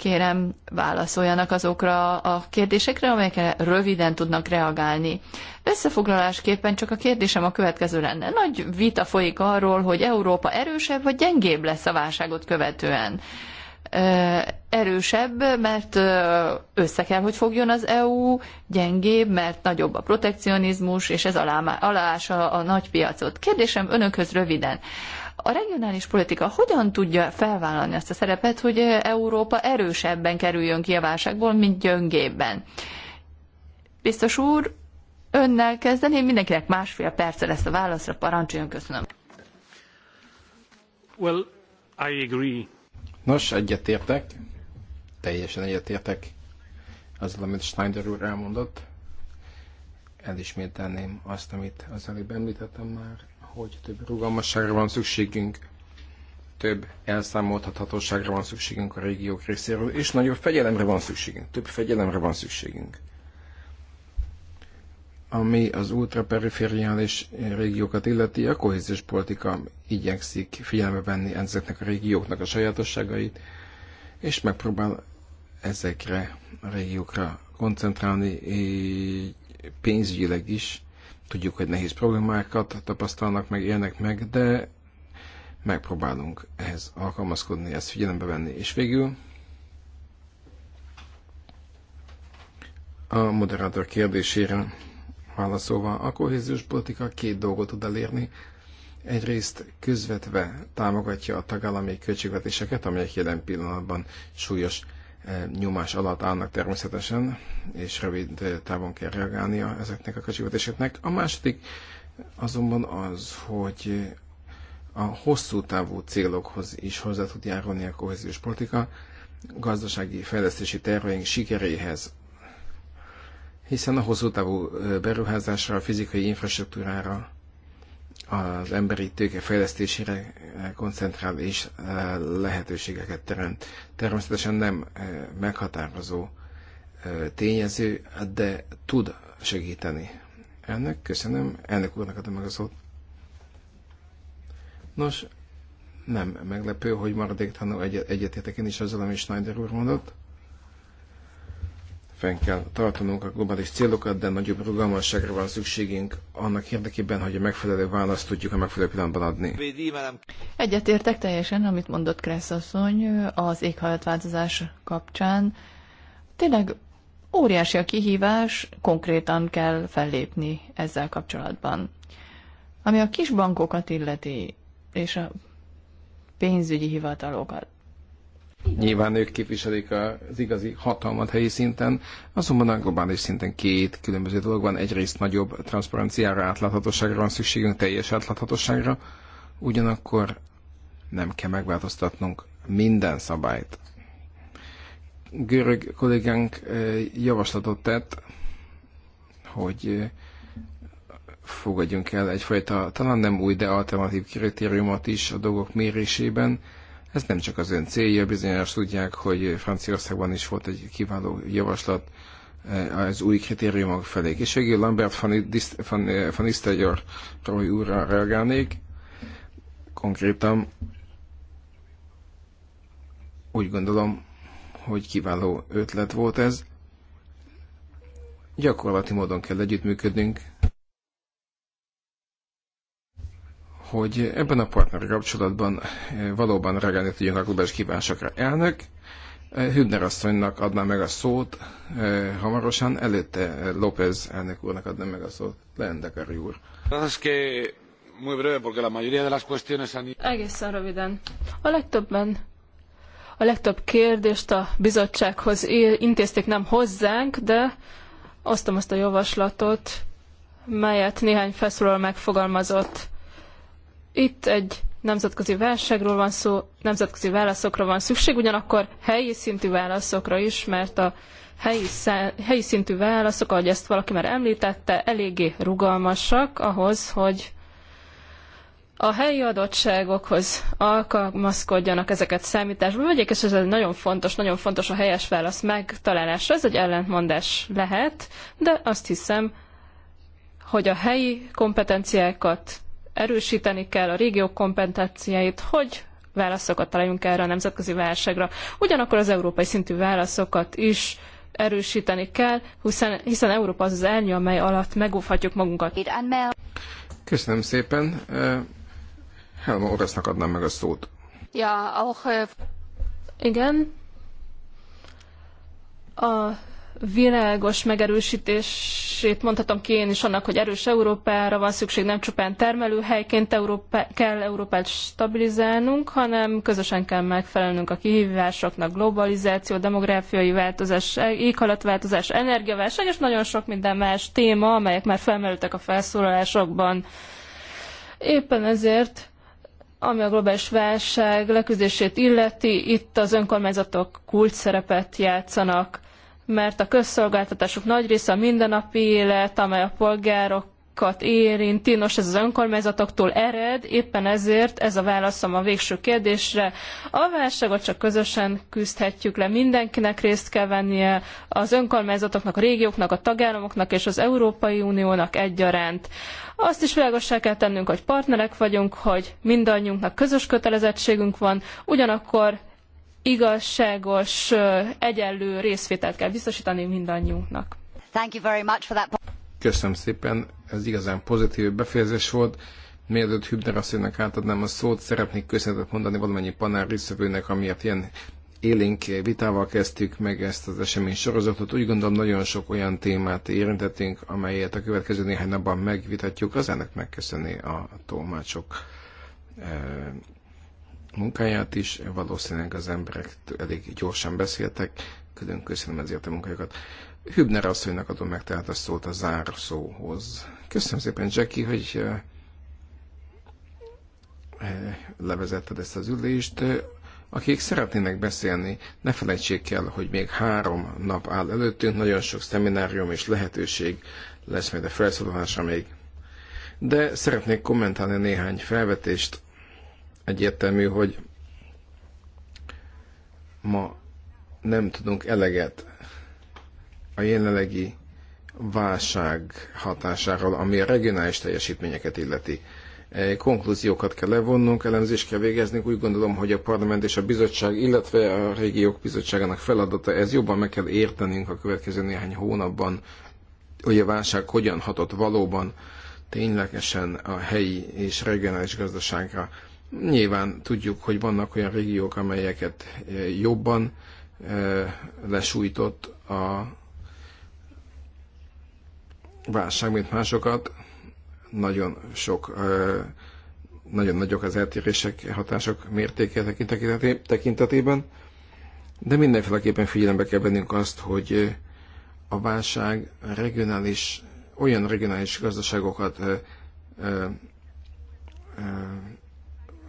kérem válaszoljanak azokra a kérdésekre, amelyekre röviden tudnak reagálni. Összefoglalásképpen csak a kérdésem a következő lenne. Nagy vita folyik arról, hogy Európa erősebb vagy gyengébb lesz a válságot követően. Erősebb, mert össze kell, hogy fogjon az EU, gyengébb, mert nagyobb a protekcionizmus, és ez aláása a nagy piacot. Kérdésem önökhöz röviden a regionális politika hogyan tudja felvállalni azt a szerepet, hogy Európa erősebben kerüljön ki a válságból, mint gyöngébben? Biztos úr, önnel kezdeném, mindenkinek másfél perce lesz a válaszra, parancsoljon, köszönöm. Well, I agree. Nos, egyetértek, teljesen egyetértek azzal, amit Schneider úr elmondott. Elismételném azt, amit az előbb említettem már hogy több rugalmasságra van szükségünk, több elszámoltathatóságra van szükségünk a régiók részéről, és nagyobb fegyelemre van szükségünk, több fegyelemre van szükségünk. Ami az ultraperifériális régiókat illeti, a kohéziós politika igyekszik figyelme venni ezeknek a régióknak a sajátosságait, és megpróbál ezekre a régiókra koncentrálni pénzügyileg is, Tudjuk, hogy nehéz problémákat tapasztalnak meg, élnek meg, de megpróbálunk ehhez alkalmazkodni, ezt figyelembe venni. És végül a moderátor kérdésére válaszolva, a kohéziós politika két dolgot tud elérni. Egyrészt közvetve támogatja a tagállami költségvetéseket, amelyek jelen pillanatban súlyos nyomás alatt állnak természetesen, és rövid távon kell reagálnia ezeknek a költségvetéseknek. A második azonban az, hogy a hosszú távú célokhoz is hozzá tud járulni a kohéziós politika gazdasági fejlesztési terveink sikeréhez, hiszen a hosszú távú beruházásra, a fizikai infrastruktúrára, az emberi tőke fejlesztésére eh, koncentrál és eh, lehetőségeket teremt. Természetesen nem eh, meghatározó tényező, de tud segíteni. Ennek köszönöm, elnök úrnak adom meg a szót. Nos, nem meglepő, hogy maradéktanul egy, egyetértek én is azzal, amit Schneider úr mondott fenn kell tartanunk a globális célokat, de nagyobb rugalmasságra van szükségünk annak érdekében, hogy a megfelelő választ tudjuk a megfelelő pillanatban adni. Egyetértek teljesen, amit mondott Kressz asszony az éghajlatváltozás kapcsán. Tényleg óriási a kihívás, konkrétan kell fellépni ezzel kapcsolatban. Ami a kis bankokat illeti, és a pénzügyi hivatalokat. Nyilván ők képviselik az igazi hatalmat helyi szinten, azonban a globális szinten két különböző dolog van. Egyrészt nagyobb transzparenciára, átláthatóságra van szükségünk, teljes átláthatóságra, ugyanakkor nem kell megváltoztatnunk minden szabályt. Görög kollégánk javaslatot tett, hogy fogadjunk el egyfajta, talán nem új, de alternatív kritériumot is a dolgok mérésében, ez nem csak az ön célja, bizonyos tudják, hogy Franciaországban is volt egy kiváló javaslat eh, az új kritériumok felé. És végül Lambert eh, van Isztegyor Roy úrra reagálnék. Konkrétan úgy gondolom, hogy kiváló ötlet volt ez. Gyakorlati módon kell együttműködnünk, hogy ebben a partneri kapcsolatban eh, valóban reagálni a globális kívásokra. Elnök, eh, Hübner asszonynak adná meg a szót eh, hamarosan, előtte López elnök úrnak adná meg a szót, Leendekari úr. Egészen röviden. A legtöbben a legtöbb kérdést a bizottsághoz intézték nem hozzánk, de osztom azt a javaslatot, melyet néhány felszólaló megfogalmazott. Itt egy nemzetközi válságról van szó, nemzetközi válaszokra van szükség, ugyanakkor helyi szintű válaszokra is, mert a helyi, szá, helyi szintű válaszok, ahogy ezt valaki már említette, eléggé rugalmasak ahhoz, hogy a helyi adottságokhoz alkalmazkodjanak ezeket számításba vegyék, és ez egy nagyon fontos, nagyon fontos a helyes válasz megtalálása. Ez egy ellentmondás lehet, de azt hiszem, hogy a helyi kompetenciákat erősíteni kell a régiók kompetenciáit, hogy válaszokat találjunk erre a nemzetközi válságra. Ugyanakkor az európai szintű válaszokat is erősíteni kell, hiszen, hiszen Európa az az elnyő, amely alatt megóvhatjuk magunkat. Köszönöm szépen. Eh, Helma Orasznak adnám meg a szót. Ja, auch... Eh, Igen. A világos megerősítését mondhatom ki én is annak, hogy erős Európára van szükség, nem csupán termelőhelyként Európa, kell Európát stabilizálnunk, hanem közösen kell megfelelnünk a kihívásoknak, globalizáció, demográfiai változás, éghajlatváltozás, energiaválság és nagyon sok minden más téma, amelyek már felmerültek a felszólalásokban. Éppen ezért ami a globális válság leküzdését illeti, itt az önkormányzatok kulcs szerepet játszanak mert a közszolgáltatások nagy része a mindennapi élet, amely a polgárokat érint, tilos ez az önkormányzatoktól ered, éppen ezért ez a válaszom a végső kérdésre. A válságot csak közösen küzdhetjük le, mindenkinek részt kell vennie, az önkormányzatoknak, a régióknak, a tagállamoknak és az Európai Uniónak egyaránt. Azt is világossá kell tennünk, hogy partnerek vagyunk, hogy mindannyiunknak közös kötelezettségünk van, ugyanakkor igazságos, egyenlő részvételt kell biztosítani mindannyiunknak. Thank you very much for that. Köszönöm szépen, ez igazán pozitív befejezés volt. Mielőtt Hübner asszonynak átadnám a szót, szeretnék köszönetet mondani valamennyi panel részvevőnek, amiért ilyen élénk vitával kezdtük meg ezt az esemény sorozatot. Úgy gondolom, nagyon sok olyan témát érintettünk, amelyet a következő néhány napban megvitatjuk. Az ennek megköszöni a tolmácsok eh, munkáját is, valószínűleg az emberek elég gyorsan beszéltek, külön köszönöm ezért a munkájukat. Hübner asszonynak adom meg tehát a szót a zárszóhoz. Köszönöm szépen, Jackie, hogy eh, eh, levezetted ezt az ülést. Akik szeretnének beszélni, ne felejtsék el, hogy még három nap áll előttünk, nagyon sok szeminárium és lehetőség lesz majd a felszólalása még. De szeretnék kommentálni néhány felvetést, Egyértelmű, hogy ma nem tudunk eleget a jelenlegi válság hatásáról, ami a regionális teljesítményeket illeti. E, konklúziókat kell levonnunk, elemzést kell végeznünk. Úgy gondolom, hogy a parlament és a bizottság, illetve a régiók bizottságának feladata, ez jobban meg kell értenünk a következő néhány hónapban, hogy a válság hogyan hatott valóban ténylegesen a helyi és regionális gazdaságra. Nyilván tudjuk, hogy vannak olyan régiók, amelyeket eh, jobban eh, lesújtott a válság, mint másokat. Nagyon sok, eh, nagyon nagyok az eltérések, hatások mértéke tekintetében, de mindenféleképpen figyelembe kell vennünk azt, hogy a válság regionális, olyan regionális gazdaságokat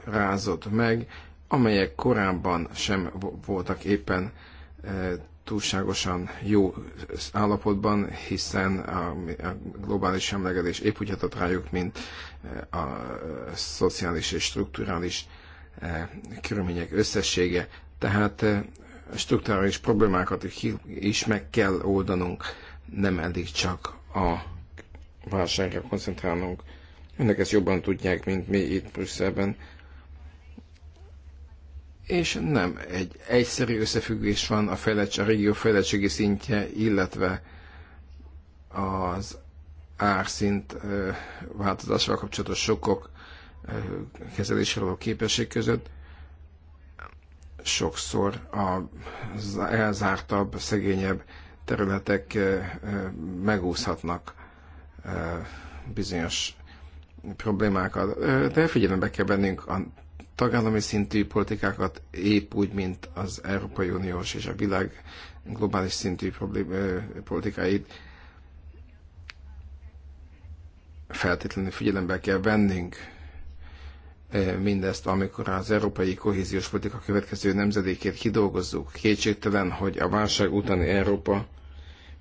rázott meg, amelyek korábban sem voltak éppen e, túlságosan jó állapotban, hiszen a, globális semlegelés épp úgy hatott rájuk, mint e, a szociális és strukturális e, körülmények összessége. Tehát strukturális problémákat is meg kell oldanunk, nem eddig csak a válságra koncentrálnunk. Önök ezt jobban tudják, mint mi itt Brüsszelben és nem egy egyszerű összefüggés van a, fejletts, a régió fejlettségi szintje, illetve az árszint változásával kapcsolatos sokok kezelésre való képesség között sokszor az elzártabb, szegényebb területek megúszhatnak bizonyos problémákat, de figyelembe kell vennünk a tagállami szintű politikákat épp úgy, mint az Európai Uniós és a világ globális szintű politikáit feltétlenül figyelembe kell vennünk mindezt, amikor az európai kohéziós politika következő nemzedékét kidolgozzuk. Kétségtelen, hogy a válság utáni Európa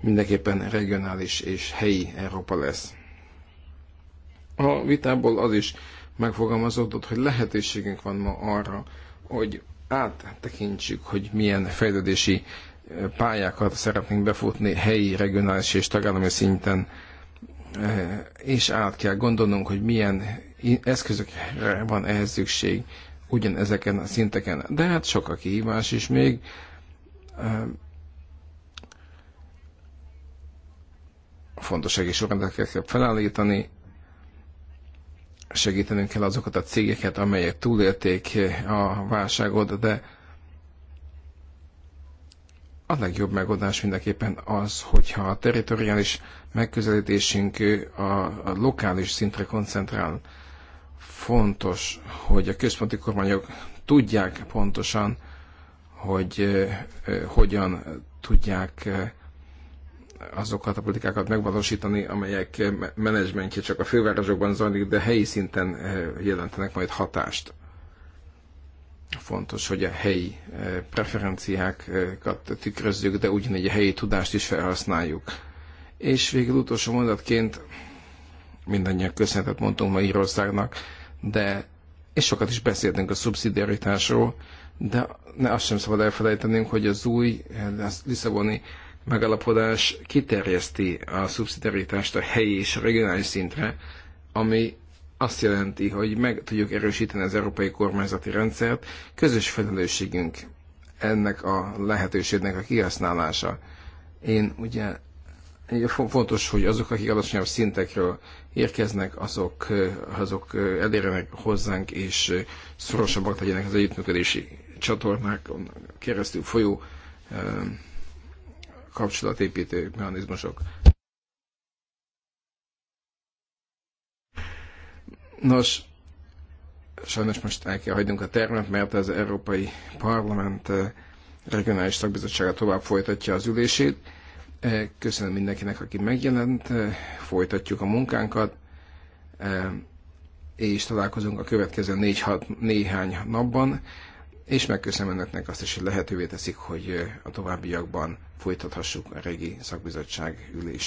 mindenképpen regionális és helyi Európa lesz. A vitából az is megfogalmazódott, hogy lehetőségünk van ma arra, hogy áttekintsük, hogy milyen fejlődési eh, pályákat szeretnénk befutni helyi, regionális és tagállami szinten, eh, és át kell gondolnunk, hogy milyen eszközökre van ehhez szükség ugyanezeken a szinteken. De hát sok a kihívás is még. Eh, fontos egész sorrendet kell felállítani, segítenünk kell azokat a cégeket, amelyek túlélték a válságot, de a legjobb megoldás mindenképpen az, hogyha a teritoriális megközelítésünk a, a lokális szintre koncentrál. Fontos, hogy a központi kormányok tudják pontosan, hogy eh, hogyan tudják eh, azokat a politikákat megvalósítani, amelyek menedzsmentje csak a fővárosokban zajlik, de helyi szinten eh, jelentenek majd hatást. Fontos, hogy a helyi eh, preferenciákat tükrözzük, de ugyanígy a helyi tudást is felhasználjuk. És végül utolsó mondatként mindannyian köszönetet mondtunk ma Írországnak, de és sokat is beszéltünk a szubszidiaritásról, de ne azt sem szabad elfelejtenünk, hogy az új, a eh, Lisszaboni megalapodás kiterjeszti a szubszidiaritást a helyi és a regionális szintre, ami azt jelenti, hogy meg tudjuk erősíteni az európai kormányzati rendszert, közös felelősségünk ennek a lehetőségnek a kihasználása. Én ugye fontos, hogy azok, akik alacsonyabb szintekről érkeznek, azok, azok elérjenek hozzánk, és szorosabbak legyenek az együttműködési csatornák keresztül folyó kapcsolatépítő mechanizmusok. Nos, sajnos most el kell hagynunk a termet, mert az Európai Parlament eh, regionális szakbizottsága tovább folytatja az ülését. Eh, köszönöm mindenkinek, aki megjelent, eh, folytatjuk a munkánkat, és találkozunk a következő négy-hat néhány napban és megköszönöm önöknek azt is, hogy lehetővé teszik, hogy a továbbiakban folytathassuk a régi szakbizottság ülését.